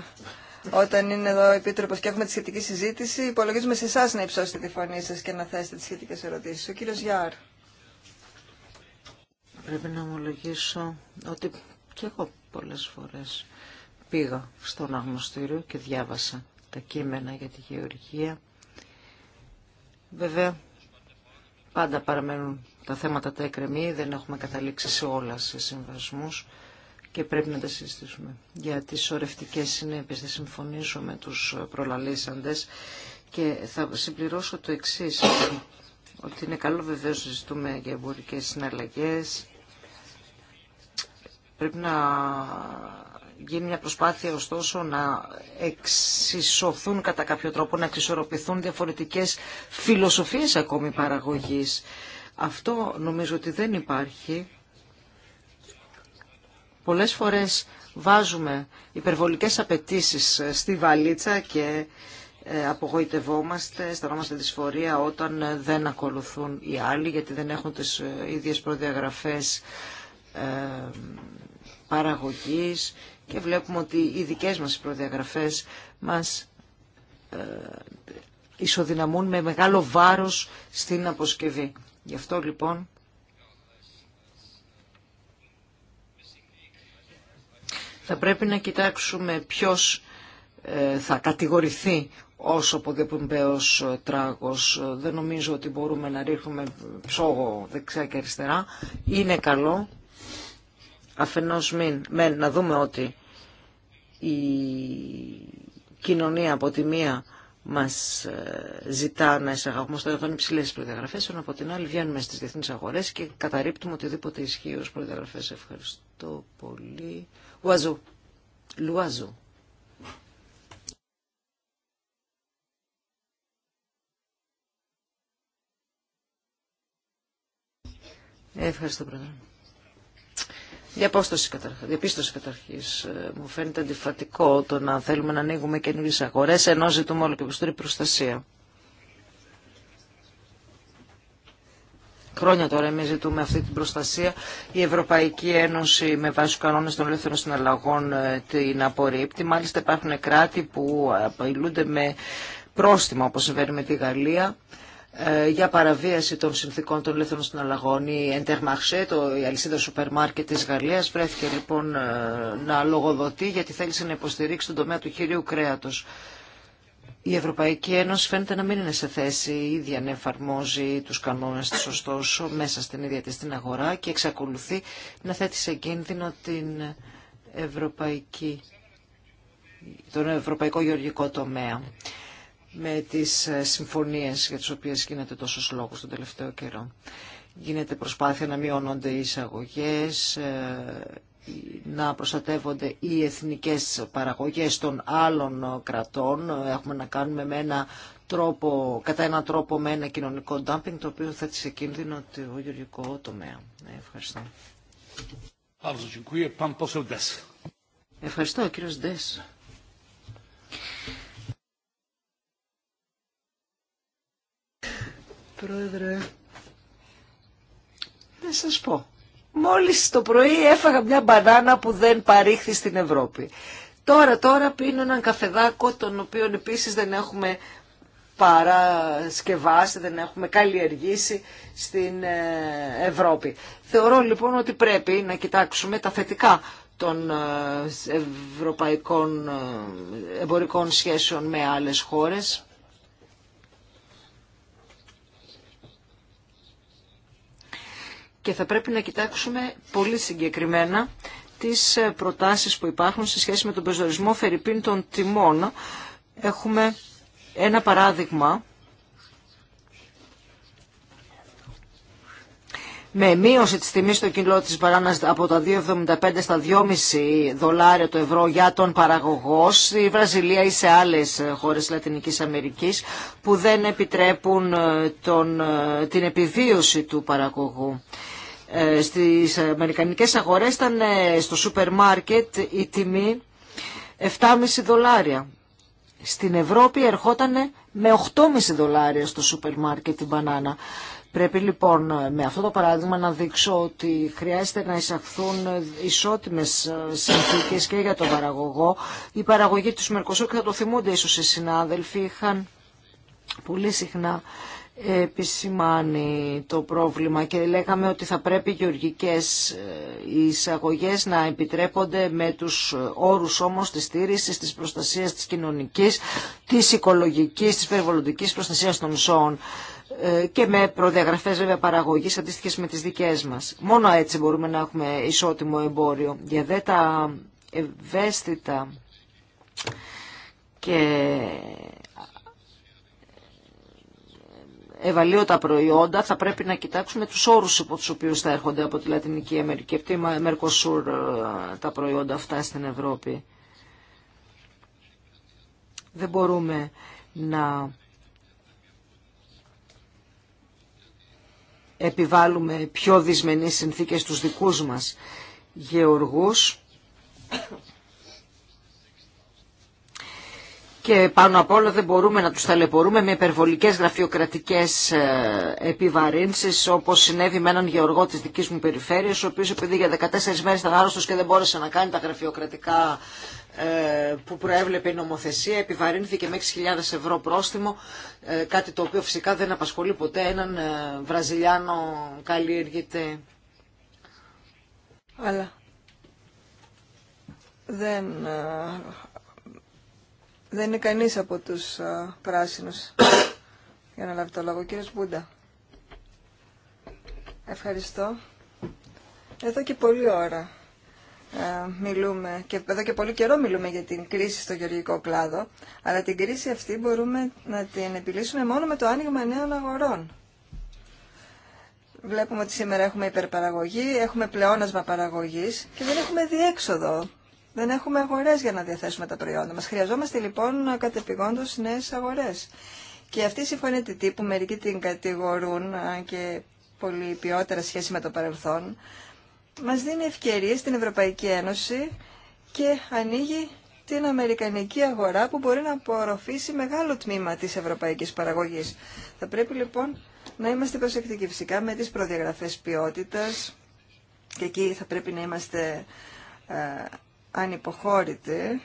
[SPEAKER 1] όταν είναι εδώ ο Επίτροπος και έχουμε τη σχετική συζήτηση, υπολογίζουμε σε εσά να υψώσετε τη φωνή σας και να θέσετε τις σχετικές ερωτήσεις. Ο κύριος Γιάρ.
[SPEAKER 2] Πρέπει να ομολογήσω ότι και εγώ πολλές φορές πήγα στον αγνωστήριο και διάβασα τα κείμενα για τη γεωργία. Βέβαια, πάντα παραμένουν τα θέματα τα εκκρεμή, δεν έχουμε καταλήξει σε όλα σε συμβασμούς και πρέπει να τα συζητήσουμε. Για τις σορευτικές συνέπειες θα συμφωνήσω με τους προλαλήσαντες και θα συμπληρώσω το εξής, ότι είναι καλό βεβαίως να συζητούμε για εμπορικές συναλλαγές. Πρέπει να γίνει μια προσπάθεια ωστόσο να εξισωθούν κατά κάποιο τρόπο, να εξισορροπηθούν διαφορετικές φιλοσοφίες ακόμη παραγωγής. Αυτό νομίζω ότι δεν υπάρχει Πολλές φορές βάζουμε υπερβολικές απαιτήσεις ε, στη βαλίτσα και ε, απογοητευόμαστε, αισθανόμαστε δυσφορία όταν ε, δεν ακολουθούν οι άλλοι γιατί δεν έχουν τις ίδιες προδιαγραφές παραγωγής και βλέπουμε ότι οι δικές μας προδιαγραφές μας ισοδυναμούν με μεγάλο βάρος στην αποσκευή. Γι' αυτό λοιπόν Θα πρέπει να κοιτάξουμε ποιος ε, θα κατηγορηθεί ως αποδεπουμπέος τράγος. Δεν νομίζω ότι μπορούμε να ρίχνουμε ψόγο δεξιά και αριστερά. Είναι καλό αφενός με, να δούμε ότι η κοινωνία από τη μία μας ε, ζητά να εισαγαγούμε στο των υψηλέ προδιαγραφέ, ενώ από την άλλη βγαίνουμε στις διεθνείς αγορές και καταρρύπτουμε οτιδήποτε ισχύει ως προδιαγραφές. Ευχαριστώ πολύ. L'oiseau. L'oiseau. Ευχαριστώ, Πρόεδρε. Διαπόστοση καταρχάς, διαπίστωση καταρχής. Ε, μου φαίνεται αντιφατικό το να θέλουμε να ανοίγουμε καινούριε αγορέ ενώ ζητούμε όλο και περισσότερη προστασία. Χρόνια τώρα εμείς ζητούμε αυτή την προστασία. Η Ευρωπαϊκή Ένωση με βάση του κανόνε των ελεύθερων συναλλαγών ε, την απορρίπτει. Μάλιστα υπάρχουν κράτη που απειλούνται με πρόστιμα όπως συμβαίνει με τη Γαλλία ε, για παραβίαση των συνθήκων των ελεύθερων συναλλαγών. Η Εντερμαχσέ, το, η αλυσίδα σούπερ μάρκετ της Γαλλίας, βρέθηκε λοιπόν ε, να λογοδοτεί γιατί θέλησε να υποστηρίξει τον τομέα του χειρίου κρέατος η Ευρωπαϊκή Ένωση φαίνεται να μην είναι σε θέση η ίδια να εφαρμόζει τους κανόνες της ωστόσο μέσα στην ίδια της την αγορά και εξακολουθεί να θέτει σε κίνδυνο την ευρωπαϊκή, τον ευρωπαϊκό γεωργικό τομέα με τις ε, συμφωνίες για τις οποίες γίνεται τόσος λόγος τον τελευταίο καιρό. Γίνεται προσπάθεια να μειώνονται οι εισαγωγές, ε, να προστατεύονται οι εθνικές παραγωγές των άλλων κρατών. Έχουμε να κάνουμε με ένα τρόπο, κατά έναν τρόπο με ένα κοινωνικό ντάμπινγκ το οποίο θα τις εκκίνδυνο το γεωργικό τομέα. Ναι, ευχαριστώ. Ευχαριστώ, κύριος Ντες. Πρόεδρε, να σας πω. Μόλις το πρωί έφαγα μια μπανάνα που δεν παρήχθη στην Ευρώπη. Τώρα, τώρα πίνω έναν καφεδάκο, τον οποίο επίσης δεν έχουμε παρασκευάσει, δεν έχουμε καλλιεργήσει στην ε, Ευρώπη. Θεωρώ λοιπόν ότι πρέπει να κοιτάξουμε τα θετικά των ε, ευρωπαϊκών ε, εμπορικών σχέσεων με άλλες χώρες και θα πρέπει να κοιτάξουμε πολύ συγκεκριμένα τις ε, προτάσεις που υπάρχουν σε σχέση με τον πεζορισμό φερρυπίν των τιμών. Έχουμε ένα παράδειγμα με μείωση της τιμής στο κιλό της παράνας από τα 2,75 στα 2,5 δολάρια το ευρώ για τον παραγωγό στη Βραζιλία ή σε άλλες ε, χώρες Λατινικής Αμερικής που δεν επιτρέπουν ε, τον, την επιβίωση του παραγωγού. Ε, στις αμερικανικές αγορές ήταν ε, στο σούπερ μάρκετ η τιμή 7,5 δολάρια. Στην Ευρώπη ερχόταν με 8,5 δολάρια στο σούπερ μάρκετ την μπανάνα. Πρέπει λοιπόν ε, με αυτό το παράδειγμα να δείξω ότι χρειάζεται να εισαχθούν ισότιμες συνθήκες και για τον παραγωγό. Η παραγωγή του Μερκοσούρ και θα το θυμούνται ίσως οι συνάδελφοι είχαν πολύ συχνά επισημάνει το πρόβλημα και λέγαμε ότι θα πρέπει οι γεωργικές ε, εισαγωγές να επιτρέπονται με τους όρους όμως της στήρησης, της προστασίας της κοινωνικής, της οικολογικής, της περιβαλλοντικής προστασίας των ζώων ε, και με προδιαγραφές βέβαια παραγωγής αντίστοιχες με τις δικές μας. Μόνο έτσι μπορούμε να έχουμε ισότιμο εμπόριο. Για δε τα ευαίσθητα και τα προϊόντα, θα πρέπει να κοιτάξουμε τους όρους υπό τους οποίους θα έρχονται από τη Λατινική Αμερική, από τη ε, τα προϊόντα αυτά στην Ευρώπη. Δεν μπορούμε να επιβάλλουμε πιο δυσμενείς συνθήκες στους δικούς μας γεωργούς και πάνω απ' όλα δεν μπορούμε να τους ταλαιπωρούμε με υπερβολικές γραφειοκρατικές ε, επιβαρύνσεις όπως συνέβη με έναν γεωργό της δικής μου περιφέρειας ο οποίος επειδή για 14 μέρες ήταν άρρωστος και δεν μπόρεσε να κάνει τα γραφειοκρατικά ε, που προέβλεπε η νομοθεσία επιβαρύνθηκε με 6.000 ευρώ πρόστιμο ε, κάτι το οποίο φυσικά δεν απασχολεί ποτέ έναν Βραζιλιάνο καλλιεργητή.
[SPEAKER 1] Αλλά δεν δεν είναι κανείς από τους πράσινους για να λάβει το λόγο. Ο κύριος Μπούντα. Ευχαριστώ. Εδώ και πολλή ώρα ε, μιλούμε και εδώ και πολύ καιρό μιλούμε για την κρίση στο γεωργικό κλάδο, αλλά την κρίση αυτή μπορούμε να την επιλύσουμε μόνο με το άνοιγμα νέων αγορών. Βλέπουμε ότι σήμερα έχουμε υπερπαραγωγή, έχουμε πλεόνασμα παραγωγής και δεν έχουμε διέξοδο δεν έχουμε αγορέ για να διαθέσουμε τα προϊόντα Μα. Χρειαζόμαστε λοιπόν κατεπηγόντω νέε αγορέ. Και αυτή η συμφωνία τη που μερικοί την κατηγορούν και πολύ ποιότερα σχέση με το παρελθόν, μα δίνει ευκαιρίες στην Ευρωπαϊκή Ένωση και ανοίγει την Αμερικανική αγορά που μπορεί να απορροφήσει μεγάλο τμήμα της ευρωπαϊκής παραγωγής. Θα πρέπει λοιπόν να είμαστε προσεκτικοί φυσικά με τις προδιαγραφές ποιότητας και εκεί θα πρέπει να είμαστε ανυποχώρητη.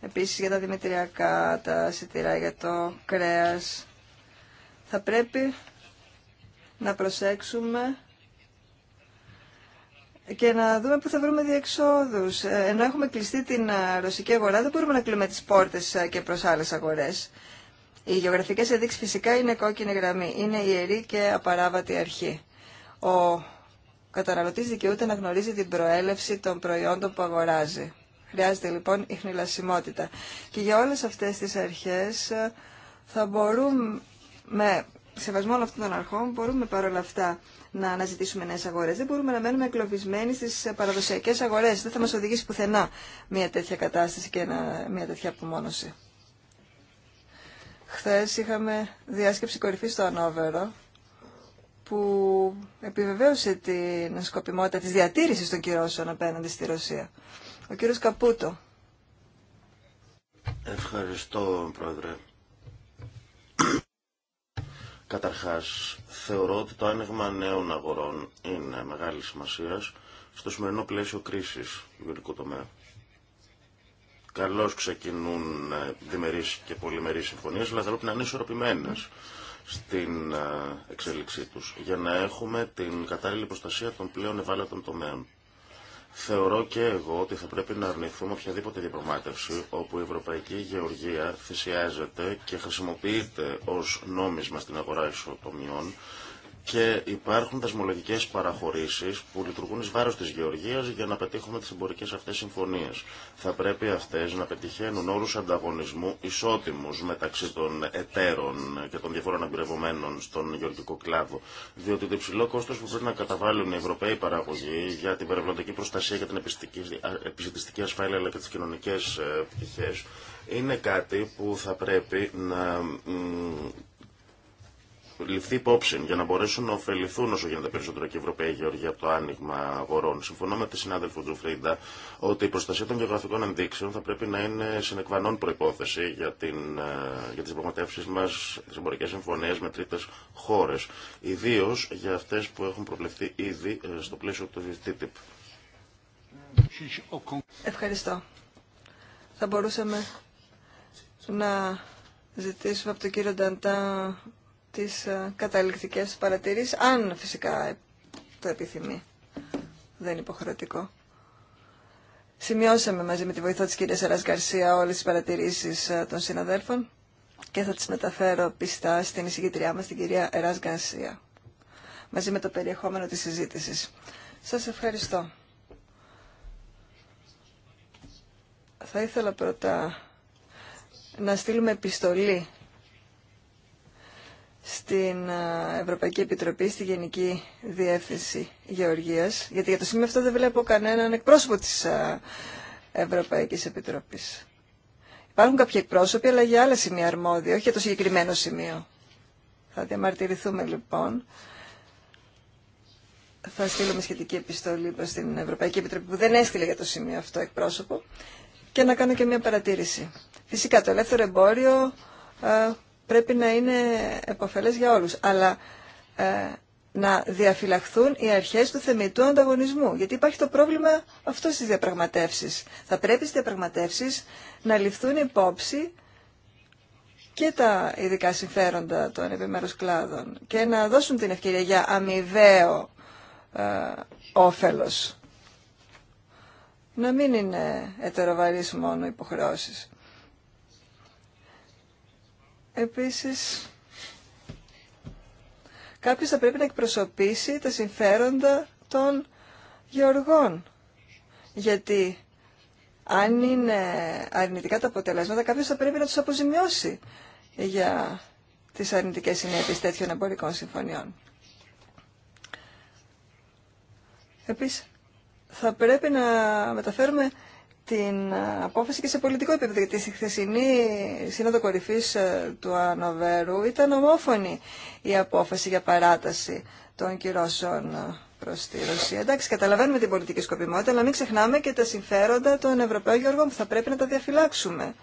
[SPEAKER 1] Επίσης για τα δημητριακά, τα σιτηρά για το κρέας. Θα πρέπει να προσέξουμε και να δούμε πού θα βρούμε διεξόδους. Ε, ενώ έχουμε κλειστεί την ε, ρωσική αγορά, δεν μπορούμε να κλείνουμε τις πόρτες ε, και προς άλλες αγορές. Οι γεωγραφικές ενδείξεις φυσικά είναι κόκκινη γραμμή. Είναι ιερή και απαράβατη αρχή. Ο καταναλωτής δικαιούται να γνωρίζει την προέλευση των προϊόντων που αγοράζει. Χρειάζεται λοιπόν η χνηλασιμότητα. Και για όλες αυτές τις αρχές ε, θα μπορούμε, με σεβασμό όλων αυτών των αρχών, μπορούμε παρόλα αυτά να αναζητήσουμε νέες αγορές. Δεν μπορούμε να μένουμε εκλοβισμένοι στις παραδοσιακές αγορές. Δεν θα μας οδηγήσει πουθενά μια τέτοια κατάσταση και μια τέτοια απομόνωση. Χθες είχαμε διάσκεψη κορυφής στο Ανόβερο που επιβεβαίωσε την σκοπιμότητα της διατήρησης των κυρώσεων απέναντι στη Ρωσία. Ο κύριος Καπούτο.
[SPEAKER 4] Ευχαριστώ, Πρόεδρε. Καταρχάς, θεωρώ ότι το άνοιγμα νέων αγορών είναι μεγάλη σημασία στο σημερινό πλαίσιο κρίσης του γεωργικού τομέα. Καλώς ξεκινούν διμερείς και πολυμερείς συμφωνίες, αλλά θα πρέπει να είναι ισορροπημένες στην ε, εξέλιξή τους για να έχουμε την κατάλληλη προστασία των πλέον ευάλωτων τομέων. Θεωρώ και εγώ ότι θα πρέπει να αρνηθούμε οποιαδήποτε διαπραγμάτευση όπου η Ευρωπαϊκή Γεωργία θυσιάζεται και χρησιμοποιείται ως νόμισμα στην αγορά ισοτομιών και υπάρχουν δασμολογικέ παραχωρήσει που λειτουργούν ει βάρο τη γεωργία για να πετύχουμε τι εμπορικέ αυτέ συμφωνίε. Θα πρέπει αυτέ να πετυχαίνουν όρου ανταγωνισμού ισότιμου μεταξύ των εταίρων και των διαφόρων εμπειρευομένων στον γεωργικό κλάδο. Διότι το υψηλό κόστο που πρέπει να καταβάλουν οι Ευρωπαίοι παραγωγοί για την περιβαλλοντική προστασία και την επιστημιστική ασφάλεια αλλά και τι κοινωνικέ ε, πτυχέ είναι κάτι που θα πρέπει να ληφθεί υπόψη για να μπορέσουν να ωφεληθούν όσο γίνεται περισσότερο και οι Ευρωπαίοι Γεωργοί από το άνοιγμα αγορών. Συμφωνώ με τη συνάδελφο Τζουφρίντα ότι η προστασία των γεωγραφικών ενδείξεων θα πρέπει να είναι συνεκβανών προπόθεση για, την, ε, για τις διαπραγματεύσει μα, τι εμπορικέ συμφωνίε με τρίτε χώρε. Ιδίω για αυτέ που έχουν προβλεφθεί ήδη ε, στο πλαίσιο του TTIP.
[SPEAKER 1] Ευχαριστώ. Θα μπορούσαμε να ζητήσουμε από τον κύριο Νταντά τις ε, καταληκτικές παρατηρήσεις, αν φυσικά το επιθυμεί. Δεν είναι υποχρεωτικό. Σημειώσαμε μαζί με τη βοηθό της κυρίας Σαράς Γκαρσία όλες τις παρατηρήσεις ε, των συναδέλφων και θα τις μεταφέρω πιστά στην εισηγητριά μας, την κυρία Εράς Γκαρσία, μαζί με το περιεχόμενο της συζήτησης. Σας ευχαριστώ. Θα ήθελα πρώτα να στείλουμε επιστολή στην ε, Ευρωπαϊκή Επιτροπή, στη Γενική Διεύθυνση Γεωργίας, γιατί για το σημείο αυτό δεν βλέπω κανέναν εκπρόσωπο της ε, Ευρωπαϊκής Επιτροπής. Υπάρχουν κάποιοι εκπρόσωποι, αλλά για άλλα σημεία αρμόδια, όχι για το συγκεκριμένο σημείο. Θα διαμαρτυρηθούμε λοιπόν. Θα στείλουμε σχετική επιστολή προς την Ευρωπαϊκή Επιτροπή που δεν έστειλε για το σημείο αυτό εκπρόσωπο και να κάνω και μια παρατήρηση. Φυσικά το ελεύθερο εμπόριο ε, πρέπει να είναι επωφελές για όλους. Αλλά ε, να διαφυλαχθούν οι αρχές του θεμητού ανταγωνισμού. Γιατί υπάρχει το πρόβλημα αυτό στις διαπραγματεύσεις. Θα πρέπει στις διαπραγματεύσεις να ληφθούν υπόψη και τα ειδικά συμφέροντα των επιμέρους κλάδων και να δώσουν την ευκαιρία για αμοιβαίο ε, όφελος. Να μην είναι ετεροβαρής μόνο υποχρεώσεις. Επίσης, κάποιος θα πρέπει να εκπροσωπήσει τα συμφέροντα των γεωργών. Γιατί αν είναι αρνητικά τα αποτελέσματα, κάποιος θα πρέπει να τους αποζημιώσει για τις αρνητικές συνέπειες τέτοιων εμπορικών συμφωνιών. Επίσης, θα πρέπει να μεταφέρουμε την απόφαση και σε πολιτικό επίπεδο, γιατί στη χθεσινή Σύνοδο Κορυφή ε, του Ανοβέρου ήταν ομόφωνη η απόφαση για παράταση των κυρώσεων ε, προ τη Ρωσία. Εντάξει, καταλαβαίνουμε την πολιτική σκοπιμότητα, αλλά μην ξεχνάμε και τα συμφέροντα των Ευρωπαίων Γεωργών που θα πρέπει να τα διαφυλάξουμε.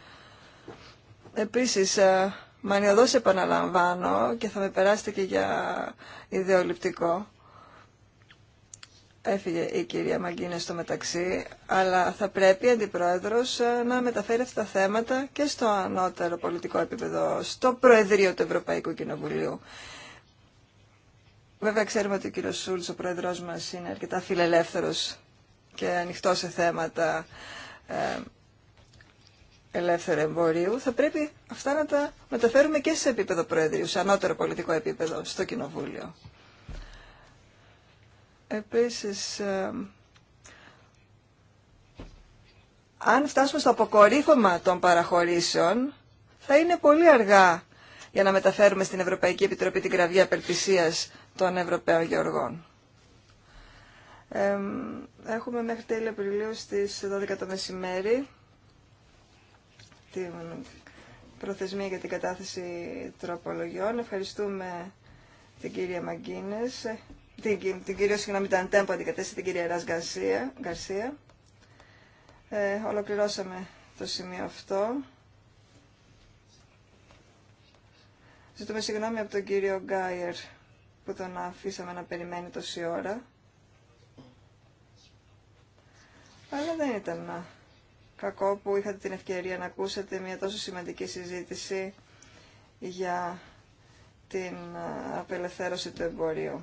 [SPEAKER 1] Επίσης, ε, μανιωδώ επαναλαμβάνω και θα με περάσετε και για ιδεολειπτικό, Έφυγε η κυρία Μαγκίνε στο μεταξύ, αλλά θα πρέπει αντιπρόεδρος ε, να μεταφέρει αυτά τα θέματα και στο ανώτερο πολιτικό επίπεδο, στο Προεδρείο του Ευρωπαϊκού Κοινοβουλίου. Βέβαια ξέρουμε ότι ο κύριος Σούλτς, ο πρόεδρός μας, είναι αρκετά φιλελεύθερος και ανοιχτό σε θέματα ε, ελεύθερου εμπορίου. Θα πρέπει αυτά να τα μεταφέρουμε και σε επίπεδο Προεδρείου, σε ανώτερο πολιτικό επίπεδο, στο Κοινοβούλιο. Επίσης, ε, αν φτάσουμε στο αποκορύφωμα των παραχωρήσεων, θα είναι πολύ αργά για να μεταφέρουμε στην Ευρωπαϊκή Επιτροπή την κραυγή απελπισίας των Ευρωπαίων Γεωργών. Ε, έχουμε μέχρι τέλη Απριλίου στις 12 το μεσημέρι την προθεσμία για την κατάθεση τροπολογιών. Ευχαριστούμε την κυρία Μαγκίνες την, την κύριο συγγνώμη ήταν που αντικατέστησε την κυρία Ράς Γκαρσία. Γκαρσία. Ε, ολοκληρώσαμε το σημείο αυτό. Ζητούμε συγγνώμη από τον κύριο Γκάιερ που τον αφήσαμε να περιμένει τόση ώρα. Αλλά δεν ήταν κακό που είχατε την ευκαιρία να ακούσετε μια τόσο σημαντική συζήτηση για την απελευθέρωση του εμπορίου.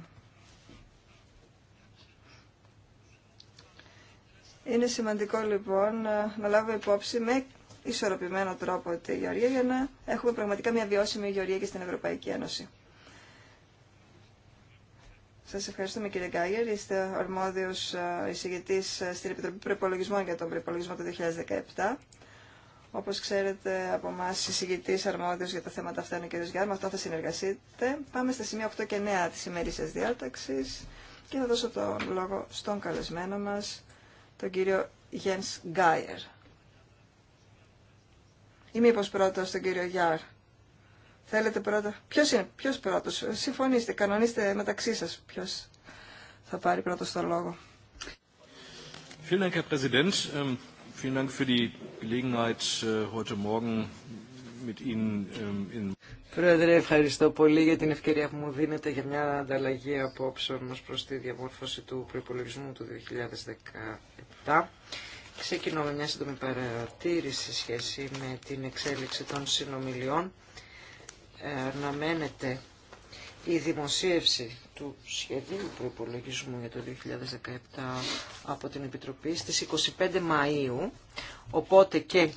[SPEAKER 1] Είναι σημαντικό λοιπόν να λάβουμε υπόψη με ισορροπημένο τρόπο τη γεωργία για να έχουμε πραγματικά μια βιώσιμη γεωργία και στην Ευρωπαϊκή Ένωση. Σα ευχαριστούμε κύριε Γκάγερ. Είστε ορμόδιο ε, εισηγητή ε, στην Επιτροπή Προπολογισμών για τον προπολογισμό του 2017. όπω ξέρετε από εμά εισηγητή αρμόδιο για τα θέματα αυτά είναι ο κύριος Γιάννη. Με αυτό θα συνεργαστείτε. Πάμε στα σημεία 8 και 9 τη ημερήσια διάταξη και θα δώσω τον λόγο στον καλεσμένο μας, τον κύριο Γιένς Γκάιερ. Ή μήπω πρώτο τον κύριο Γιάρ. Θέλετε πρώτα. Ποιο είναι, ποιο πρώτο. Συμφωνήστε, κανονίστε μεταξύ σα ποιο θα πάρει πρώτο το λόγο.
[SPEAKER 3] Vielen Dank, Herr Präsident. Ähm, vielen Dank für die Gelegenheit, äh, heute Morgen Ähm, Πρόεδρε, ευχαριστώ πολύ για
[SPEAKER 2] την ευκαιρία που μου δίνετε για μια ανταλλαγή απόψεων ως προς τη διαμόρφωση του προϋπολογισμού του 2017. Ξεκινώ με μια σύντομη παρατήρηση σε σχέση με την εξέλιξη των συνομιλιών. Ε, αναμένεται η δημοσίευση του σχεδίου προπολογισμού για το 2017 από την Επιτροπή στις 25 Μαΐου, οπότε και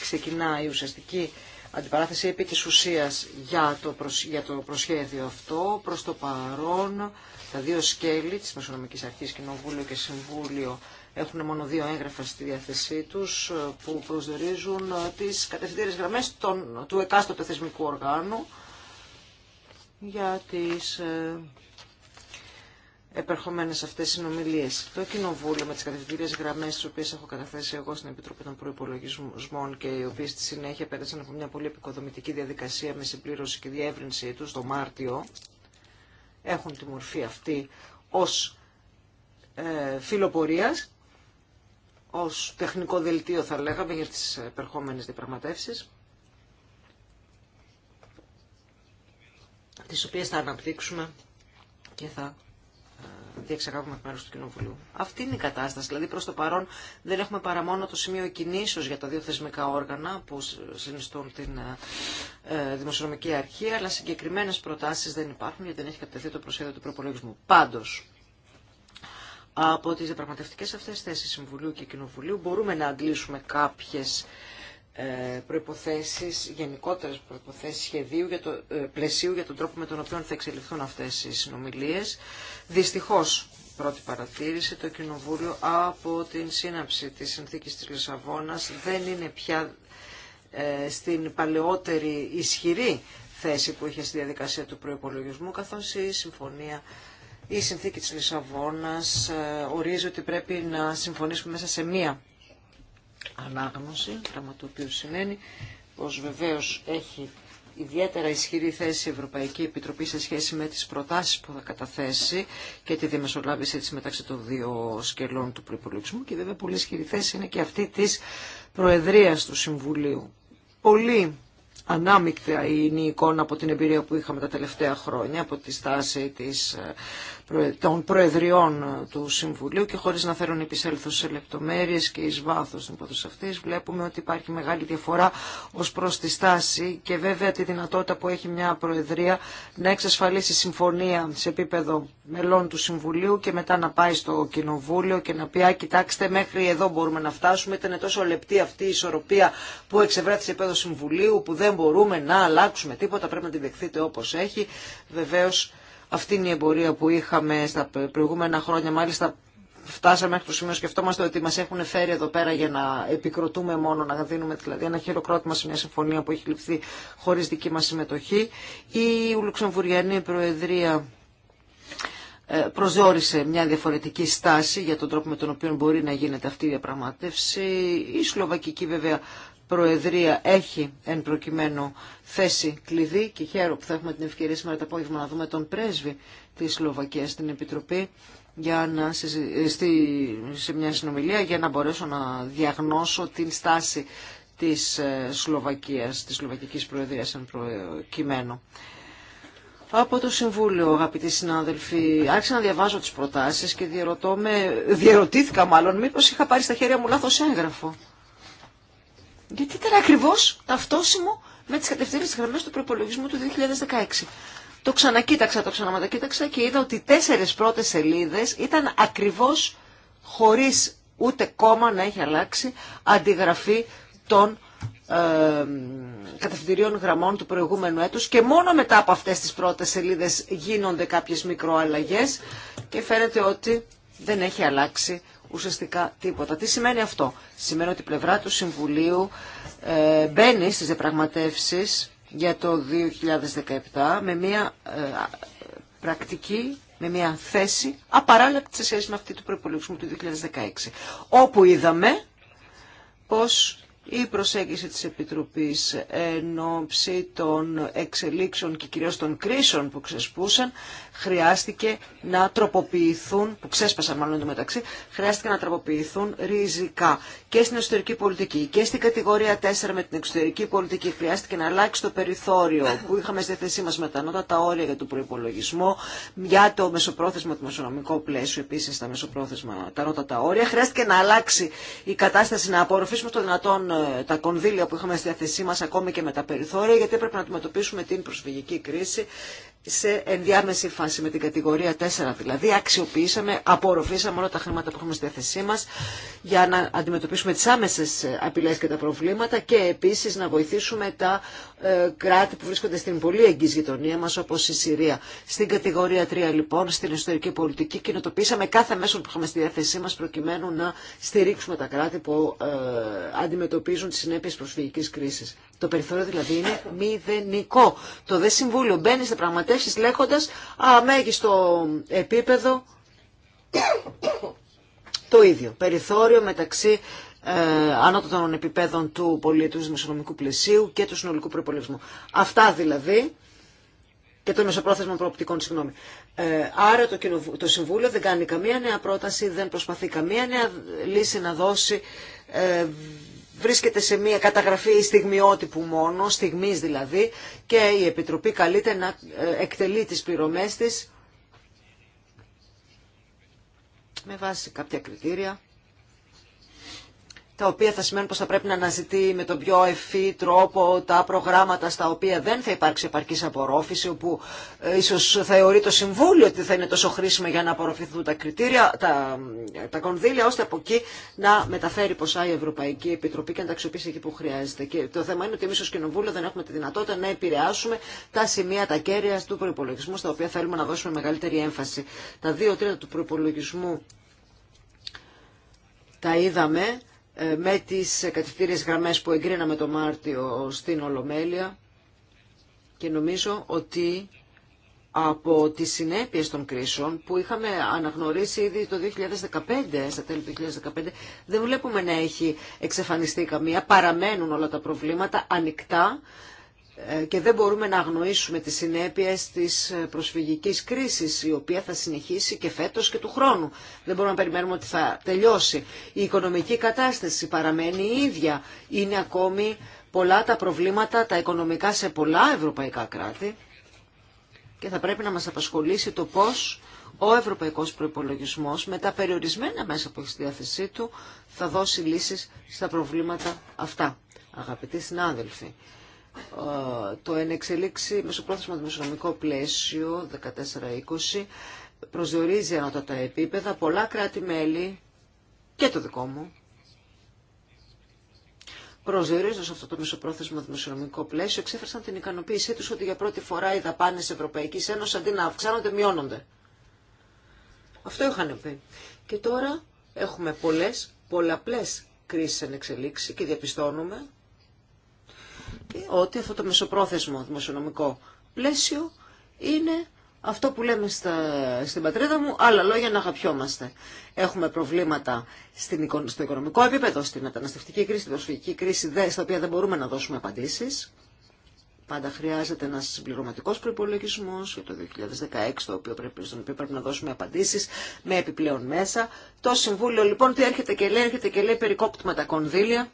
[SPEAKER 2] ξεκινάει η ουσιαστική αντιπαράθεση επί της ουσίας για το, για το προσχέδιο αυτό. Προς το παρόν, τα δύο σκέλη της Μεσονομικής Αρχής, Κοινοβούλιο και Συμβούλιο, έχουν μόνο δύο έγγραφα στη διάθεσή τους που προσδορίζουν ε, τις κατευθυντήρες γραμμές του εκάστοτε θεσμικού οργάνου για τις ε, επερχομένες αυτές συνομιλίες. Το Κοινοβούλιο με τις κατευθυντήριες γραμμές τις οποίες έχω καταθέσει εγώ στην Επιτροπή των Προϋπολογισμών και οι οποίες στη συνέχεια πέρασαν από μια πολύ επικοδομητική διαδικασία με συμπλήρωση και διεύρυνση του το Μάρτιο έχουν τη μορφή αυτή ως ε, φιλοπορίας, ως τεχνικό δελτίο θα λέγαμε για τις επερχόμενες διαπραγματεύσεις. τις οποίες θα αναπτύξουμε και θα ε, διεξαγάγουμε εκ μέρους του Κοινοβουλίου. Αυτή είναι η κατάσταση. Δηλαδή προς το παρόν δεν έχουμε παρά μόνο το σημείο κινήσεως για τα δύο θεσμικά όργανα που συνιστούν την ε, ε, Δημοσιονομική Αρχή, αλλά συγκεκριμένες προτάσεις δεν υπάρχουν γιατί δεν έχει κατευθεί το προσχέδιο του προπολογισμού. Πάντως, από τις διαπραγματευτικές αυτές θέσεις Συμβουλίου και Κοινοβουλίου μπορούμε να αντλήσουμε κάποιες ε, προϋποθέσεις, γενικότερες προϋποθέσεις σχεδίου για το, ε, πλαισίου για τον τρόπο με τον οποίο θα εξελιχθούν αυτές οι συνομιλίες. Δυστυχώς, πρώτη παρατήρηση, το Κοινοβούλιο από την σύναψη της συνθήκης της Λισαβόνας δεν είναι πια ε, στην παλαιότερη ισχυρή θέση που είχε στη διαδικασία του προϋπολογισμού, καθώς η συμφωνία η συνθήκη της Λισαβόνας ορίζει ότι πρέπει να συμφωνήσουμε μέσα σε μία ανάγνωση, πράγμα το οποίο σημαίνει πως βεβαίως έχει ιδιαίτερα ισχυρή θέση η Ευρωπαϊκή Επιτροπή σε σχέση με τις προτάσεις που θα καταθέσει και τη διαμεσολάβησή έτσι μεταξύ των δύο σκελών του προϋπολογισμού και βέβαια πολύ ισχυρή θέση είναι και αυτή της Προεδρίας του Συμβουλίου. Πολύ ανάμεικτα είναι η εικόνα από την εμπειρία που είχαμε τα τελευταία χρόνια, από τη στάση της ε, των Προεδριών του Συμβουλίου και χωρίς να θέλω να επισέλθω σε λεπτομέρειες και εις βάθος την υπόθεση αυτής, βλέπουμε ότι υπάρχει μεγάλη διαφορά ως προς τη στάση και βέβαια τη δυνατότητα που έχει μια Προεδρία να εξασφαλίσει συμφωνία σε επίπεδο μελών του Συμβουλίου και μετά να πάει στο Κοινοβούλιο και να πει «Α, κοιτάξτε, μέχρι εδώ μπορούμε να φτάσουμε, ήταν τόσο λεπτή αυτή η ισορροπία που εξευρέθησε σε επίπεδο Συμβουλίου, που δεν μπορούμε να αλλάξουμε τίποτα, πρέπει να την δεχθείτε όπως έχει». Βεβαίως, αυτή είναι η εμπορία που είχαμε στα προηγούμενα χρόνια. Μάλιστα φτάσαμε μέχρι το σημείο σκεφτόμαστε ότι μας έχουν φέρει εδώ πέρα για να επικροτούμε μόνο, να δίνουμε δηλαδή ένα χειροκρότημα σε μια συμφωνία που έχει ληφθεί χωρίς δική μας συμμετοχή. Η Λουξεμβουριανή Προεδρία ε, προσδιορίσε μια διαφορετική στάση για τον τρόπο με τον οποίο μπορεί να γίνεται αυτή η διαπραγμάτευση. Η Σλοβακική βέβαια Προεδρία έχει εν προκειμένου θέση κλειδί και χαίρο που θα έχουμε την ευκαιρία σήμερα το απόγευμα να δούμε τον πρέσβη τη Σλοβακία στην Επιτροπή για να ε, σε μια συνομιλία για να μπορέσω να διαγνώσω την στάση της ε, Σλοβακίας, της Σλοβακικής Προεδρίας εν προκειμένου. Από το Συμβούλιο, αγαπητοί συνάδελφοι, άρχισα να διαβάζω τις προτάσεις και με, διαρωτήθηκα μάλλον μήπως είχα πάρει στα χέρια μου λάθος έγγραφο. Γιατί ήταν ακριβώς ταυτόσιμο με τις κατευθύνσεις γραμμές του προπολογισμού του 2016. Το ξανακοίταξα, το ξαναματακοίταξα και είδα ότι οι τέσσερι πρώτες σελίδες ήταν ακριβώς χωρίς ούτε κόμμα να έχει αλλάξει αντιγραφή των ε, κατευθυντηρίων γραμμών του προηγούμενου έτους και μόνο μετά από αυτές τις πρώτες σελίδες γίνονται κάποιες μικροαλλαγές και φαίνεται ότι δεν έχει αλλάξει ουσιαστικά τίποτα. Τι σημαίνει αυτό. Σημαίνει ότι η πλευρά του Συμβουλίου ε, μπαίνει στις διαπραγματεύσει για το 2017 με μια ε, πρακτική με μια θέση απαράλλακτη σε σχέση με αυτή του προπολογισμού του 2016. Όπου είδαμε πως η προσέγγιση της Επιτροπής εν των εξελίξεων και κυρίως των κρίσεων που ξεσπούσαν χρειάστηκε να τροποποιηθούν, που ξέσπασαν μάλλον το μεταξύ, χρειάστηκε να τροποποιηθούν ριζικά και στην εσωτερική πολιτική και στην κατηγορία 4 με την εξωτερική πολιτική χρειάστηκε να αλλάξει το περιθώριο που είχαμε στη θέση μας με τα ανώτατα όρια για τον προπολογισμό, για το μεσοπρόθεσμο μεσονομικού πλαίσιο επίσης τα μεσοπρόθεσμα τα ανώτατα όρια, χρειάστηκε να αλλάξει η κατάσταση να απορροφήσουμε το δυνατόν ε, τα κονδύλια που είχαμε στη θέση μας ακόμη και με τα περιθώρια γιατί έπρεπε να αντιμετωπίσουμε την προσφυγική κρίση σε ενδιάμεση φάση με την κατηγορία 4 δηλαδή αξιοποιήσαμε, απορροφήσαμε όλα τα χρήματα που έχουμε στη διάθεσή μας για να αντιμετωπίσουμε τις άμεσες ε, απειλές και τα προβλήματα και επίσης να βοηθήσουμε τα ε, κράτη που βρίσκονται στην πολύ εγγυή γειτονία μας όπως η Συρία. Στην κατηγορία 3 λοιπόν, στην ιστορική πολιτική κοινοτοποίησαμε κάθε μέσο που είχαμε στη διάθεσή μας προκειμένου να στηρίξουμε τα κράτη που ε, αντιμετωπίζουν τις συνέπειες προσφυγικής κρίσης. Το περιθώριο δηλαδή είναι μηδενικό. Το δε συμβούλιο μπαίνει σε πραγματικά διαπραγματεύσεις λέγοντας αμέγιστο επίπεδο το ίδιο. Περιθώριο μεταξύ ε, ανώτατων επιπέδων του του μεσονομικού πλαισίου και του συνολικού προπολογισμού. Αυτά δηλαδή και το μεσοπρόθεσμων προοπτικών, συγγνώμη. Ε, άρα το, το Συμβούλιο δεν κάνει καμία νέα πρόταση, δεν προσπαθεί καμία νέα λύση να δώσει. Ε, βρίσκεται σε μια καταγραφή στιγμιότυπου μόνο, στιγμής δηλαδή, και η Επιτροπή καλείται να ε, εκτελεί τις πληρωμές της με βάση κάποια κριτήρια τα οποία θα σημαίνουν πως θα πρέπει να αναζητεί με τον πιο ευφύ τρόπο τα προγράμματα στα οποία δεν θα υπάρξει επαρκής απορρόφηση, όπου ε, ίσως θεωρεί το Συμβούλιο ότι θα είναι τόσο χρήσιμο για να απορροφηθούν τα, κριτήρια, τα, τα κονδύλια, ώστε από εκεί να μεταφέρει ποσά η Ευρωπαϊκή Επιτροπή και να τα αξιοποιήσει εκεί που χρειάζεται. Και το θέμα είναι ότι εμείς ως Κοινοβούλιο δεν έχουμε τη δυνατότητα να επηρεάσουμε τα σημεία, τα κέρια του προπολογισμού, στα οποία θέλουμε να δώσουμε μεγαλύτερη έμφαση. Τα δύο τρίτα του προπολογισμού τα είδαμε ε, με τις κατευθύνες γραμμές που εγκρίναμε το Μάρτιο στην Ολομέλεια και νομίζω ότι από τις συνέπειες των κρίσεων που είχαμε αναγνωρίσει ήδη το 2015, στα τέλη του 2015, δεν βλέπουμε να έχει εξεφανιστεί καμία, παραμένουν όλα τα προβλήματα ανοιχτά ε, και δεν μπορούμε να αγνοήσουμε τις συνέπειες της ε, προσφυγικής κρίσης η οποία θα συνεχίσει και φέτος και του χρόνου. Δεν μπορούμε να περιμένουμε ότι θα τελειώσει. Η οικονομική κατάσταση παραμένει η ίδια. Είναι ακόμη πολλά τα προβλήματα, τα οικονομικά σε πολλά ευρωπαϊκά κράτη και θα πρέπει να μας απασχολήσει το πώς ο ευρωπαϊκός προϋπολογισμός με τα περιορισμένα μέσα που έχει στη διάθεσή του θα δώσει λύσεις στα προβλήματα αυτά. Αγαπητοί συνάδελφοι, το ενεξελίξει μεσοπρόθεσμο δημοσιονομικό πλαίσιο 14-20 προσδιορίζει ανώτατα επίπεδα πολλά κράτη-μέλη και το δικό μου προσδιορίζοντα αυτό το μεσοπρόθεσμο δημοσιονομικό πλαίσιο, εξέφρασαν την ικανοποίησή του ότι για πρώτη φορά οι δαπάνε Ευρωπαϊκή Ένωση αντί να αυξάνονται, μειώνονται. Αυτό είχαν πει. Και τώρα έχουμε πολλέ, πολλαπλέ κρίσει εν εξελίξει και διαπιστώνουμε ότι αυτό το μεσοπρόθεσμο δημοσιονομικό πλαίσιο είναι αυτό που λέμε στα, στην πατρίδα μου, άλλα λόγια να αγαπιόμαστε. Έχουμε προβλήματα στην, στο οικονομικό επίπεδο, στην μεταναστευτική κρίση, στην προσφυγική κρίση, δε, στα οποία δεν μπορούμε να δώσουμε απαντήσει. Πάντα χρειάζεται ένα συμπληρωματικό προπολογισμό για το 2016, το οποίο πρέπει, στον οποίο πρέπει να δώσουμε απαντήσει με επιπλέον μέσα. Το Συμβούλιο λοιπόν τι έρχεται και λέει, έρχεται και λέει περικόπτουμε τα κονδύλια.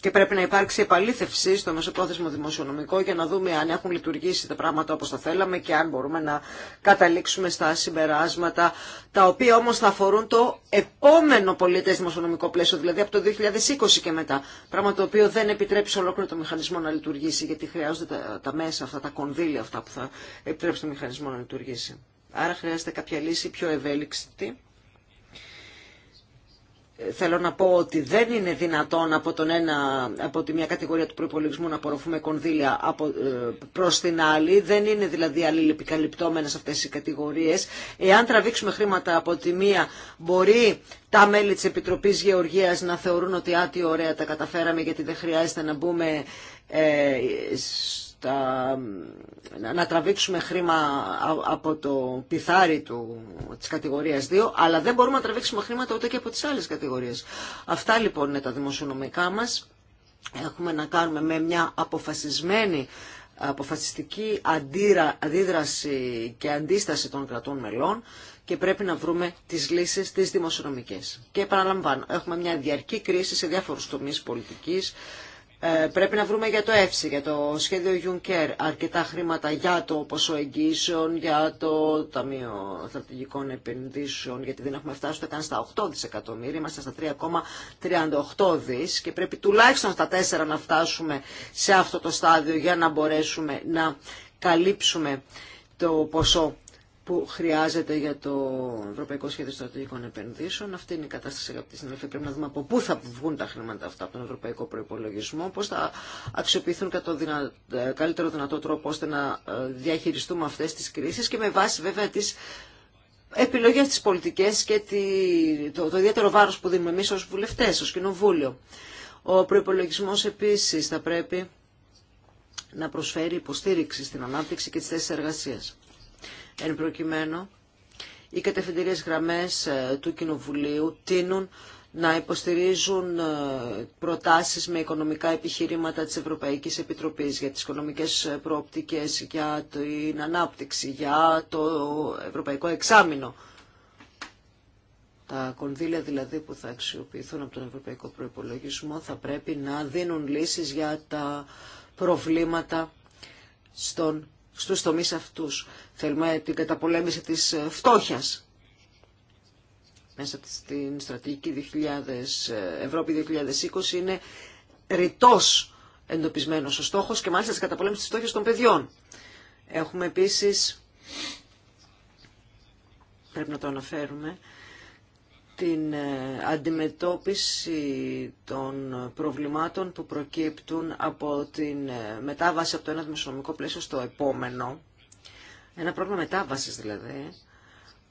[SPEAKER 2] και πρέπει να υπάρξει επαλήθευση στο μεσοπρόθεσμο δημοσιονομικό για να δούμε αν έχουν λειτουργήσει τα πράγματα όπως τα θέλαμε και αν μπορούμε να καταλήξουμε στα συμπεράσματα, τα οποία όμως θα αφορούν το επόμενο πολίτες δημοσιονομικό πλαίσιο, δηλαδή από το 2020 και μετά. Πράγμα το οποίο δεν επιτρέπει σε ολόκληρο το μηχανισμό να λειτουργήσει, γιατί χρειάζονται τα, μέσα αυτά, τα κονδύλια αυτά που θα επιτρέψει το μηχανισμό να λειτουργήσει. Άρα χρειάζεται κάποια λύση πιο ευέλικτη Θέλω να πω ότι δεν είναι δυνατόν από, τον ένα, από τη μια κατηγορία του προπολογισμού να απορροφούμε κονδύλια από, ε, προς την άλλη. Δεν είναι δηλαδή αλληλεπικαλυπτόμενες αυτές οι κατηγορίες. Εάν τραβήξουμε χρήματα από τη μία μπορεί τα μέλη της Επιτροπής Γεωργίας να θεωρούν ότι άτι ωραία τα καταφέραμε γιατί δεν χρειάζεται να μπούμε ε, τα, να τραβήξουμε χρήμα από το πιθάρι του, της κατηγορίας 2, αλλά δεν μπορούμε να τραβήξουμε χρήματα ούτε και από τις άλλες κατηγορίες. Αυτά λοιπόν είναι τα δημοσιονομικά μας. Έχουμε να κάνουμε με μια αποφασισμένη αποφασιστική αντίρα, αντίδραση και αντίσταση των κρατών μελών και πρέπει να βρούμε τις λύσεις τις δημοσιονομικές. Και επαναλαμβάνω, έχουμε μια διαρκή κρίση σε διάφορους τομείς πολιτικής, ε, πρέπει να βρούμε για το ΕΦΣΙ, για το σχέδιο Juncker, αρκετά χρήματα για το ποσό εγγύσεων, για το Ταμείο Στρατηγικών Επενδύσεων, γιατί δεν έχουμε φτάσει ούτε καν στα 8 δισεκατομμύρια, είμαστε στα 3,38 δις και πρέπει τουλάχιστον στα 4 να φτάσουμε σε αυτό το στάδιο για να μπορέσουμε να καλύψουμε το ποσό που χρειάζεται για το Ευρωπαϊκό Σχέδιο Στρατηγικών Επενδύσεων. Αυτή είναι η κατάσταση, αγαπητοί συνάδελφοι. Πρέπει να δούμε από πού θα βγουν τα χρήματα αυτά από τον Ευρωπαϊκό Προπολογισμό, πώ θα αξιοποιηθούν κατά το καλύτερο δυνατό τρόπο ώστε να ε, διαχειριστούμε αυτέ τι κρίσει και με βάση βέβαια τι επιλογέ τη πολιτικές και τη... το, ιδιαίτερο βάρο που δίνουμε εμεί ω βουλευτέ, ω κοινοβούλιο. Ο προπολογισμό επίση θα πρέπει να προσφέρει υποστήριξη στην ανάπτυξη και τι θέσει εργασία. Εν προκειμένου, οι κατευθυντηρίες γραμμές ε, του Κοινοβουλίου τείνουν να υποστηρίζουν ε, προτάσεις με οικονομικά επιχειρήματα της Ευρωπαϊκής Επιτροπής για τις οικονομικές προοπτικές, για την ανάπτυξη, για το Ευρωπαϊκό Εξάμεινο. Τα κονδύλια δηλαδή που θα αξιοποιηθούν από τον Ευρωπαϊκό Προϋπολογισμό θα πρέπει να δίνουν λύσεις για τα προβλήματα στον στους τομείς αυτούς. Θέλουμε την καταπολέμηση της ε, φτώχειας μέσα στην στρατηγική 2000, ε, Ευρώπη 2020 είναι ρητός εντοπισμένος ο στόχος και μάλιστα της καταπολέμησης της φτώχειας των παιδιών. Έχουμε επίσης, πρέπει να το αναφέρουμε, την ε, αντιμετώπιση των προβλημάτων που προκύπτουν από την ε, μετάβαση από το ένα δημοσιονομικό πλαίσιο στο επόμενο, ένα πρόβλημα μετάβασης δηλαδή,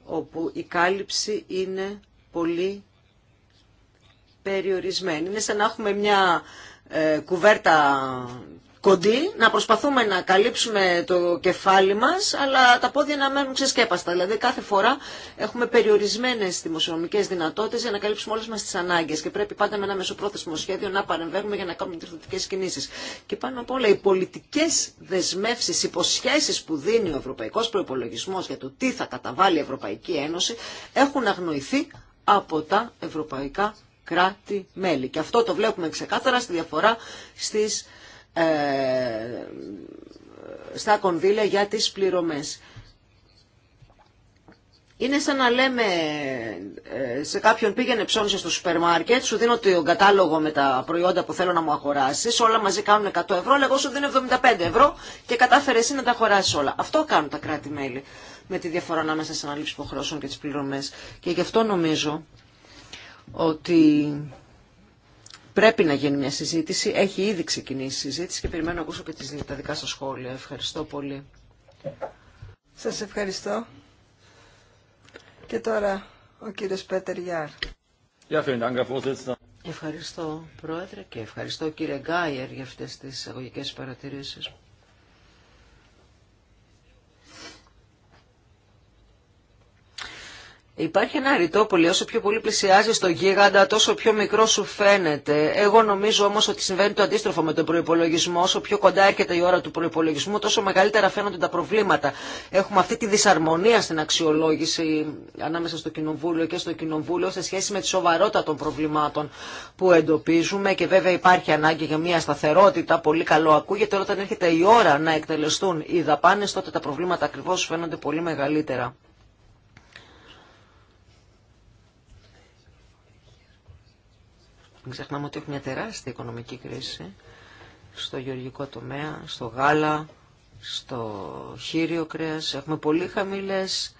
[SPEAKER 2] όπου η κάλυψη είναι πολύ περιορισμένη. Είναι σαν να έχουμε μια ε, κουβέρτα κοντή, να προσπαθούμε να καλύψουμε το κεφάλι μας, αλλά τα πόδια να μένουν ξεσκέπαστα. Δηλαδή κάθε φορά έχουμε περιορισμένες δημοσιονομικές δυνατότητες για να καλύψουμε όλες μας τις ανάγκες και πρέπει πάντα με ένα μεσοπρόθεσμο σχέδιο να παρεμβαίνουμε για να κάνουμε τριθωτικές κινήσεις. Και πάνω απ' όλα οι πολιτικές δεσμεύσεις, υποσχέσεις που δίνει ο Ευρωπαϊκός Προϋπολογισμός για το τι θα καταβάλει η Ευρωπαϊκή Ένωση έχουν αγνοηθεί από τα ευρωπαϊκά κράτη-μέλη. Και αυτό το βλέπουμε ξεκάθαρα στη διαφορά στις ε, στα κονδύλια για τις πληρωμές. Είναι σαν να λέμε ε, σε κάποιον πήγαινε ψώνισε στο σούπερ μάρκετ, σου δίνω τον κατάλογο με τα προϊόντα που θέλω να μου αγοράσεις, όλα μαζί κάνουν 100 ευρώ, λέγω εγώ σου δίνω 75 ευρώ και κατάφερε εσύ να τα αγοράσεις όλα. Αυτό κάνουν τα κράτη-μέλη με τη διαφορά ανάμεσα στις αναλήψεις υποχρεώσεων και τις πληρωμές. Και γι' αυτό νομίζω ότι Πρέπει να γίνει μια συζήτηση. Έχει ήδη ξεκινήσει η συζήτηση και περιμένω να ακούσω και τις, τα δικά σα σχόλια. Ευχαριστώ πολύ. Σας ευχαριστώ. Και τώρα ο κύριος Πέτερ Γιάρ. Ευχαριστώ Πρόεδρε και ευχαριστώ κύριε Γκάιερ για αυτές τις αγωγικές παρατηρήσεις. Υπάρχει ένα ρητό πολύ, όσο πιο πολύ πλησιάζει στο γίγαντα, τόσο πιο μικρό σου φαίνεται. Εγώ νομίζω όμω ότι συμβαίνει το αντίστροφο με τον προπολογισμό. Όσο πιο κοντά έρχεται η ώρα του προπολογισμού, τόσο μεγαλύτερα φαίνονται τα προβλήματα. Έχουμε αυτή τη δυσαρμονία στην αξιολόγηση ανάμεσα στο Κοινοβούλιο και στο Κοινοβούλιο σε σχέση με τη σοβαρότητα των προβλημάτων που εντοπίζουμε και βέβαια υπάρχει ανάγκη για μια σταθερότητα. Πολύ καλό ακούγεται όταν έρχεται η ώρα να εκτελεστούν οι δαπάνε, τότε τα προβλήματα ακριβώ φαίνονται πολύ μεγαλύτερα. Μην ξεχνάμε ότι έχουμε μια τεράστια οικονομική κρίση στο γεωργικό τομέα, στο γάλα, στο χείριο κρέας. Έχουμε πολύ χαμηλές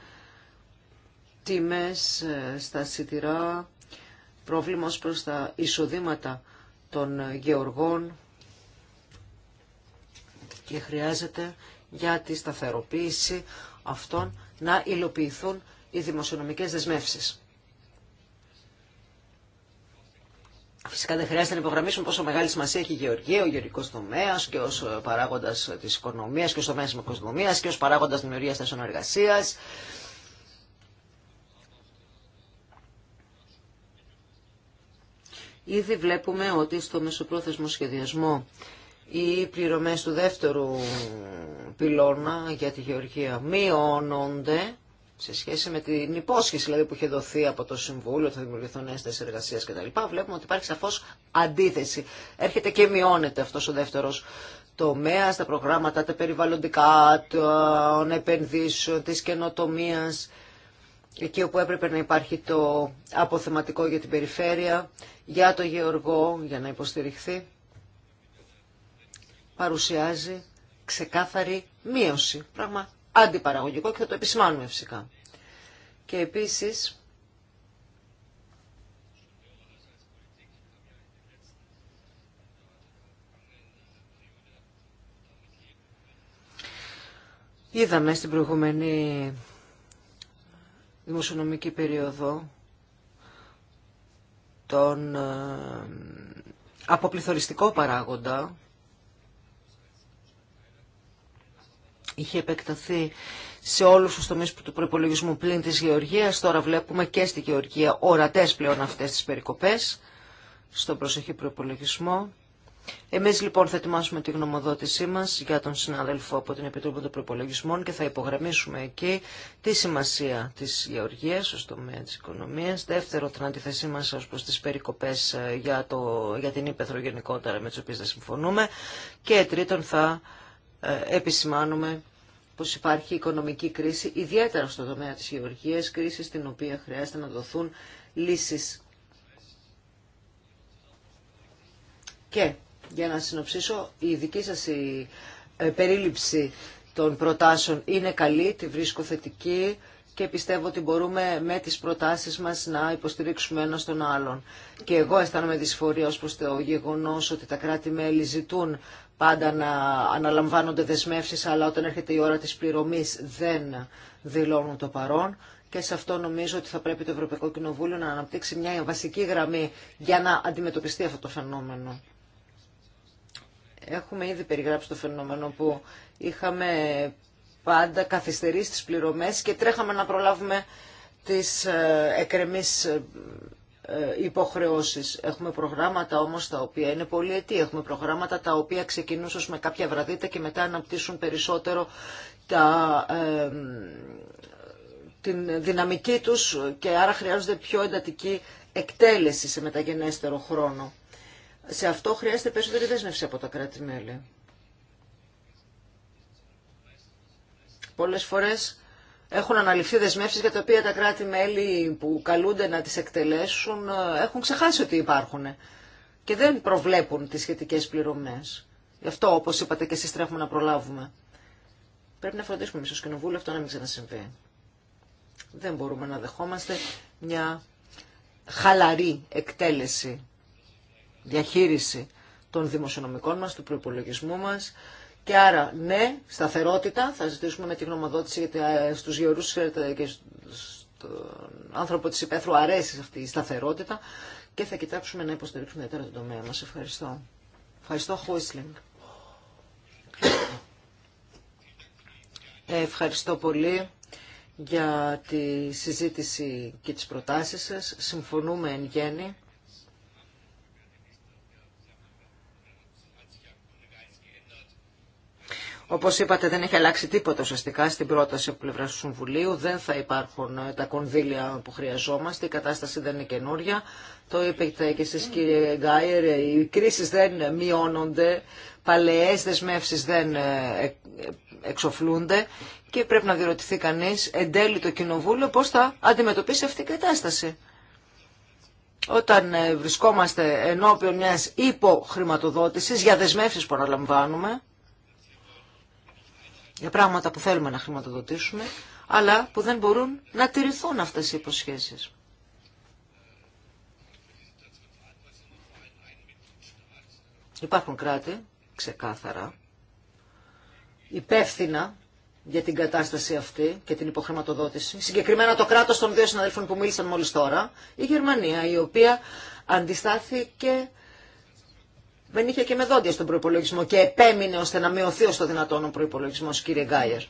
[SPEAKER 2] τιμές ε, στα σιτηρά, πρόβλημα ως προς τα εισοδήματα των γεωργών και χρειάζεται για τη σταθεροποίηση αυτών να υλοποιηθούν οι δημοσιονομικές δεσμεύσεις. Φυσικά δεν χρειάζεται να υπογραμμίσουμε πόσο μεγάλη σημασία έχει η γεωργία, ο γεωργικό τομέα και ω ε, παράγοντα τη οικονομία και ω τομέα τη οικονομία και ω παράγοντα δημιουργία θέσεων εργασία. Ήδη βλέπουμε ότι στο μεσοπρόθεσμο σχεδιασμό οι πληρωμές του δεύτερου πυλώνα για τη γεωργία μειώνονται σε σχέση με την υπόσχεση δηλαδή, που είχε δοθεί από το Συμβούλιο ότι θα δημιουργηθούν νέε θέσει εργασία κτλ., βλέπουμε ότι υπάρχει σαφώ αντίθεση. Έρχεται και μειώνεται αυτό ο δεύτερο τομέα, τα προγράμματα, τα περιβαλλοντικά, των επενδύσεων, τη καινοτομία, εκεί όπου έπρεπε να υπάρχει το αποθεματικό για την περιφέρεια, για το γεωργό, για να υποστηριχθεί. Παρουσιάζει ξεκάθαρη μείωση, πράγμα αντιπαραγωγικό και θα το επισημάνουμε φυσικά. Και επίσης είδαμε στην προηγούμενη δημοσιονομική περίοδο τον ε, αποπληθωριστικό παράγοντα είχε επεκταθεί σε όλους τους τομείς του προπολογισμού πλην της γεωργίας. Τώρα βλέπουμε και στη γεωργία ορατές πλέον αυτές τις περικοπές στον προσεχή προπολογισμό. Εμείς λοιπόν θα ετοιμάσουμε τη γνωμοδότησή μας για τον συνάδελφο από την Επιτροπή των Προπολογισμών και θα υπογραμμίσουμε εκεί τη σημασία της γεωργίας ως τομέα της οικονομίας. Δεύτερο, την αντίθεσή μας ως προς τις περικοπές ε, για, το, για την ύπεθρο γενικότερα με τις οποίες δεν συμφωνούμε. Και τρίτον, θα ε, επισημάνουμε πως υπάρχει οικονομική κρίση, ιδιαίτερα στο τομέα της γεωργίας, κρίση στην οποία χρειάζεται να δοθούν λύσεις. Και για να συνοψίσω, η δική σας η ε, περίληψη των προτάσεων είναι καλή, τη βρίσκω θετική και πιστεύω ότι μπορούμε με τις προτάσεις μας να υποστηρίξουμε ένα τον άλλον. Και εγώ αισθάνομαι δυσφορία ως προς το γεγονός ότι τα κράτη-μέλη ζητούν πάντα να αναλαμβάνονται δεσμεύσεις, αλλά όταν έρχεται η ώρα της πληρωμής δεν δηλώνουν το παρόν. Και σε αυτό νομίζω ότι θα πρέπει το Ευρωπαϊκό Κοινοβούλιο να αναπτύξει μια βασική γραμμή για να αντιμετωπιστεί αυτό το φαινόμενο. Έχουμε ήδη περιγράψει το φαινόμενο που είχαμε πάντα καθυστερήσει τις πληρωμές και τρέχαμε να προλάβουμε τις ε, εκρεμίσεις. Ε, υποχρεώσεις. Έχουμε προγράμματα όμως τα οποία είναι πολυετή. Έχουμε προγράμματα τα οποία ξεκινούσαν με κάποια βραδίτα και μετά αναπτύσσουν περισσότερο τα, ε, την δυναμική τους και άρα χρειάζονται πιο εντατική εκτέλεση σε μεταγενέστερο χρόνο. Σε αυτό χρειάζεται περισσότερη δέσμευση από τα κράτη-μέλη. Πολλές φορές έχουν αναλυφθεί δεσμεύσει για τα οποία τα κράτη-μέλη που καλούνται να τις εκτελέσουν ε, έχουν ξεχάσει ότι υπάρχουν και δεν προβλέπουν τις σχετικές πληρωμέ. Γι' αυτό, όπως είπατε και εσεί τρέχουμε να προλάβουμε. Πρέπει να φροντίσουμε εμεί ω Κοινοβούλιο αυτό να μην ξανασυμβεί. Δεν μπορούμε να δεχόμαστε μια χαλαρή εκτέλεση, διαχείριση των δημοσιονομικών μας, του προϋπολογισμού μας, και άρα, ναι, σταθερότητα, θα ζητήσουμε με τη γνωμοδότηση γιατί στους γεωρούς ε, και στον άνθρωπο της υπαίθρου αρέσει αυτή η σταθερότητα και θα κοιτάξουμε να υποστηρίξουμε ιδιαίτερα τον τομέα μας. Ευχαριστώ. Ευχαριστώ, Χόισλινγκ. Ευχαριστώ πολύ για τη συζήτηση και τις προτάσεις σας. Συμφωνούμε εν γέννη. Όπω είπατε δεν έχει αλλάξει τίποτα ουσιαστικά στην πρόταση από πλευρά του Συμβουλίου. Δεν θα υπάρχουν ε, τα κονδύλια που χρειαζόμαστε. Η κατάσταση δεν είναι καινούρια. Το είπε και εσεί, κύριε Γκάιερ. Ε, οι κρίσει δεν μειώνονται. Παλαιές δεσμεύσει δεν ε, εξοφλούνται. Και πρέπει να διερωτηθεί κανεί εν τέλει το Κοινοβούλιο πώ θα αντιμετωπίσει αυτή η κατάσταση όταν βρισκόμαστε ενώπιον μια ύποχρηματοδότηση για δεσμεύσει που αναλαμβάνουμε για πράγματα που θέλουμε να χρηματοδοτήσουμε, αλλά που δεν μπορούν να τηρηθούν αυτές οι υποσχέσεις. Υπάρχουν κράτη, ξεκάθαρα, υπεύθυνα για την κατάσταση αυτή και την υποχρηματοδότηση. Συγκεκριμένα το κράτος των δύο συναδέλφων που μίλησαν μόλις τώρα, η Γερμανία, η οποία αντιστάθηκε δεν είχε και με δόντια στον προπολογισμό και επέμεινε ώστε να μειωθεί ω το δυνατόν ο προπολογισμό, κύριε Γκάιερ.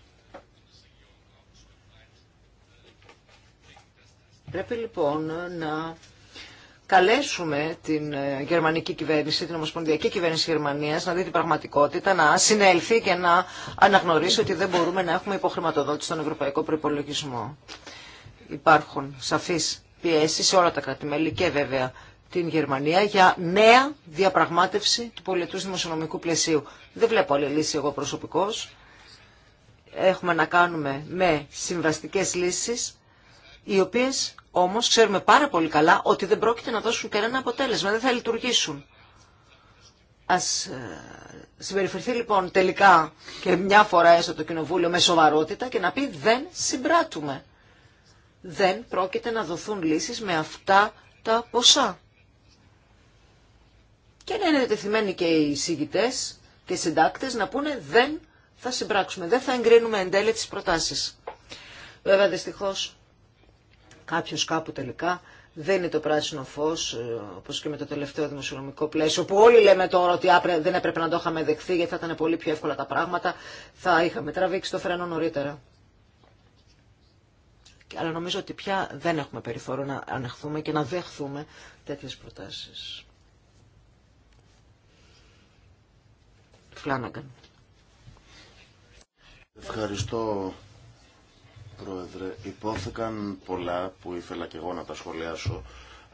[SPEAKER 2] Πρέπει λοιπόν να καλέσουμε την ε, γερμανική κυβέρνηση, την ομοσπονδιακή κυβέρνηση Γερμανίας να δει την πραγματικότητα, να συνέλθει και να αναγνωρίσει ότι δεν μπορούμε να έχουμε υποχρηματοδότηση στον ευρωπαϊκό προπολογισμό. Υπάρχουν σαφείς πιέσεις σε όλα τα κράτη-μέλη και βέβαια την Γερμανία για νέα διαπραγμάτευση του πολιτού δημοσιονομικού πλαισίου. Δεν βλέπω άλλη λύση εγώ προσωπικώς. Έχουμε να κάνουμε με συμβαστικές λύσεις, οι οποίες όμως ξέρουμε πάρα πολύ καλά ότι δεν πρόκειται να δώσουν κανένα αποτέλεσμα, δεν θα λειτουργήσουν. Ας ε, συμπεριφερθεί λοιπόν τελικά και μια φορά έστω το Κοινοβούλιο με σοβαρότητα και να πει δεν συμπράττουμε. Δεν πρόκειται να δοθούν λύσεις με αυτά τα ποσά και να είναι τεθειμένοι και οι συγκητέ και οι συντάκτε να πούνε δεν θα συμπράξουμε, δεν θα εγκρίνουμε εν τέλει τι προτάσεις. Βέβαια δυστυχώς κάποιο κάπου τελικά δεν είναι το πράσινο φω, ε, όπω και με το τελευταίο δημοσιονομικό πλαίσιο, που όλοι λέμε τώρα ότι δεν έπρεπε να το είχαμε δεχθεί, γιατί θα ήταν πολύ πιο εύκολα τα πράγματα, θα είχαμε τραβήξει το φρένο νωρίτερα. Αλλά νομίζω ότι πια δεν έχουμε περιθώριο να ανεχθούμε και να δεχθούμε τέτοιες προτάσεις.
[SPEAKER 4] Ευχαριστώ Πρόεδρε. Υπόθηκαν πολλά που ήθελα και εγώ να τα σχολιάσω.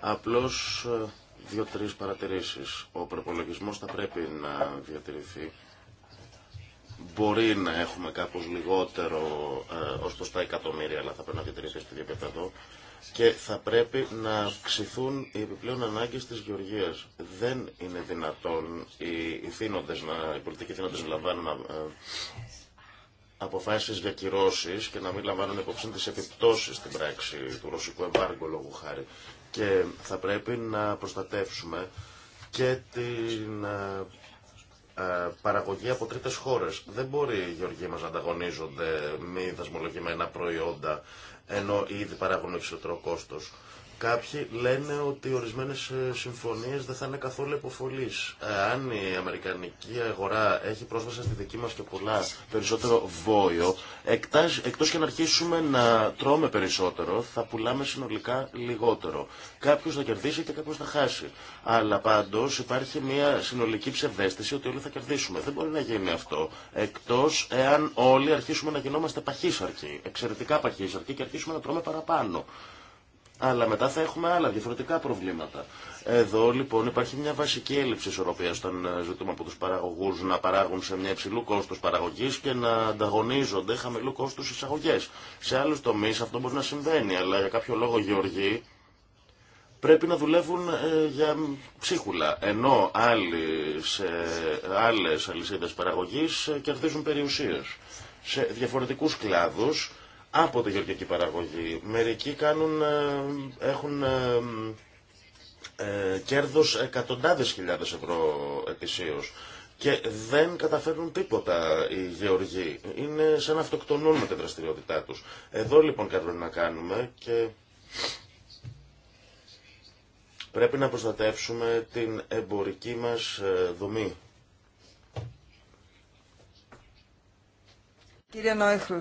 [SPEAKER 4] Απλώς ε, δύο-τρεις παρατηρήσεις. Ο προπολογισμό θα πρέπει να διατηρηθεί. Μπορεί να έχουμε κάπως λιγότερο ε, ως εκατομμύρια, αλλά θα πρέπει να διατηρηθεί στη ίδιο και θα πρέπει να αυξηθούν οι επιπλέον ανάγκες της γεωργίας. Δεν είναι δυνατόν οι, θύνοντες, να, οι πολιτικοί θύνοντες να λαμβάνουν ε, αποφάσεις για κυρώσεις και να μην λαμβάνουν υπόψη τις επιπτώσεις στην πράξη του ρωσικού εμπάργου λόγου χάρη. Και θα πρέπει να προστατεύσουμε και την ε, ε, παραγωγή από τρίτες χώρες. Δεν μπορεί οι γεωργοί μας να ανταγωνίζονται μη δασμολογημένα προϊόντα ενώ ήδη παράγουν εξωτερό κόστος. Κάποιοι λένε ότι ορισμένε συμφωνίε δεν θα είναι καθόλου υποφολεί. Ε, αν η Αμερικανική αγορά έχει πρόσβαση στη δική μα και πολλά περισσότερο βόλιο, εκτό και να αρχίσουμε να τρώμε περισσότερο, θα πουλάμε συνολικά λιγότερο. Κάποιο θα κερδίσει και κάποιο θα χάσει. Αλλά πάντω υπάρχει μια συνολική ψευδέστηση ότι όλοι θα κερδίσουμε. Δεν μπορεί να γίνει αυτό. Εκτό εάν όλοι αρχίσουμε να γινόμαστε παχύσαρκοι, εξαιρετικά παχύσαρκοι και αρχίσουμε να τρώμε παραπάνω αλλά μετά θα έχουμε άλλα διαφορετικά προβλήματα. Εδώ λοιπόν υπάρχει μια βασική έλλειψη ισορροπία όταν ε, ζητούμε από του παραγωγού να παράγουν σε μια υψηλού κόστο παραγωγή και να ανταγωνίζονται χαμηλού κόστου εισαγωγέ. Σε άλλου τομεί αυτό μπορεί να συμβαίνει, αλλά για κάποιο λόγο γεωργοί πρέπει να δουλεύουν ε, για ψίχουλα, ενώ άλλοι σε άλλες αλυσίδες παραγωγής ε, κερδίζουν περιουσίε Σε διαφορετικού κλάδου από τη γεωργική παραγωγή. Μερικοί κάνουν, ε, έχουν ε, ε, κέρδος εκατοντάδες χιλιάδες ευρώ ετησίως. Και δεν καταφέρνουν τίποτα οι γεωργοί. Είναι σαν να αυτοκτονούν με τη δραστηριότητά τους. Εδώ λοιπόν κάνουμε να κάνουμε και πρέπει να προστατεύσουμε την εμπορική μας ε, δομή.
[SPEAKER 2] Κύριε Νόιχλ,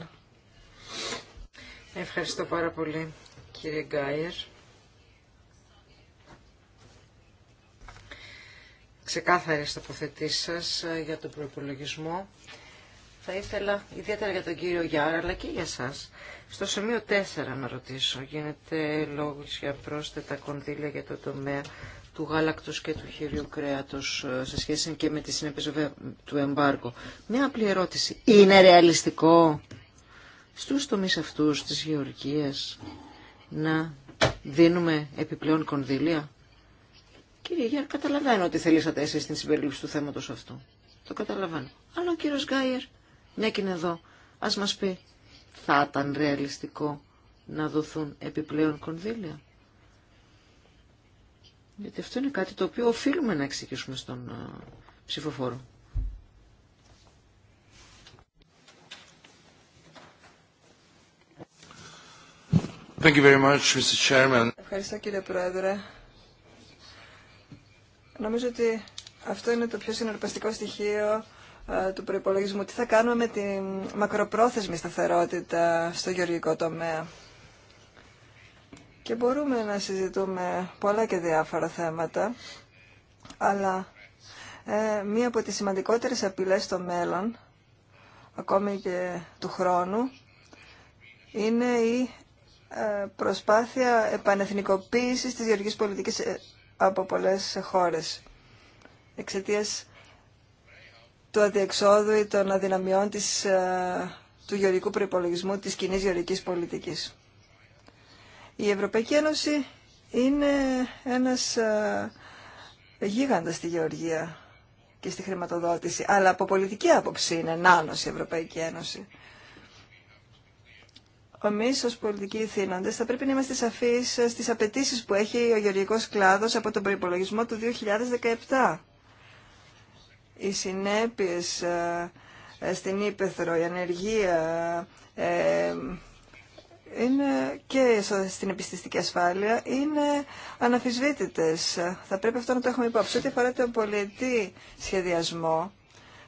[SPEAKER 2] Ευχαριστώ πάρα πολύ κύριε Γκάιερ. Ξεκάθαρες τοποθετήσεις σας ε, για τον προπολογισμό. Θα ήθελα ιδιαίτερα για τον κύριο Γιάρα αλλά και για σας. Στο σημείο 4 να ρωτήσω. Γίνεται λόγος για πρόσθετα κονδύλια για το τομέα του γάλακτος και του χείριου κρέατος ε, σε σχέση και με τη συνέπεια του εμπάργου. Μια απλή ερώτηση. Είναι ρεαλιστικό στους τομείς αυτούς της γεωργίας να δίνουμε επιπλέον κονδύλια. Κύριε Γιάννη, καταλαβαίνω ότι θελήσατε εσείς στην συμπερίληψη του θέματος αυτού. Το καταλαβαίνω. Αλλά ο κύριος Γκάιερ, μια και είναι εδώ, ας μας πει, θα ήταν ρεαλιστικό να δοθούν επιπλέον κονδύλια. Γιατί αυτό είναι κάτι το οποίο οφείλουμε να εξηγήσουμε στον ε, ψηφοφόρο.
[SPEAKER 3] Ευχαριστώ
[SPEAKER 1] κύριε Πρόεδρε. Νομίζω ότι αυτό είναι το πιο συναρπαστικό στοιχείο ε, του προϋπολογισμού. Τι θα κάνουμε με τη μακροπρόθεσμη σταθερότητα στο γεωργικό τομέα. Και μπορούμε να συζητούμε πολλά και διάφορα θέματα, αλλά ε, μία από τις σημαντικότερες απειλές στο μέλλον, ακόμη και του χρόνου, είναι η ε, προσπάθεια επανεθνικοποίησης της γεωργικής πολιτικής ε, από πολλές χώρες εξαιτίας του αδιεξόδου ή των αδυναμιών ε, του γεωργικού προϋπολογισμού της κοινή γεωργικής πολιτικής. Η Ευρωπαϊκή Ένωση είναι ένας γίγαντας στη γεωργία και στη χρηματοδότηση, αλλά από πολιτική άποψη είναι νάνος η Ευρωπαϊκή Ένωση. Εμεί ω πολιτικοί ηθήνοντε θα πρέπει να είμαστε σαφεί στι απαιτήσει που έχει ο γεωργικό κλάδο από τον προπολογισμό του 2017. Οι συνέπειε ε, ε, στην ύπεθρο, η ανεργία ε, είναι και στην επιστηστική ασφάλεια είναι αναφυσβήτητες. Θα πρέπει αυτό να το έχουμε υπόψη. Ό,τι αφορά τον πολιτή σχεδιασμό,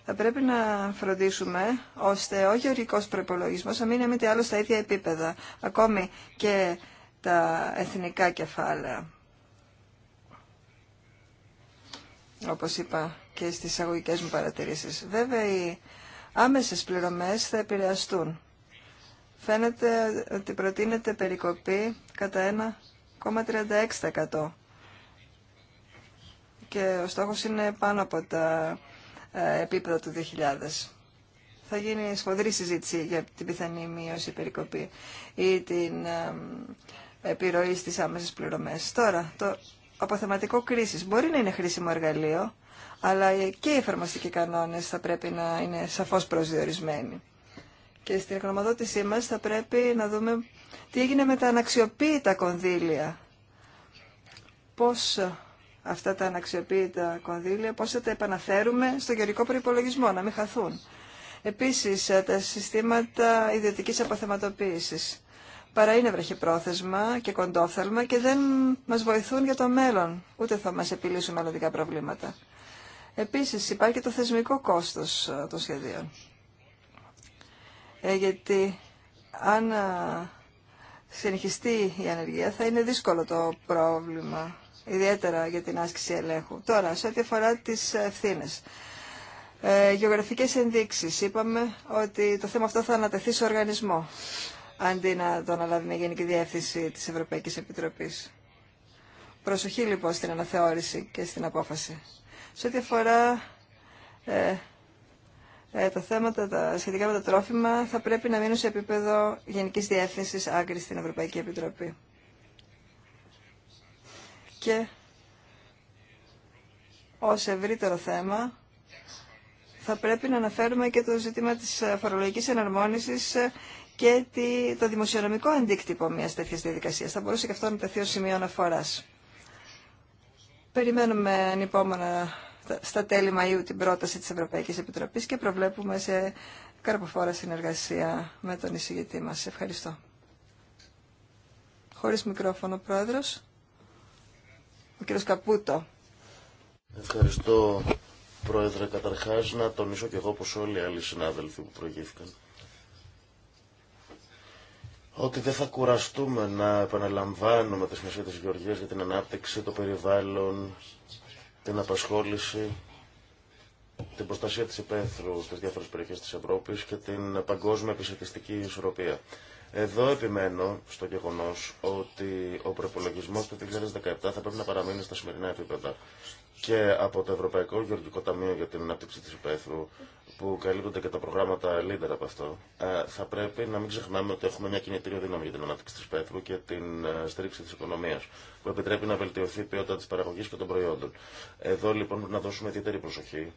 [SPEAKER 1] θα πρέπει να φροντίσουμε ώστε ο γεωργικός προπολογισμό να μην είναι άλλο στα ίδια επίπεδα, ακόμη και τα εθνικά κεφάλαια. Όπως είπα και στις εισαγωγικέ μου παρατηρήσεις. Βέβαια, οι άμεσες πληρωμές θα επηρεαστούν. Φαίνεται ότι προτείνεται περικοπή κατά 1,36% και ο στόχος είναι πάνω από τα ε, επίπεδο του 2000. Θα γίνει σφοδρή συζήτηση για την πιθανή μείωση, περικοπή ή την ε, επιρροή στις άμεσες πληρωμές. Τώρα, το αποθεματικό κρίσης μπορεί να είναι χρήσιμο εργαλείο, αλλά και οι εφαρμοστικοί κανόνες θα πρέπει να είναι σαφώς προσδιορισμένοι. Και στην εκνομοδότησή μας θα πρέπει να δούμε τι έγινε με τα αναξιοποίητα κονδύλια. Πώς αυτά τα αναξιοποίητα κονδύλια, πώς θα τα επαναφέρουμε στο γεωρικό προϋπολογισμό, να μην χαθούν. Επίσης, ε, τα συστήματα ιδιωτικής αποθεματοποίησης. Παρά είναι βραχυπρόθεσμα και κοντόφθαλμα και δεν μας βοηθούν για το μέλλον, ούτε θα μας επιλύσουν μελλοντικά προβλήματα. Επίσης, υπάρχει και το θεσμικό κόστος ε, των σχεδίων. Ε, γιατί αν συνεχιστεί η ανεργία θα είναι δύσκολο το πρόβλημα ιδιαίτερα για την άσκηση ελέγχου. Τώρα, σε ό,τι αφορά τις ευθύνε. Ε, γεωγραφικές ενδείξεις. Είπαμε ότι το θέμα αυτό θα ανατεθεί σε οργανισμό, αντί να το αναλάβει μια Γενική Διεύθυνση της Ευρωπαϊκής Επιτροπής. Προσοχή λοιπόν στην αναθεώρηση και στην απόφαση. Σε ό,τι αφορά ε, ε τα θέματα τα, σχετικά με το τρόφιμα, θα πρέπει να μείνουν σε επίπεδο Γενικής Διεύθυνσης Άγκρης στην Ευρωπαϊκή Επιτροπή και ως ευρύτερο θέμα θα πρέπει να αναφέρουμε και το ζήτημα της ε, φορολογικής εναρμόνισης ε, και το δημοσιονομικό αντίκτυπο μιας τέτοιας διαδικασίας. Θα μπορούσε και αυτό να τεθεί ως σημείο αναφοράς. Περιμένουμε ανυπόμονα στα τέλη Μαΐου την πρόταση της Ευρωπαϊκής Επιτροπής και προβλέπουμε σε καρποφόρα συνεργασία με τον εισηγητή μας. Ευχαριστώ. Χωρίς μικρόφωνο, Πρόεδρος. Ο κύριος Καπούτο.
[SPEAKER 4] Ευχαριστώ Πρόεδρε. Καταρχάς να τονίσω και εγώ πως όλοι οι άλλοι συνάδελφοι που προηγήθηκαν ότι δεν θα κουραστούμε να επαναλαμβάνουμε τη σημασία της Γεωργίας για την ανάπτυξη, το περιβάλλον, την απασχόληση, την προστασία της υπαίθρου στις διάφορες περιοχές της Ευρώπης και την παγκόσμια επισκεπτική ισορροπία. Εδώ επιμένω στο γεγονό ότι ο προπολογισμό του 2017 θα πρέπει να παραμείνει στα σημερινά επίπεδα και από το Ευρωπαϊκό Γεωργικό Ταμείο για την Ανάπτυξη τη Υπαίθρου, που καλύπτονται και τα προγράμματα leader από αυτό, ε, θα πρέπει να μην ξεχνάμε ότι έχουμε μια κινητήριο δύναμη για την ανάπτυξη τη Υπαίθρου και την ε, στήριξη τη οικονομία, που επιτρέπει να βελτιωθεί η ποιότητα τη παραγωγή και των προϊόντων. Εδώ λοιπόν να δώσουμε ιδιαίτερη προσοχή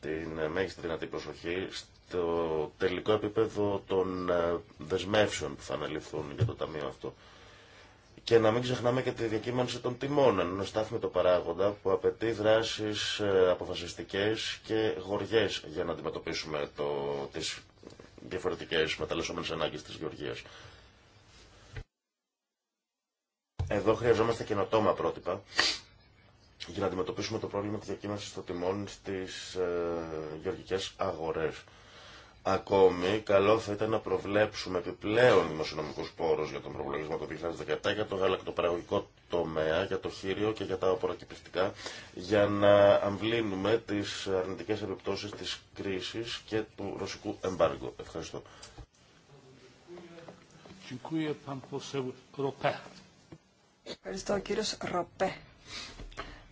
[SPEAKER 4] την ε, μέγιστη δυνατή προσοχή το τελικό επίπεδο των ε, δεσμεύσεων που θα αναλυθούν για το Ταμείο αυτό. Και να μην ξεχνάμε και τη διακύμανση των τιμών, να σταθούμε το παράγοντα που απαιτεί δράσεις ε, αποφασιστικές και γοργές για να αντιμετωπίσουμε τις διαφορετικές μεταλλεσσόμενες ανάγκες της γεωργίας. Εδώ χρειαζόμαστε καινοτόμα πρότυπα για να αντιμετωπίσουμε το πρόβλημα της διακύμανσης των τιμών στις ε, γεωργικές αγορές. Ακόμη, καλό θα ήταν να προβλέψουμε επιπλέον δημοσιονομικού πόρου για τον προπολογισμό του 2017, για το γαλακτοπαραγωγικό τομέα, για το χείριο και για τα απορροκυπηστικά, για να αμβλύνουμε τι αρνητικέ επιπτώσει τη κρίση και του ρωσικού εμπάργου. Ευχαριστώ.
[SPEAKER 1] Ευχαριστώ, κύριος Ροπέ.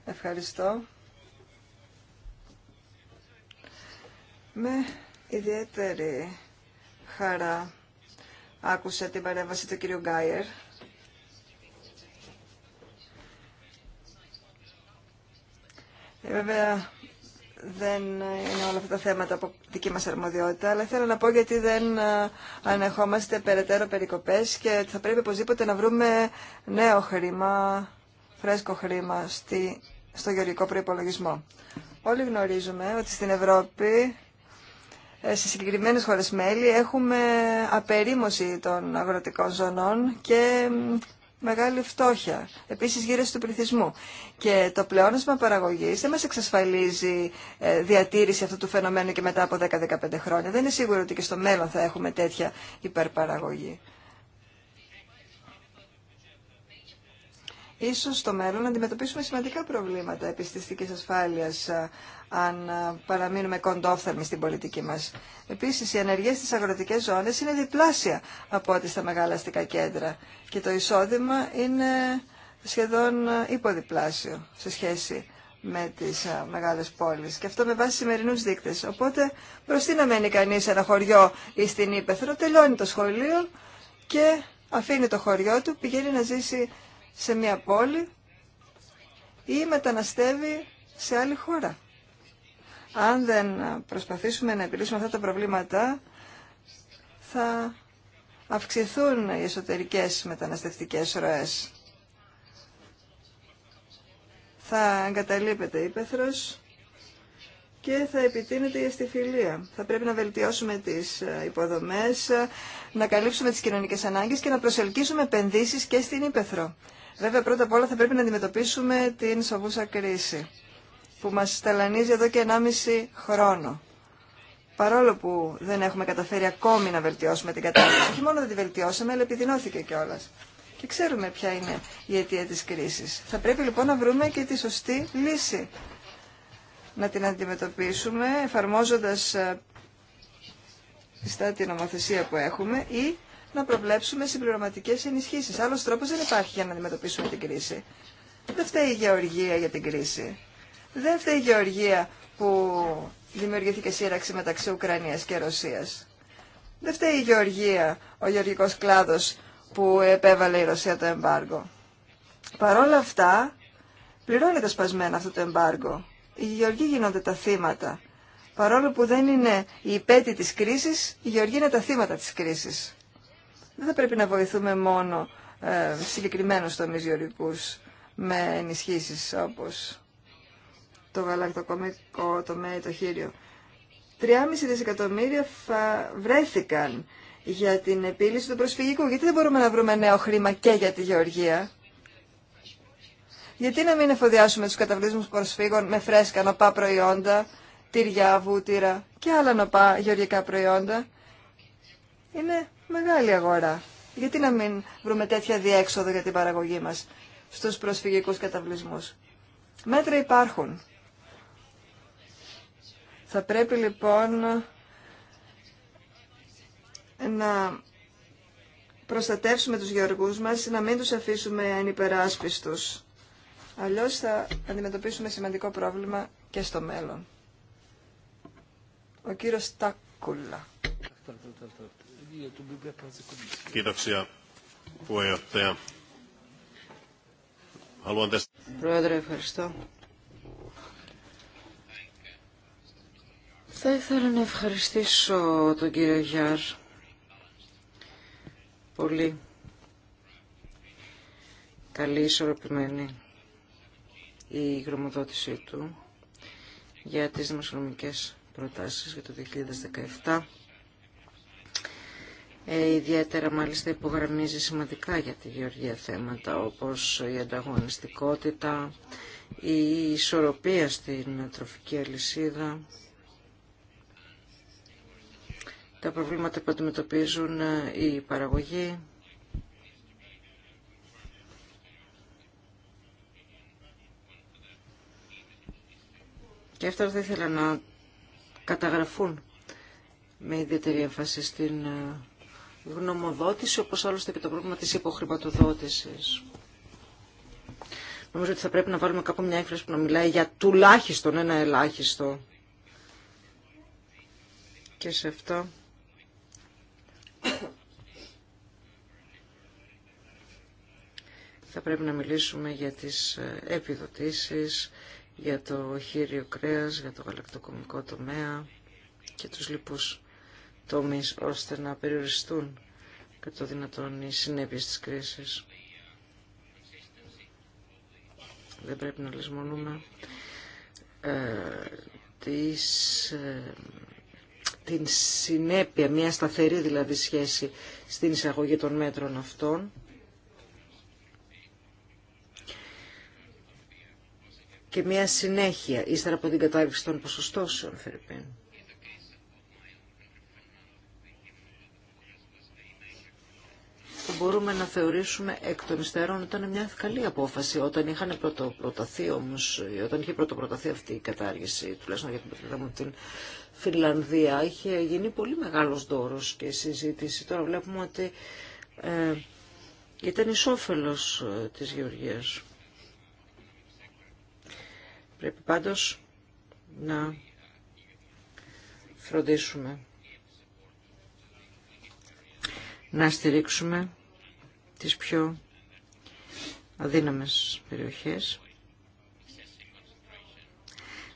[SPEAKER 1] Ευχαριστώ. Με ιδιαίτερη χαρά άκουσα την παρέμβαση του κύριου Γκάιερ. Ε, βέβαια, δεν είναι όλα αυτά τα θέματα από δική μας αρμοδιότητα, αλλά θέλω να πω γιατί δεν ε, ανεχόμαστε περαιτέρω περικοπές και θα πρέπει οπωσδήποτε να βρούμε νέο χρήμα, φρέσκο χρήμα στη, στο γεωργικό προϋπολογισμό. Όλοι γνωρίζουμε ότι στην Ευρώπη ε, σε συγκεκριμένες χώρες μέλη έχουμε απερίμωση των αγροτικών ζωνών και μεγάλη φτώχεια. Επίσης γύρωση του πληθυσμού. Και το πλεόνασμα παραγωγής δεν μας εξασφαλίζει ε, διατήρηση αυτού του φαινομένου και μετά από 10-15 χρόνια. Δεν είναι σίγουρο ότι και στο μέλλον θα έχουμε τέτοια υπερπαραγωγή. ίσως στο μέλλον να αντιμετωπίσουμε σημαντικά προβλήματα επιστηστικής ασφάλειας αν παραμείνουμε κοντόφθαρμοι στην πολιτική μας. Επίσης, οι ανεργίες στις αγροτικές ζώνες είναι διπλάσια από ό,τι στα μεγάλα αστικά κέντρα και το εισόδημα είναι σχεδόν υποδιπλάσιο σε σχέση με τις μεγάλες πόλεις και αυτό με βάση σημερινού δείκτες. Οπότε προς τι να μένει κανείς σε ένα χωριό ή στην Ήπεθρο, τελειώνει το σχολείο και αφήνει το χωριό του, πηγαίνει να ζήσει σε μια πόλη ή μεταναστεύει σε άλλη χώρα. Αν δεν προσπαθήσουμε να επιλύσουμε αυτά τα προβλήματα, θα αυξηθούν οι εσωτερικές μεταναστευτικές ροές. Θα εγκαταλείπεται η και θα επιτείνεται η αστιφιλία. Θα πρέπει να βελτιώσουμε τις ε, υποδομές, ε, να καλύψουμε τις κοινωνικές ανάγκες και να προσελκύσουμε επενδύσεις και στην ύπεθρο. Βέβαια, πρώτα απ' όλα θα πρέπει να αντιμετωπίσουμε την σοβούσα κρίση που μας ταλανίζει εδώ και 1,5 χρόνο. Παρόλο που δεν έχουμε καταφέρει ακόμη να βελτιώσουμε την κατάσταση, όχι μόνο δεν τη βελτιώσαμε, αλλά επιδεινώθηκε κιόλα. Και ξέρουμε ποια είναι η αιτία της κρίσης. Θα πρέπει λοιπόν να βρούμε και τη σωστή λύση. Να την αντιμετωπίσουμε εφαρμόζοντας ε, πιστά την νομοθεσία που έχουμε ή να προβλέψουμε συμπληρωματικέ ενισχύσει. Άλλο τρόπο δεν υπάρχει για να αντιμετωπίσουμε την κρίση. Δεν φταίει η γεωργία για την κρίση. Δεν φταίει η γεωργία που δημιουργήθηκε σύραξη μεταξύ Ουκρανία και Ρωσία. Δεν φταίει η γεωργία, ο γεωργικό κλάδο που επέβαλε η Ρωσία το εμπάργκο. Παρ' όλα αυτά, πληρώνεται σπασμένα αυτό το εμπάργκο. Οι γεωργοί γίνονται τα θύματα. Παρόλο που δεν είναι η υπέτη της κρίσης, οι γεωργοί είναι τα θύματα της κρίσης δεν θα πρέπει να βοηθούμε μόνο ε, συγκεκριμένους τομείς με ενισχύσεις όπως το γαλακτοκομικό τομέα ή το χείριο. 3,5 δισεκατομμύρια θα βρέθηκαν για την επίλυση του προσφυγικού. Γιατί δεν μπορούμε να βρούμε νέο χρήμα και για τη γεωργία. Γιατί να μην εφοδιάσουμε τους καταβλισμούς προσφύγων με φρέσκα νοπά προϊόντα, τυριά, βούτυρα και άλλα νοπά γεωργικά προϊόντα. Είναι μεγάλη αγορά. Γιατί να μην βρούμε τέτοια διέξοδο για την παραγωγή μας στους προσφυγικούς καταβλισμούς. Μέτρα υπάρχουν. Θα πρέπει λοιπόν να προστατεύσουμε τους γεωργούς μας, να μην τους αφήσουμε ανυπεράσπιστους. Αλλιώς θα αντιμετωπίσουμε σημαντικό πρόβλημα και στο μέλλον. Ο κύριος Τάκουλα.
[SPEAKER 4] Kiitoksia,
[SPEAKER 2] ευχαριστώ. Θα ήθελα να ευχαριστήσω τον κύριο Γιάρ πολύ καλή ισορροπημένη η γνωμοδότησή του για τις δημοσιονομικές προτάσεις για το 2017 ε, ιδιαίτερα μάλιστα υπογραμμίζει σημαντικά για τη γεωργία θέματα όπως η ανταγωνιστικότητα, η ισορροπία στην τροφική αλυσίδα, τα προβλήματα που αντιμετωπίζουν ε, η παραγωγή, Και αυτά θα ήθελα να καταγραφούν με ιδιαίτερη έμφαση στην ε, γνωμοδότηση, όπως άλλωστε και το πρόβλημα της υποχρηματοδότησης. Νομίζω ότι θα πρέπει να βάλουμε κάπου μια έκφραση που να μιλάει για τουλάχιστον ένα ελάχιστο. Και σε αυτό... Θα πρέπει να μιλήσουμε για τις επιδοτήσεις, για το χείριο κρέας, για το γαλακτοκομικό τομέα και τους λοιπούς τομείς ώστε να περιοριστούν κατά το δυνατόν οι συνέπειες της κρίσης. Δεν πρέπει να λησμονούμε ε, ε, την συνέπεια, μια σταθερή δηλαδή σχέση στην εισαγωγή των μέτρων αυτών. και μια συνέχεια ύστερα από την κατάρριψη των ποσοστώσεων, Φερρυπίν. που μπορούμε να θεωρήσουμε εκ των υστέρων ήταν μια καλή απόφαση. Όταν, είχαν πρωτοπροταθεί όταν είχε πρωτοπροταθεί αυτή η κατάργηση, τουλάχιστον για την πατρίδα την είχε γίνει πολύ μεγάλος δώρο και συζήτηση. Τώρα βλέπουμε ότι ε, ήταν ισόφελος ε, τη γεωργία. Πρέπει πάντως να φροντίσουμε να στηρίξουμε τις πιο αδύναμες περιοχές,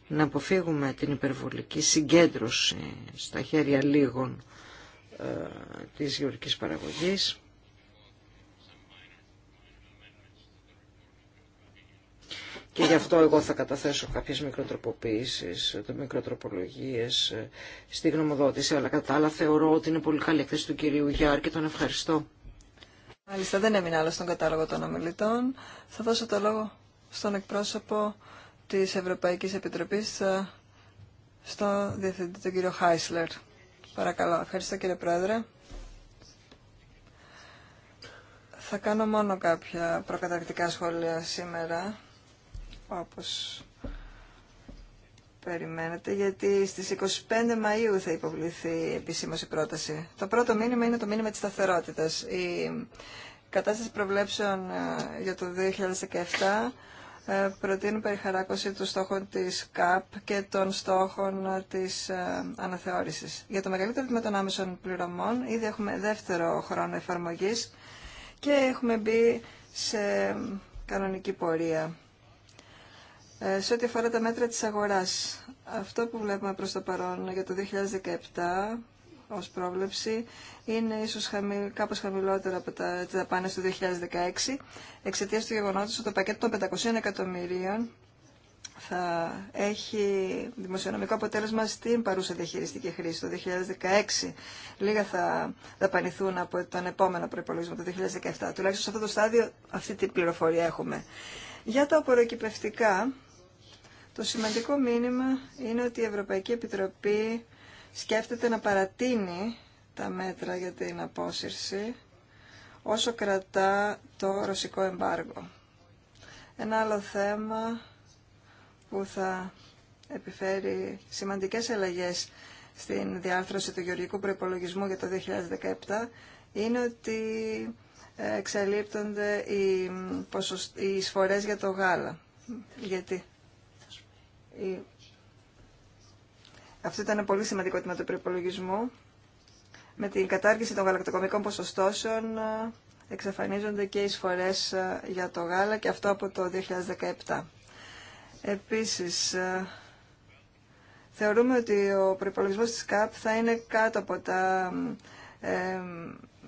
[SPEAKER 2] να αποφύγουμε την υπερβολική συγκέντρωση στα χέρια λίγων ε, της γεωργικής παραγωγής, Και γι' αυτό εγώ θα καταθέσω κάποιες μικροτροποποιήσεις, μικροτροπολογίες ε, στη γνωμοδότηση, αλλά κατά άλλα θεωρώ ότι είναι πολύ καλή εκθέση του κυρίου Γιάρ και τον ευχαριστώ.
[SPEAKER 1] Μάλιστα, δεν έμεινε άλλο στον κατάλογο των ομιλητών. Θα δώσω το λόγο στον εκπρόσωπο της Ευρωπαϊκής Επιτροπής, ε, στον Διευθυντή, τον κύριο Χάισλερ. Παρακαλώ. Ευχαριστώ κύριε Πρόεδρε. Θα κάνω μόνο κάποια προκαταρκτικά σχόλια σήμερα όπως περιμένετε, γιατί στις 25 Μαΐου θα υποβληθεί επισήμως η πρόταση. Το πρώτο μήνυμα είναι το μήνυμα της σταθερότητας. Η κατάσταση προβλέψεων ε, για το 2017 ε, προτείνουν περιχαράκωση των στόχων της ΚΑΠ και των στόχων ε, της αναθεώρησης. Για το μεγαλύτερο τμήμα των άμεσων πληρωμών ήδη έχουμε δεύτερο χρόνο εφαρμογής και έχουμε μπει σε κανονική πορεία ε, σε ό,τι αφορά τα μέτρα της αγοράς, αυτό που βλέπουμε προς το παρόν για το 2017 ως πρόβλεψη είναι ίσως χαμη, κάπως χαμηλότερο από τα, δαπάνε του 2016 εξαιτία του γεγονότος ότι το πακέτο των 500 εκατομμυρίων θα έχει δημοσιονομικό αποτέλεσμα στην παρούσα διαχειριστική χρήση το 2016. Λίγα θα δαπανηθούν από τον επόμενο προπολογισμό το 2017. Τουλάχιστον σε αυτό το στάδιο αυτή την πληροφορία έχουμε. Για τα απορροκυπευτικά, το σημαντικό μήνυμα είναι ότι η Ευρωπαϊκή Επιτροπή σκέφτεται να παρατείνει τα μέτρα για την απόσυρση όσο κρατά το ρωσικό εμπάργο. Ένα άλλο θέμα που θα επιφέρει σημαντικές αλλαγές στην διάρθρωση του γεωργικού προϋπολογισμού για το 2017 είναι ότι εξαλείπτονται οι, οι εισφορές για το γάλα. Γιατί αυτό ήταν ένα πολύ σημαντικό τμήμα του προπολογισμού. Με την κατάργηση των γαλακτοκομικών ποσοστώσεων ε, εξαφανίζονται και οι σφορές ε, για το γάλα και αυτό από το 2017. Επίσης, ε, θεωρούμε ότι ο προϋπολογισμός της ΚΑΠ θα είναι κάτω από τα ε,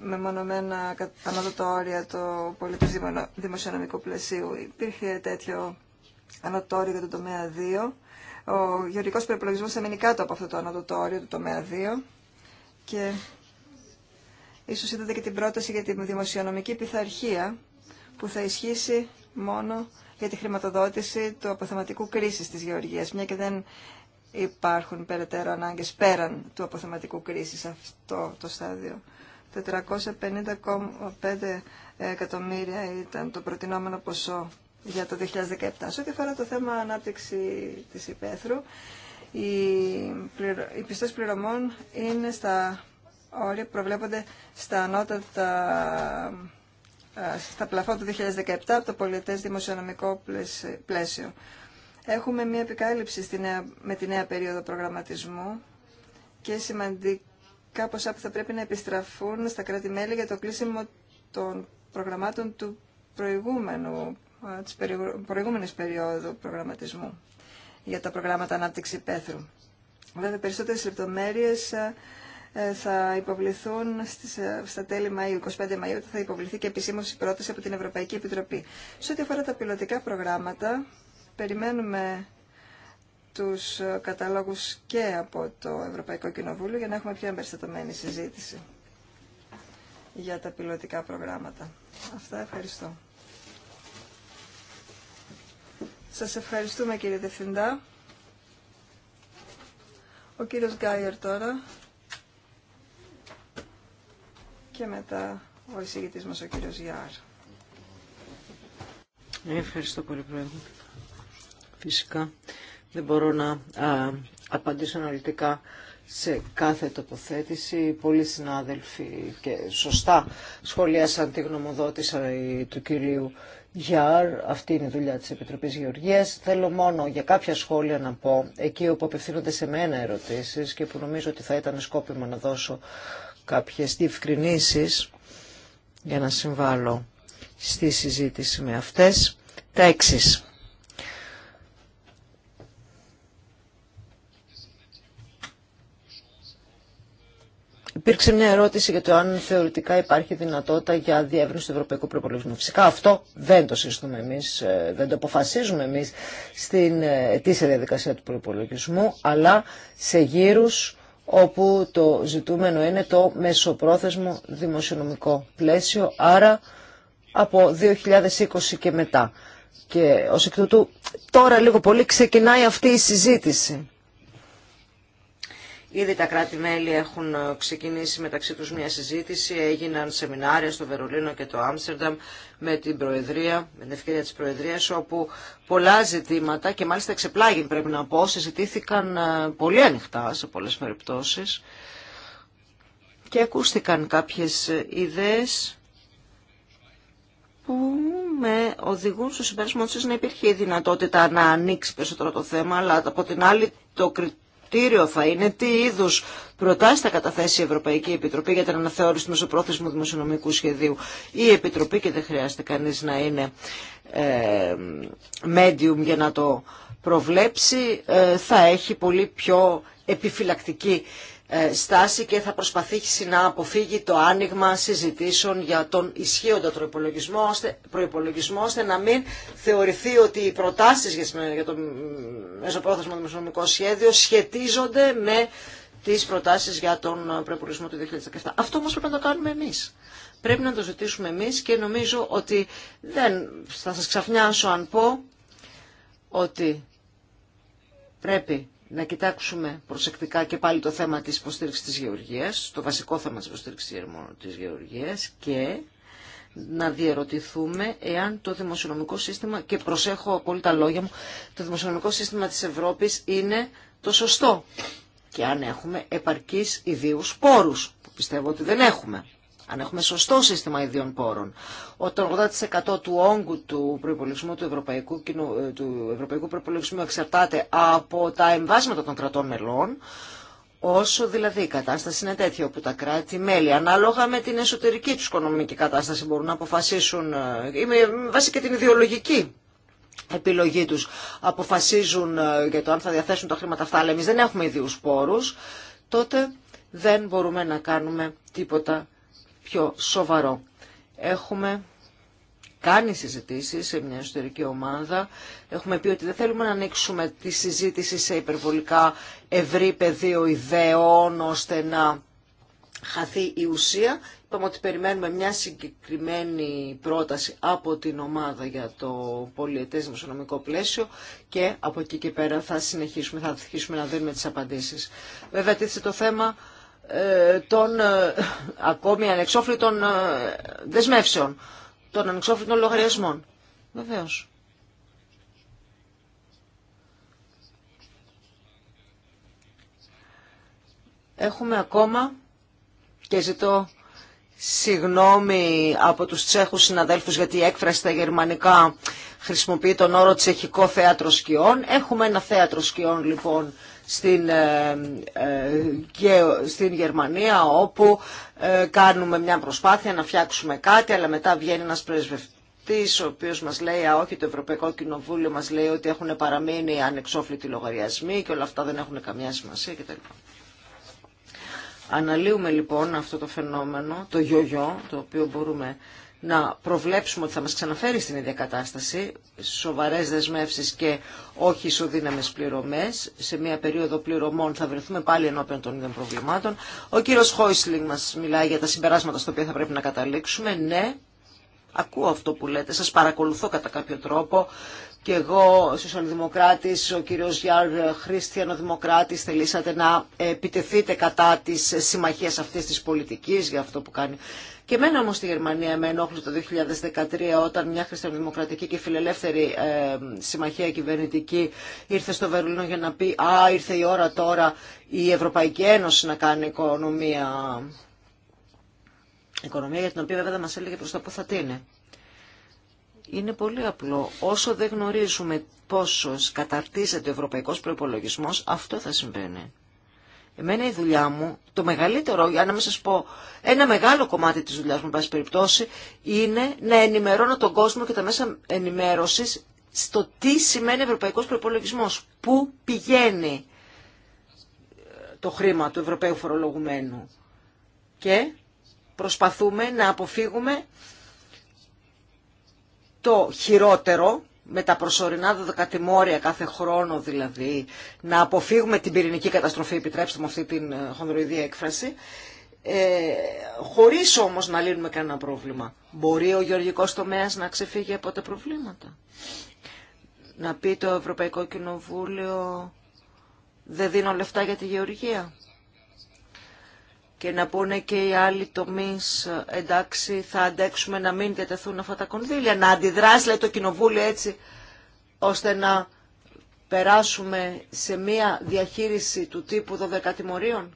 [SPEAKER 1] μεμονωμένα καταναλωτόρια του πολιτισμού δημοσιονομικού πλαισίου. Υπήρχε τέτοιο ανωτόριο για το τομέα 2. Ο γεωργικός περιπολογισμός θα μείνει κάτω από αυτό το ανωτόριο του τομέα 2 και ίσως είδατε και την πρόταση για τη δημοσιονομική πειθαρχία που θα ισχύσει μόνο για τη χρηματοδότηση του αποθεματικού κρίσης της γεωργίας, μια και δεν υπάρχουν περαιτέρω ανάγκες πέραν του αποθεματικού κρίσης αυτό το στάδιο. 450,5 εκατομμύρια ήταν το προτινόμενο ποσό για το 2017. Σε ό,τι αφορά το θέμα ανάπτυξη της υπαίθρου, οι, πληρω... οι πιστές πληρωμών είναι στα όρια που προβλέπονται στα ανώτατα ε, στα πλαφό του 2017 από το πολιτές δημοσιονομικό πλαίσιο. Έχουμε μια επικάλυψη στη με τη νέα περίοδο προγραμματισμού και σημαντικά ποσά που θα πρέπει να επιστραφούν στα κράτη-μέλη για το κλείσιμο των προγραμμάτων του προηγούμενου ε, Τη προηγούμενης περίοδου προγραμματισμού για τα προγράμματα ανάπτυξη πέθρου. Βέβαια, περισσότερε λεπτομέρειε ε, ε, θα υποβληθούν στις, στα τέλη Μαΐου, 25 Μαΐου, θα υποβληθεί και επισήμως η πρόταση από την Ευρωπαϊκή Επιτροπή. Σε ό,τι αφορά τα πιλωτικά προγράμματα, περιμένουμε τους καταλόγους και από το Ευρωπαϊκό Κοινοβούλιο για να έχουμε πιο εμπεριστατωμένη συζήτηση για τα πιλωτικά προγράμματα. Αυτά ευχαριστώ. Σας ευχαριστούμε κύριε Δευθυντά. Ο κύριος Γκάιερ τώρα και μετά ο εισηγητής μας ο κύριος Γιάρ.
[SPEAKER 2] Ευχαριστώ πολύ πρόεδρε. Φυσικά δεν μπορώ να α, απαντήσω αναλυτικά σε κάθε τοποθέτηση. Πολλοί συνάδελφοι και σωστά σχολίασαν τη γνωμοδότηση ε, του κυρίου για αυτή είναι η δουλειά της Επιτροπής Γεωργίας. Θέλω μόνο για κάποια σχόλια να πω, εκεί όπου απευθύνονται σε μένα ερωτήσεις και που νομίζω ότι θα ήταν σκόπιμο να δώσω κάποιες διευκρινήσεις για να συμβάλλω στη συζήτηση με αυτές. Τα εξής. Υπήρξε μια ερώτηση για το αν θεωρητικά υπάρχει δυνατότητα για διεύρυνση του ευρωπαϊκού προπολογισμού. Φυσικά αυτό δεν το συζητούμε εμεί, ε, δεν το αποφασίζουμε εμεί στην ε, ετήσια διαδικασία του προπολογισμού, αλλά σε γύρου όπου το ζητούμενο είναι το μεσοπρόθεσμο δημοσιονομικό πλαίσιο, άρα από 2020 και μετά. Και ως εκ τούτου τώρα λίγο πολύ ξεκινάει αυτή η συζήτηση. Ήδη τα κράτη-μέλη έχουν ε, ξεκινήσει μεταξύ τους μια συζήτηση, έγιναν σεμινάρια στο Βερολίνο και το Άμστερνταμ με την Προεδρία, με την ευκαιρία της Προεδρίας, όπου πολλά ζητήματα και μάλιστα εξεπλάγει πρέπει να πω, συζητήθηκαν ε, πολύ ανοιχτά σε πολλές περιπτώσεις και ακούστηκαν κάποιες ε, ιδέες που με οδηγούν στο συμπέρασμα ότι να υπήρχε η δυνατότητα να ανοίξει περισσότερο το θέμα, αλλά από την άλλη το κριτήριο κριτήριο θα είναι τι είδου προτάσει θα καταθέσει η Ευρωπαϊκή Επιτροπή για την αναθεώρηση του μεσοπρόθεσμου δημοσιονομικού σχεδίου. Η Επιτροπή, και δεν χρειάζεται κανεί να είναι ε, medium για να το προβλέψει, ε, θα έχει πολύ πιο επιφυλακτική ε, στάση και θα προσπαθήσει να αποφύγει το άνοιγμα συζητήσεων για τον ισχύοντα προϋπολογισμό ώστε, προϋπολογισμό, ώστε να μην θεωρηθεί ότι οι προτάσεις για το μεσοπρόθεσμο δημοσιονομικό σχέδιο σχετίζονται με τις προτάσεις για τον προϋπολογισμό του 2017. Αυτό όμως πρέπει να το κάνουμε εμείς. Πρέπει να το ζητήσουμε εμείς και νομίζω ότι δεν θα σας ξαφνιάσω αν πω ότι πρέπει να κοιτάξουμε προσεκτικά και πάλι το θέμα της υποστήριξης της γεωργίας, το βασικό θέμα της υποστήριξης της γεωργίας και να διερωτηθούμε εάν το δημοσιονομικό σύστημα, και προσέχω πολύ τα λόγια μου, το δημοσιονομικό σύστημα της Ευρώπης είναι το σωστό και αν έχουμε επαρκείς ιδίους πόρους, που πιστεύω ότι δεν έχουμε αν έχουμε σωστό σύστημα ιδίων πόρων, ότι το 80% του όγκου του προπολογισμού του Ευρωπαϊκού, ε, του Ευρωπαϊκού Προπολογισμού εξαρτάται από τα εμβάσματα των κρατών μελών, Όσο δηλαδή η κατάσταση είναι τέτοια όπου τα κράτη-μέλη ανάλογα με την εσωτερική του οικονομική κατάσταση μπορούν να αποφασίσουν ε, ή με βάση και την ιδεολογική επιλογή τους αποφασίζουν ε, για το αν θα διαθέσουν τα χρήματα αυτά αλλά εμείς δεν έχουμε ιδίους πόρους τότε δεν μπορούμε να κάνουμε τίποτα πιο σοβαρό. Έχουμε κάνει συζητήσει σε μια εσωτερική ομάδα. Έχουμε πει ότι δεν θέλουμε να ανοίξουμε τη συζήτηση σε υπερβολικά ευρύ πεδίο ιδεών ώστε να χαθεί η ουσία. Είπαμε ότι περιμένουμε μια συγκεκριμένη πρόταση από την ομάδα για το πολιετές δημοσιονομικό πλαίσιο και από εκεί και πέρα θα συνεχίσουμε, θα αρχίσουμε να δίνουμε τις απαντήσεις. Βέβαια, τίθεται το θέμα ε, των ε, ακόμη ανεξόφλητων ε, δεσμεύσεων, των ανεξόφλητων λογαριασμών. Βεβαίως. Έχουμε ακόμα και ζητώ συγγνώμη από τους Τσέχους συναδέλφους γιατί η έκφραση στα γερμανικά χρησιμοποιεί τον όρο τσεχικό θέατρο σκιών. Έχουμε ένα θέατρο σκιών λοιπόν στην, ε, ε, στην Γερμανία όπου ε, κάνουμε μια προσπάθεια να φτιάξουμε κάτι αλλά μετά βγαίνει ένας πρεσβευτής ο οποίο μα λέει, α, όχι, το Ευρωπαϊκό Κοινοβούλιο μα λέει ότι έχουν παραμείνει ανεξόφλητοι λογαριασμοί και όλα αυτά δεν έχουν καμιά σημασία κτλ. Αναλύουμε λοιπόν αυτό το φαινόμενο, το γιογιό, το οποίο μπορούμε να προβλέψουμε ότι θα μας ξαναφέρει στην ίδια κατάσταση, σοβαρές δεσμεύσεις και όχι ισοδύναμες πληρωμές. Σε μια περίοδο πληρωμών θα βρεθούμε πάλι ενώπιον των ίδιων προβλημάτων. Ο κύριος Χόισλινγκ μας μιλάει για τα συμπεράσματα στο οποία θα πρέπει να καταλήξουμε. Ναι, ακούω αυτό που λέτε, σας παρακολουθώ κατά κάποιο τρόπο. Και εγώ, σοσιαλδημοκράτης, ο κύριος Γιάρ Χριστιανοδημοκράτης, θελήσατε να επιτεθείτε κατά της συμμαχίας αυτής της πολιτικής για αυτό που κάνει και εμένα όμω στη Γερμανία με ενόχλησε το 2013 όταν μια χριστιανοδημοκρατική και φιλελεύθερη συμμαχία κυβερνητική ήρθε στο Βερολίνο για να πει «Α, ήρθε η ώρα τώρα η Ευρωπαϊκή Ένωση να κάνει οικονομία». Οικονομία για την οποία βέβαια δεν μας έλεγε προ τα πού θα τίνει. Είναι πολύ απλό. Όσο δεν γνωρίζουμε πόσο καταρτίζεται ο ευρωπαϊκός προϋπολογισμός, αυτό θα συμβαίνει. Εμένα η δουλειά μου, το μεγαλύτερο, για να μην σας πω, ένα μεγάλο κομμάτι της δουλειάς μου, πάση περιπτώσει, είναι να ενημερώνω τον κόσμο και τα μέσα ενημέρωσης στο τι σημαίνει ευρωπαϊκός προϋπολογισμός, πού πηγαίνει ε, το χρήμα του ευρωπαίου φορολογουμένου. Και προσπαθούμε να αποφύγουμε το χειρότερο, με τα προσωρινά 12 κάθε χρόνο δηλαδή, να αποφύγουμε την πυρηνική καταστροφή, επιτρέψτε μου αυτή την ε, χονδροειδή έκφραση, ε, χωρίς όμως να λύνουμε κανένα πρόβλημα. Μπορεί ο γεωργικός τομέας να ξεφύγει από τα προβλήματα. Να πει το Ευρωπαϊκό Κοινοβούλιο δεν δίνω λεφτά για τη γεωργία και να πούνε και οι άλλοι τομεί, εντάξει, θα αντέξουμε να μην διατεθούν αυτά τα κονδύλια, να αντιδράσει λέει, το κοινοβούλιο έτσι, ώστε να περάσουμε σε μία διαχείριση του τύπου 12 τιμωρίων,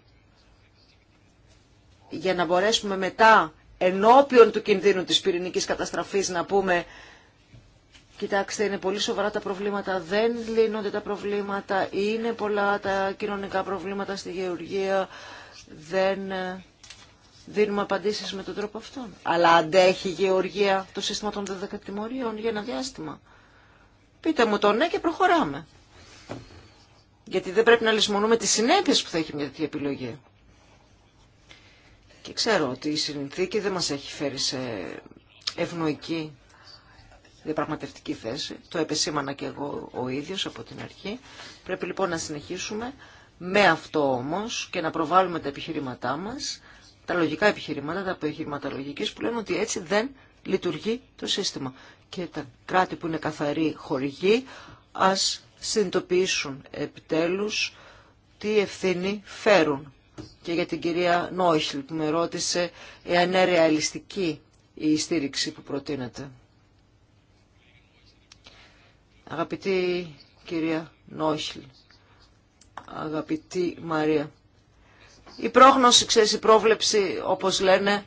[SPEAKER 2] για να μπορέσουμε μετά, ενώπιον του κινδύνου της πυρηνικής καταστραφής, να πούμε Κοιτάξτε, είναι πολύ σοβαρά τα προβλήματα, δεν λύνονται τα προβλήματα, είναι πολλά τα κοινωνικά προβλήματα στη γεωργία, δεν ε, δίνουμε απαντήσεις με τον τρόπο αυτόν. Αλλά αντέχει η γεωργία το σύστημα των δεδεκατημωρίων για ένα διάστημα. Πείτε μου το ναι και προχωράμε. Γιατί δεν πρέπει να λησμονούμε τις συνέπειες που θα έχει μια τέτοια επιλογή. Και ξέρω ότι η συνθήκη δεν μας έχει φέρει σε ευνοϊκή διαπραγματευτική θέση. Το επεσήμανα και εγώ ο ίδιος από την αρχή. Πρέπει λοιπόν να συνεχίσουμε με αυτό όμως και να προβάλλουμε τα επιχειρήματά μας, τα λογικά επιχειρήματα, τα επιχειρήματα λογικής που λένε ότι έτσι δεν λειτουργεί το σύστημα. Και τα κράτη που είναι καθαροί χορηγοί ας συνειδητοποιήσουν επιτέλους τι ευθύνη φέρουν. Και για την κυρία Νόχιλ που με ρώτησε εάν είναι ρεαλιστική η στήριξη που προτείνεται. Αγαπητή κυρία Νόχιλ, αγαπητή Μαρία. Η πρόγνωση, ξέρεις, η πρόβλεψη, όπως λένε,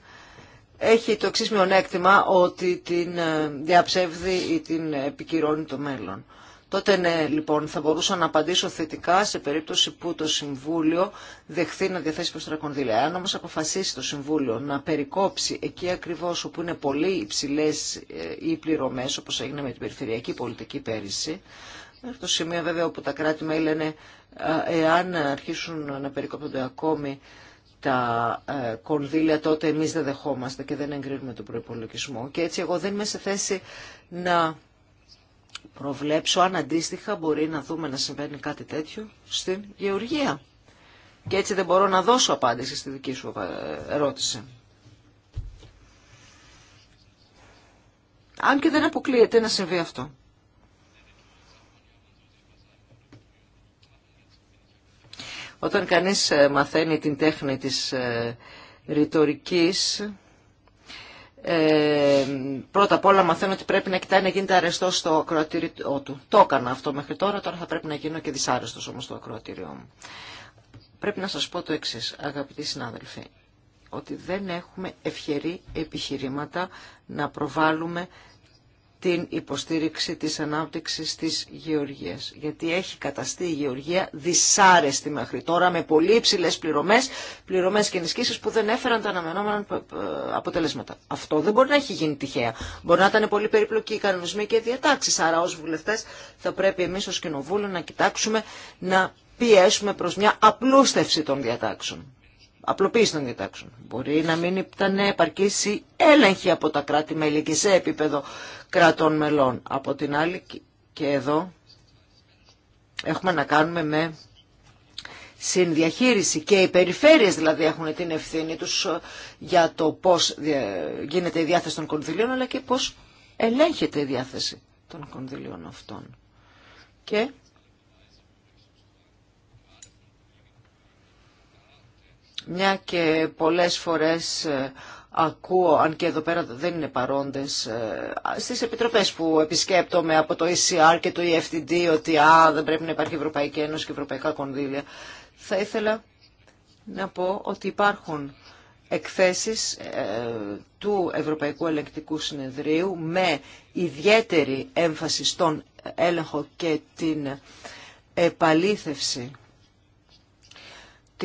[SPEAKER 2] έχει το εξή μειονέκτημα ότι την ε, διαψεύδει ή την επικυρώνει το μέλλον. Τότε ναι, λοιπόν, θα μπορούσα να απαντήσω θετικά σε περίπτωση που το Συμβούλιο δεχθεί να διαθέσει προς τρακονδύλια. Αν όμως αποφασίσει το Συμβούλιο να περικόψει εκεί ακριβώς όπου είναι πολύ υψηλές ε, οι πληρωμές, όπως έγινε με την περιφερειακή πολιτική πέρυσι, αυτό ε, σημείο βέβαια όπου τα κράτη-μέλη λένε ε, εάν αρχίσουν να περικόπτονται ακόμη τα ε, κονδύλια τότε εμείς δεν δεχόμαστε και δεν εγκρίνουμε τον προϋπολογισμό. Και έτσι εγώ δεν είμαι σε θέση να προβλέψω αν αντίστοιχα μπορεί να δούμε να συμβαίνει κάτι τέτοιο στην γεωργία. Και έτσι δεν μπορώ να δώσω απάντηση στη δική σου ερώτηση. Αν και δεν αποκλείεται να συμβεί αυτό. Όταν κανείς ε, μαθαίνει την τέχνη της ε, ρητορικής, ε, πρώτα απ' όλα μαθαίνω ότι πρέπει να κοιτάει να γίνεται αρεστό στο ακροατήριό του. Το έκανα αυτό μέχρι τώρα, τώρα θα πρέπει να γίνω και δυσάρεστο όμως στο ακροατήριό μου. Πρέπει να σας πω το εξή, αγαπητοί συνάδελφοι, ότι δεν έχουμε ευχερή επιχειρήματα να προβάλλουμε την υποστήριξη της ανάπτυξης της γεωργίας. Γιατί έχει καταστεί η γεωργία δυσάρεστη μέχρι τώρα με πολύ υψηλέ πληρωμές, πληρωμές και ενισχύσεις που δεν έφεραν τα αναμενόμενα ε, αποτελέσματα. Αυτό δεν μπορεί να έχει γίνει τυχαία. Μπορεί να ήταν πολύ περίπλοκοι οι κανονισμοί και οι διατάξεις. Άρα ως βουλευτές θα πρέπει εμείς ως Κοινοβούλιο να κοιτάξουμε να πιέσουμε προς μια απλούστευση των διατάξεων απλοποίηση των διατάξεων. Μπορεί να μην ήταν επαρκή η έλεγχη από τα κράτη-μέλη και σε επίπεδο κρατών μελών. Από την άλλη και εδώ έχουμε να κάνουμε με συνδιαχείριση και οι περιφέρειες δηλαδή έχουν την ευθύνη τους ε, για το πώς γίνεται η διάθεση των κονδυλίων αλλά και πώς ελέγχεται η διάθεση των κονδυλίων αυτών. Και μια και πολλές φορές ε, ακούω, αν και εδώ πέρα δεν είναι παρόντες, ε, στις επιτροπές που επισκέπτομαι από το ECR και το EFTD ότι α, δεν πρέπει να υπάρχει Ευρωπαϊκή Ένωση και Ευρωπαϊκά κονδύλια. Θα ήθελα να πω ότι υπάρχουν εκθέσεις ε, του Ευρωπαϊκού Ελεκτικού Συνεδρίου με ιδιαίτερη έμφαση στον έλεγχο και την επαλήθευση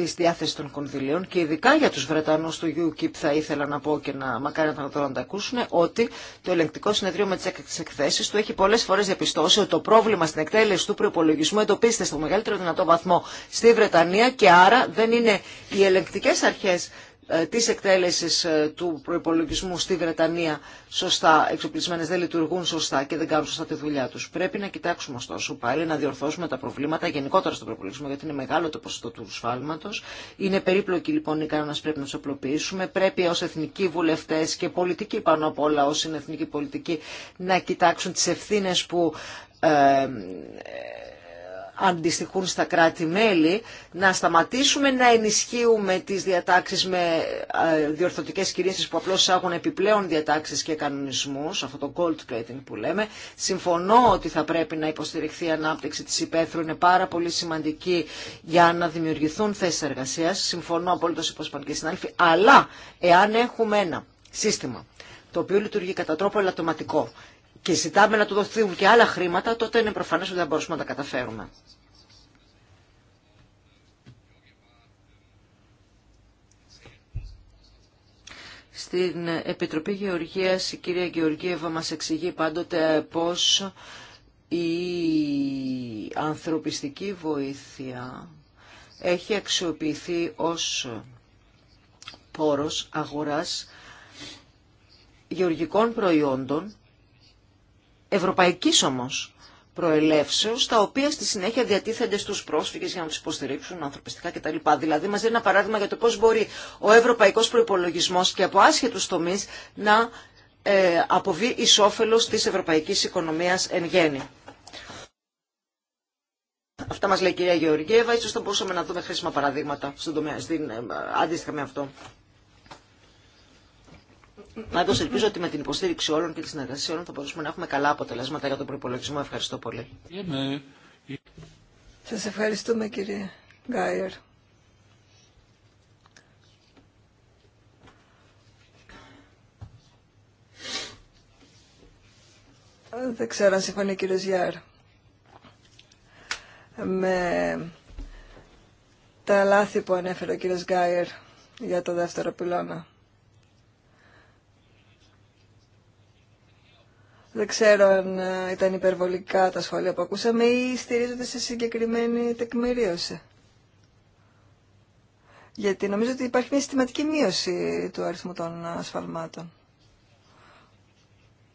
[SPEAKER 2] της διάθεσης των κονδυλίων και ειδικά για τους Βρετανούς του UKIP θα ήθελα να πω και να μακάρι να το τα ακούσουν ότι το ελεγκτικό συνεδρίο με τις εκθέσεις του έχει πολλές φορές διαπιστώσει ότι το πρόβλημα στην εκτέλεση του προπολογισμού εντοπίζεται στο μεγαλύτερο δυνατό βαθμό στη Βρετανία και άρα δεν είναι οι ελεγκτικές αρχές ε, της εκτέλεσης ε, του προϋπολογισμού στη Βρετανία σωστά, εξοπλισμένες δεν λειτουργούν σωστά και δεν κάνουν σωστά τη δουλειά τους. Πρέπει να κοιτάξουμε ωστόσο πάλι να διορθώσουμε τα προβλήματα γενικότερα στον προϋπολογισμό γιατί είναι μεγάλο το ποσοστό του σφάλματος. Είναι περίπλοκοι λοιπόν οι κανόνες πρέπει να τους απλοποιήσουμε. Πρέπει ως εθνικοί βουλευτές και πολιτικοί πάνω απ' όλα ως εθνικοί πολιτικοί να κοιτάξουν τις ευθύνε που ε, αντιστοιχούν στα κράτη-μέλη, να σταματήσουμε να ενισχύουμε τις διατάξεις με ε, διορθωτικές κυρίες που απλώς έχουν επιπλέον διατάξεις και κανονισμούς, αυτό το gold plating που λέμε. Συμφωνώ ότι θα πρέπει να υποστηριχθεί η ανάπτυξη της υπαίθρου, είναι πάρα πολύ σημαντική για να δημιουργηθούν θέσεις εργασία Συμφωνώ απόλυτος όπω είπαν και συνάδελφοι, αλλά εάν έχουμε ένα σύστημα το οποίο λειτουργεί κατά τρόπο ελαττωματικό και ζητάμε να του δοθούν και άλλα χρήματα, τότε είναι προφανές ότι δεν μπορούμε να τα καταφέρουμε. Στην Επιτροπή Γεωργίας η κυρία Γεωργίευα μας εξηγεί πάντοτε πώς η ανθρωπιστική βοήθεια έχει αξιοποιηθεί ως πόρος αγοράς γεωργικών προϊόντων ευρωπαϊκής όμως προελεύσεως, τα οποία στη συνέχεια διατίθενται στους πρόσφυγες για να τους υποστηρίξουν ανθρωπιστικά κτλ. Δηλαδή μας δίνει ένα παράδειγμα για το πώς μπορεί ο ευρωπαϊκός προϋπολογισμός και από άσχετους τομείς να ε, αποβεί ισόφελος της ευρωπαϊκής οικονομίας εν γέννη. Αυτά μας λέει η κυρία Γεωργίευα, ίσως θα μπορούσαμε να δούμε χρήσιμα παραδείγματα στον τομέα, στην, ε, αντίστοιχα με αυτό. Πάντω ελπίζω ότι με την υποστήριξη όλων και τη συνεργασία όλων θα μπορούσαμε να έχουμε καλά αποτελέσματα για τον προπολογισμό. Ευχαριστώ πολύ.
[SPEAKER 1] Σα ευχαριστούμε κύριε Γκάιερ. Δεν ξέρω αν συμφωνεί ο κύριος Γιάρ με τα λάθη που ανέφερε ο κύριος Γκάιερ για το δεύτερο πυλώνα. Δεν ξέρω αν ε, ήταν υπερβολικά τα σχόλια που ακούσαμε ή στηρίζονται σε συγκεκριμένη τεκμηρίωση. Γιατί νομίζω ότι υπάρχει μια συστηματική μείωση του αριθμού των ε, ασφαλμάτων.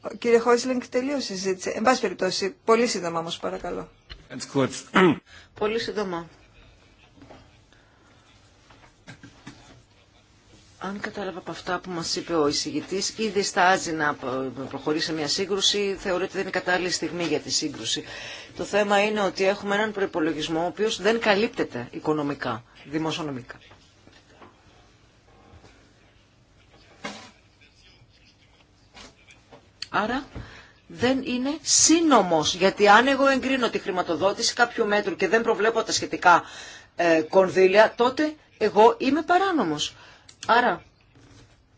[SPEAKER 1] Ο κύριε Χόισλινγκ τελείωσε η στηριζονται σε συγκεκριμενη τεκμηριωση γιατι νομιζω οτι υπαρχει μια συστηματικη μειωση του αριθμου των ασφαλματων κυριε χοισλινγκ τελειωσε η συζητηση Εν πάση περιπτώσει, πολύ σύντομα όμως παρακαλώ. Πολύ σύντομα. Αν
[SPEAKER 2] κατάλαβα από αυτά που μας είπε ο εισηγητής, ήδη στάζει να προχωρήσει σε μια σύγκρουση, θεωρείται ότι δεν είναι κατάλληλη στιγμή για τη σύγκρουση. Το θέμα είναι ότι έχουμε έναν προπολογισμό ο οποίος δεν καλύπτεται οικονομικά, δημοσιονομικά. Άρα δεν είναι σύνομος, γιατί αν εγώ εγκρίνω τη χρηματοδότηση κάποιου μέτρου και δεν προβλέπω τα σχετικά ε, κονδύλια, τότε εγώ είμαι παράνομος. Άρα,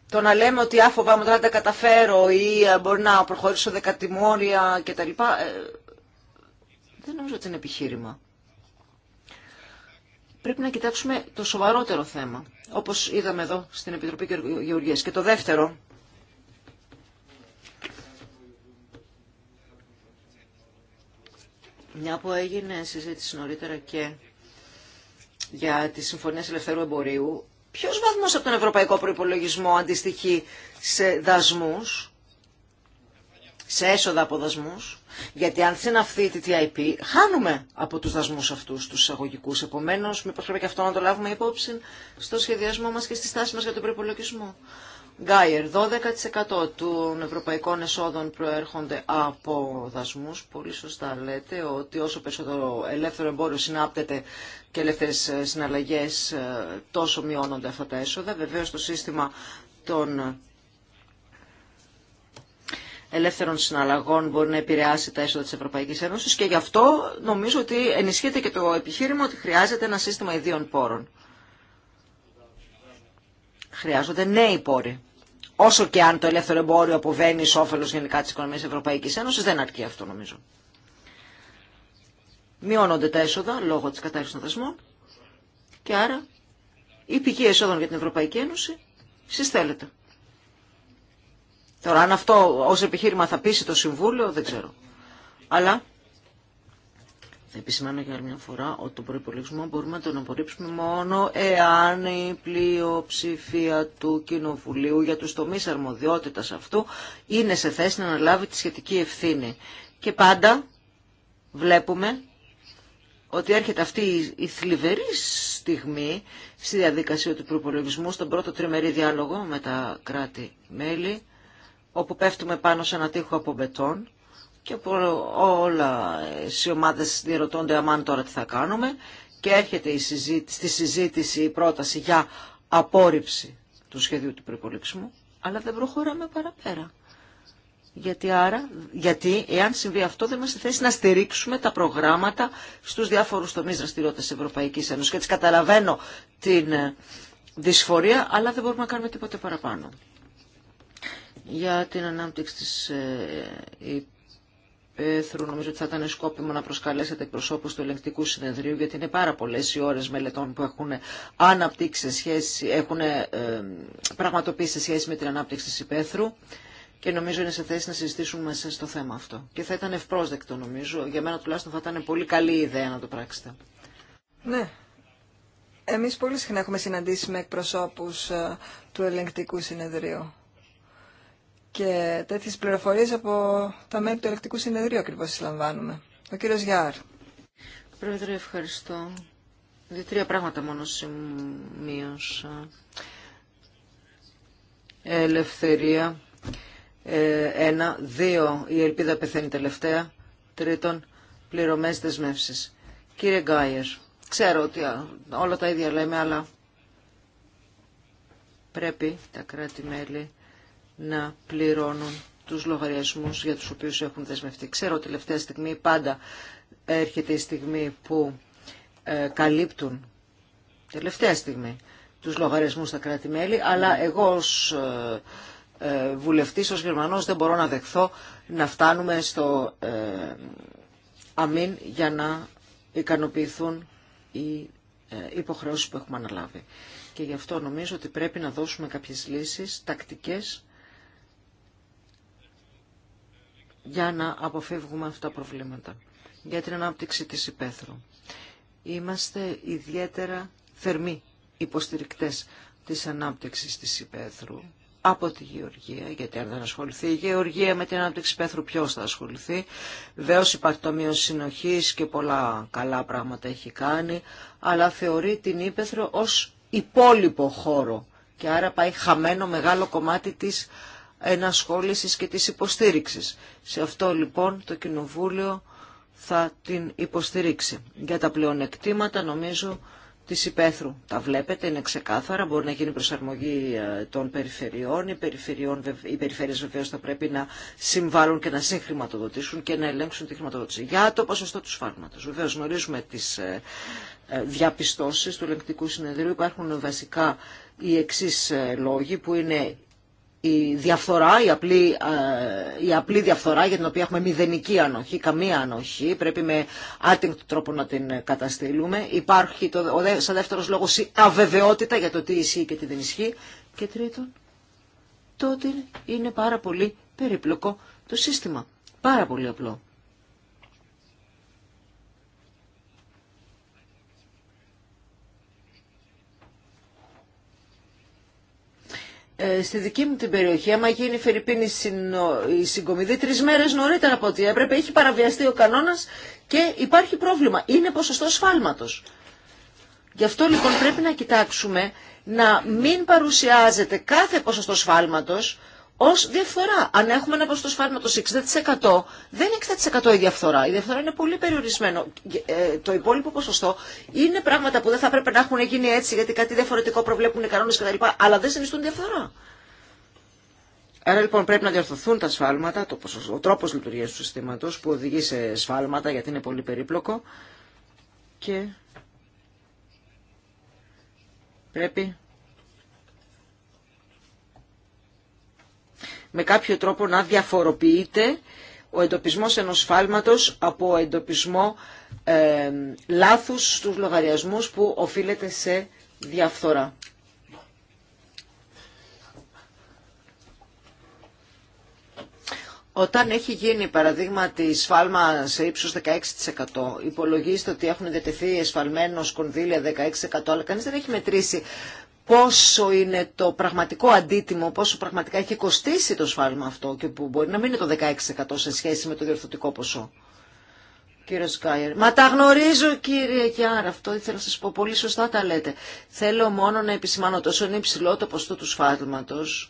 [SPEAKER 2] το να λέμε ότι άφοβα μου τώρα να τα καταφέρω ή μπορεί να προχωρήσω δεκατημόρια κτλ. Ε, δεν νομίζω ότι είναι επιχείρημα. Πρέπει να κοιτάξουμε το σοβαρότερο θέμα, όπως είδαμε εδώ στην Επιτροπή Γεωργίας. Και το δεύτερο, μια που έγινε συζήτηση νωρίτερα και για τις συμφωνίες Ελευθερού Εμπορίου, Ποιο βαθμό από τον ευρωπαϊκό προϋπολογισμό αντιστοιχεί σε δασμούς, σε έσοδα από δασμούς, γιατί αν συναυθεί η TTIP χάνουμε από τους δασμούς αυτούς τους εισαγωγικού. Επομένως, μήπως πρέπει και αυτό να το λάβουμε υπόψη στο σχεδιασμό μας και στη στάση μας για τον προϋπολογισμό. Γκάιερ, 12% των ευρωπαϊκών εσόδων προέρχονται από δασμούς. Πολύ σωστά λέτε ότι όσο περισσότερο ελεύθερο εμπόριο συνάπτεται και ελεύθερες ε, συναλλαγές ε, τόσο μειώνονται αυτά τα έσοδα. Βεβαίως το σύστημα των ελεύθερων συναλλαγών μπορεί να επηρεάσει τα έσοδα της Ευρωπαϊκής Ένωσης και γι' αυτό νομίζω ότι ενισχύεται και το επιχείρημα ότι χρειάζεται ένα σύστημα ιδίων πόρων χρειάζονται νέοι πόροι. Όσο και αν το ελεύθερο εμπόριο αποβαίνει σ' όφελο γενικά τη οικονομία τη Ευρωπαϊκής Ένωσης, δεν αρκεί αυτό νομίζω. Μειώνονται τα έσοδα λόγω της κατάρρευσης των δασμών και άρα η πηγή έσοδων για την Ευρωπαϊκή Ένωση συστέλλεται. Τώρα αν αυτό ω επιχείρημα θα πείσει το Συμβούλιο δεν ξέρω. Αλλά θα επισημάνω για μια φορά ότι τον προπολογισμό μπορούμε να τον απορρίψουμε μόνο εάν η πλειοψηφία του Κοινοβουλίου για τους τομείς αρμοδιότητας αυτού είναι σε θέση να αναλάβει τη σχετική ευθύνη. Και πάντα βλέπουμε ότι έρχεται αυτή η θλιβερή στιγμή στη διαδικασία του προπολογισμού, στον πρώτο τριμερή διάλογο με τα κράτη-μέλη, όπου πέφτουμε πάνω σε ένα τείχο από μπετόν και από όλα οι ομάδες διερωτώνται αμάν τώρα τι θα κάνουμε και έρχεται η συζήτηση, στη συζήτηση η πρόταση για απόρριψη του σχεδίου του προπολίξιμου αλλά δεν προχωράμε παραπέρα. Γιατί άρα, γιατί εάν συμβεί αυτό δεν είμαστε θέση να στηρίξουμε τα προγράμματα στους διάφορους τομείς δραστηριότητας Ευρωπαϊκής Ένωσης. Και έτσι καταλαβαίνω την ε, δυσφορία, αλλά δεν μπορούμε να κάνουμε τίποτε παραπάνω. Για την ανάπτυξη της ε, Πέθρου, νομίζω ότι θα ήταν σκόπιμο να προσκαλέσετε εκπροσώπους του ελεγκτικού συνεδρίου, γιατί είναι πάρα πολλές οι ώρες μελετών που έχουν αναπτύξει σχέση, έχουν ε, πραγματοποιήσει σε σχέση με την ανάπτυξη της υπαίθρου και νομίζω είναι σε θέση να συζητήσουμε μέσα στο θέμα αυτό. Και θα ήταν ευπρόσδεκτο νομίζω, για μένα τουλάχιστον θα ήταν πολύ καλή ιδέα να το πράξετε.
[SPEAKER 1] Ναι. Εμείς πολύ συχνά έχουμε συναντήσει με εκπροσώπους ε, του ελεγκτικού συνεδρίου. Και τέτοιε πληροφορίε από τα μέλη του Ελεκτικού Συνεδρίου ακριβώ συλλαμβάνουμε. Ο κύριο γιαρ Γιάρ. Πρόεδρε, ευχαριστώ.
[SPEAKER 2] Δύο-τρία πράγματα μόνο σημείωσα. Ελευθερία. Ε, ένα. Δύο. Η ελπίδα πεθαίνει τελευταία. Τρίτον. Πληρωμέ δεσμεύσει. Κύριε Γκάιερ, ξέρω ότι όλα τα ίδια λέμε, αλλά πρέπει τα κράτη-μέλη να πληρώνουν τους λογαριασμούς για τους οποίους έχουν δεσμευτεί. Ξέρω ότι τελευταία στιγμή πάντα έρχεται η στιγμή που ε, καλύπτουν τελευταία στιγμή τους λογαριασμούς στα κράτη-μέλη, αλλά ναι. εγώ ως ε, ε, βουλευτής, ως Γερμανός δεν μπορώ να δεχθώ να φτάνουμε στο ε, αμήν για να ικανοποιηθούν οι ε, υποχρεώσεις που έχουμε αναλάβει. Και γι' αυτό νομίζω ότι πρέπει να δώσουμε κάποιες λύσεις τακτικές για να αποφεύγουμε αυτά τα προβλήματα για την ανάπτυξη της υπαίθρου. Είμαστε ιδιαίτερα θερμοί υποστηρικτές της ανάπτυξης της υπαίθρου από τη γεωργία, γιατί αν δεν ασχοληθεί η γεωργία με την ανάπτυξη υπαίθρου ποιος θα ασχοληθεί. Βεβαίω υπάρχει το μείο συνοχής και πολλά καλά πράγματα έχει κάνει, αλλά θεωρεί την ύπαιθρο ως υπόλοιπο χώρο και άρα πάει χαμένο μεγάλο κομμάτι της ενασχόλησης και της υποστήριξης. Σε αυτό λοιπόν το Κοινοβούλιο θα την υποστηρίξει. Για τα πλεονεκτήματα νομίζω της υπαίθρου. Τα βλέπετε, είναι ξεκάθαρα, μπορεί να γίνει προσαρμογή ε, των περιφερειών. Οι, περιφερειών, οι περιφέρειες βεβαίως θα πρέπει να συμβάλλουν και να συγχρηματοδοτήσουν και να ελέγξουν τη χρηματοδότηση. Για το ποσοστό του σφάλματος. Βεβαίως γνωρίζουμε τις ε, ε, διαπιστώσεις του ελεγκτικού συνεδρίου. Υπάρχουν βασικά οι εξή λόγοι που είναι η διαφθορά, η απλή, ε, η απλή διαφθορά για την οποία έχουμε μηδενική ανοχή, καμία ανοχή, πρέπει με άτυγκτο τρόπο να την καταστήλουμε. Υπάρχει το, ο, σαν δεύτερος λόγος η αβεβαιότητα για το τι ισχύει και τι δεν ισχύει. Και τρίτον, τότε είναι πάρα πολύ περίπλοκο το σύστημα. Πάρα πολύ απλό. Ε, στη δική μου την περιοχή, άμα γίνει Φερρυπίνη η συγκομιδή τρει μέρε νωρίτερα από ό,τι έπρεπε, έχει παραβιαστεί ο κανόνα και υπάρχει πρόβλημα. Είναι ποσοστό σφάλματο. Γι' αυτό λοιπόν πρέπει να κοιτάξουμε να μην παρουσιάζεται κάθε ποσοστό σφάλματος ως διαφθορά. Αν έχουμε ένα ποσοστό σφάλματο 60% δεν είναι 60% η διαφθορά. Η διαφθορά είναι πολύ περιορισμένο. Ε, το υπόλοιπο ποσοστό είναι πράγματα που δεν θα πρέπει να έχουν γίνει έτσι γιατί κάτι διαφορετικό προβλέπουν οι κανόνε κτλ. Αλλά δεν συνιστούν διαφθορά. Άρα λοιπόν πρέπει να διορθωθούν τα σφάλματα, το ο τρόπο λειτουργία του συστήματο που οδηγεί σε σφάλματα γιατί είναι πολύ περίπλοκο και πρέπει με κάποιο τρόπο να διαφοροποιείται ο εντοπισμός ενός φάλματος από εντοπισμό ε, λάθους στους λογαριασμούς που οφείλεται σε διαφθορά. Όταν έχει γίνει παραδείγμα τη σφάλμα σε ύψος 16%, υπολογίζεται ότι έχουν διατεθεί εσφαλμένο κονδύλια 16%, αλλά κανείς δεν έχει μετρήσει πόσο είναι το πραγματικό αντίτιμο, πόσο πραγματικά έχει κοστίσει το σφάλμα αυτό και που μπορεί να μην είναι το 16% σε σχέση με το διορθωτικό ποσό. Κύριε Σκάιερ. Μα τα γνωρίζω κύριε Κιάρα, αυτό ήθελα να σας πω, πολύ σωστά τα λέτε. Θέλω μόνο να επισημάνω τόσο είναι υψηλό το ποστό του σφάλματος,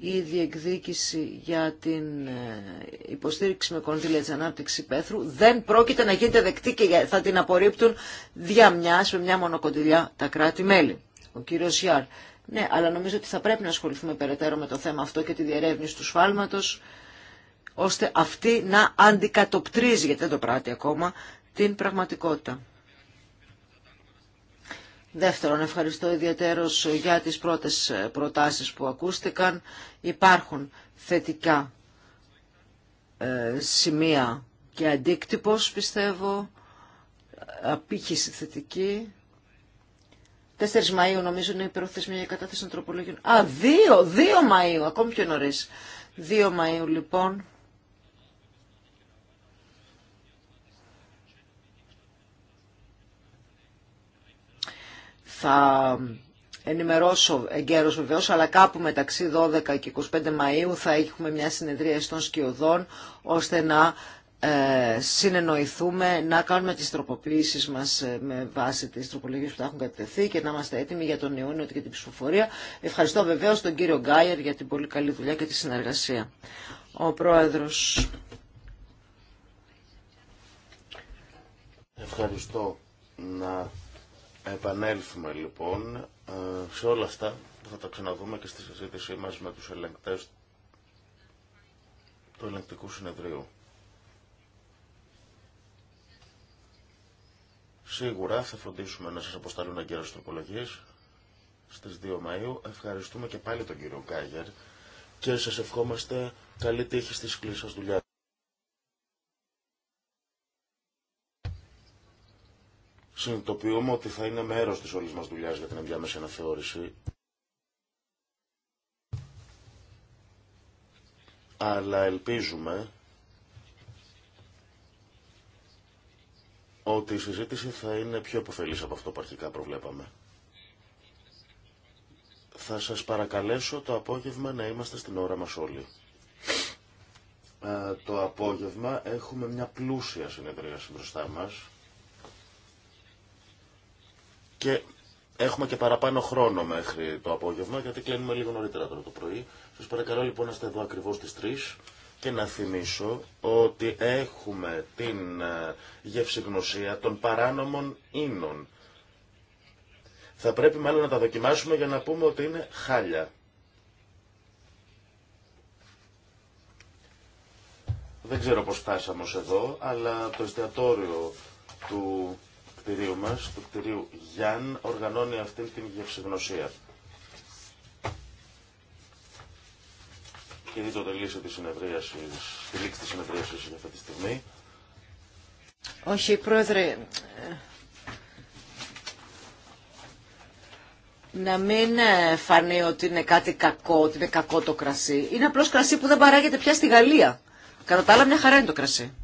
[SPEAKER 2] η διεκδίκηση για την ε, υποστήριξη με κονδύλια της ανάπτυξης πέθρου δεν πρόκειται να γίνεται δεκτή και θα την απορρίπτουν δια με μια μονοκοντιλιά τα κράτη-μέλη ο κύριο Ιάρ. Ναι, αλλά νομίζω ότι θα πρέπει να ασχοληθούμε περαιτέρω με το θέμα αυτό και τη διερεύνηση του σφάλματο, ώστε αυτή να αντικατοπτρίζει, γιατί δεν το πράττει ακόμα, την πραγματικότητα. Δεύτερον, ευχαριστώ ιδιαίτερος για τις πρώτες προτάσεις που ακούστηκαν. Υπάρχουν θετικά ε, σημεία και αντίκτυπος, πιστεύω, απήχηση θετική 4 Μαΐου νομίζω είναι η προθεσμία για κατάθεση των Α, 2, 2 Μαΐου, ακόμη πιο νωρί. 2 Μαΐου λοιπόν. Θα ενημερώσω εγκαίρως βεβαίως, αλλά κάπου μεταξύ 12 και 25 Μαΐου θα έχουμε μια συνεδρία των σκιωδών, ώστε να ε, συνεννοηθούμε να κάνουμε τις τροποποίησεις μας ε, με βάση τις τροπολογίες που θα έχουν κατευθεί και να είμαστε έτοιμοι για τον Ιούνιο και την ψηφοφορία. Ευχαριστώ βεβαίως τον κύριο Γκάιερ για την πολύ καλή δουλειά και τη συνεργασία. Ο Πρόεδρος.
[SPEAKER 4] Ευχαριστώ να επανέλθουμε λοιπόν ε, σε όλα αυτά που θα τα ξαναδούμε και στη συζήτησή μας με τους ελεγκτές του ελεγκτικού συνεδρίου. Σίγουρα θα φροντίσουμε να σας αποσταλούν αγκαίρες τροπολογίες στις 2 Μαΐου. Ευχαριστούμε και πάλι τον κύριο Γκάγερ και σας ευχόμαστε καλή τύχη στη σκληρή σας δουλειά. Συνειδητοποιούμε ότι θα είναι μέρος της όλης μας δουλειάς για την ενδιάμεση αναθεώρηση. Αλλά ελπίζουμε ότι η συζήτηση θα είναι πιο επωφελής από αυτό που αρχικά προβλέπαμε. Θα σας παρακαλέσω το απόγευμα να είμαστε στην ώρα μας όλοι. Ε, το απόγευμα έχουμε μια πλούσια συνεδρίαση μπροστά μας και έχουμε και παραπάνω χρόνο μέχρι το απόγευμα γιατί κλείνουμε λίγο νωρίτερα τώρα το πρωί. Σας παρακαλώ λοιπόν να είστε εδώ ακριβώς στις 3 και να θυμίσω ότι έχουμε την ε, γευσηγνωσία των παράνομων ίνων. Θα πρέπει μάλλον να τα δοκιμάσουμε για να πούμε ότι είναι χάλια. Δεν ξέρω πώς φτάσαμε ως εδώ, αλλά το εστιατόριο του κτηρίου μας, του κτηρίου Γιάν, οργανώνει αυτή την γευσηγνωσία. γιατί το τελείωσε τη συνεδρίαση, τη λήξη της συνεδρίασης για αυτή τη στιγμή.
[SPEAKER 2] Όχι, Πρόεδρε, να μην ε, φανεί ότι είναι κάτι κακό, ότι είναι κακό το κρασί. Είναι απλώς κρασί που δεν παράγεται πια στη Γαλλία. Κατά τα άλλα μια χαρά είναι το κρασί.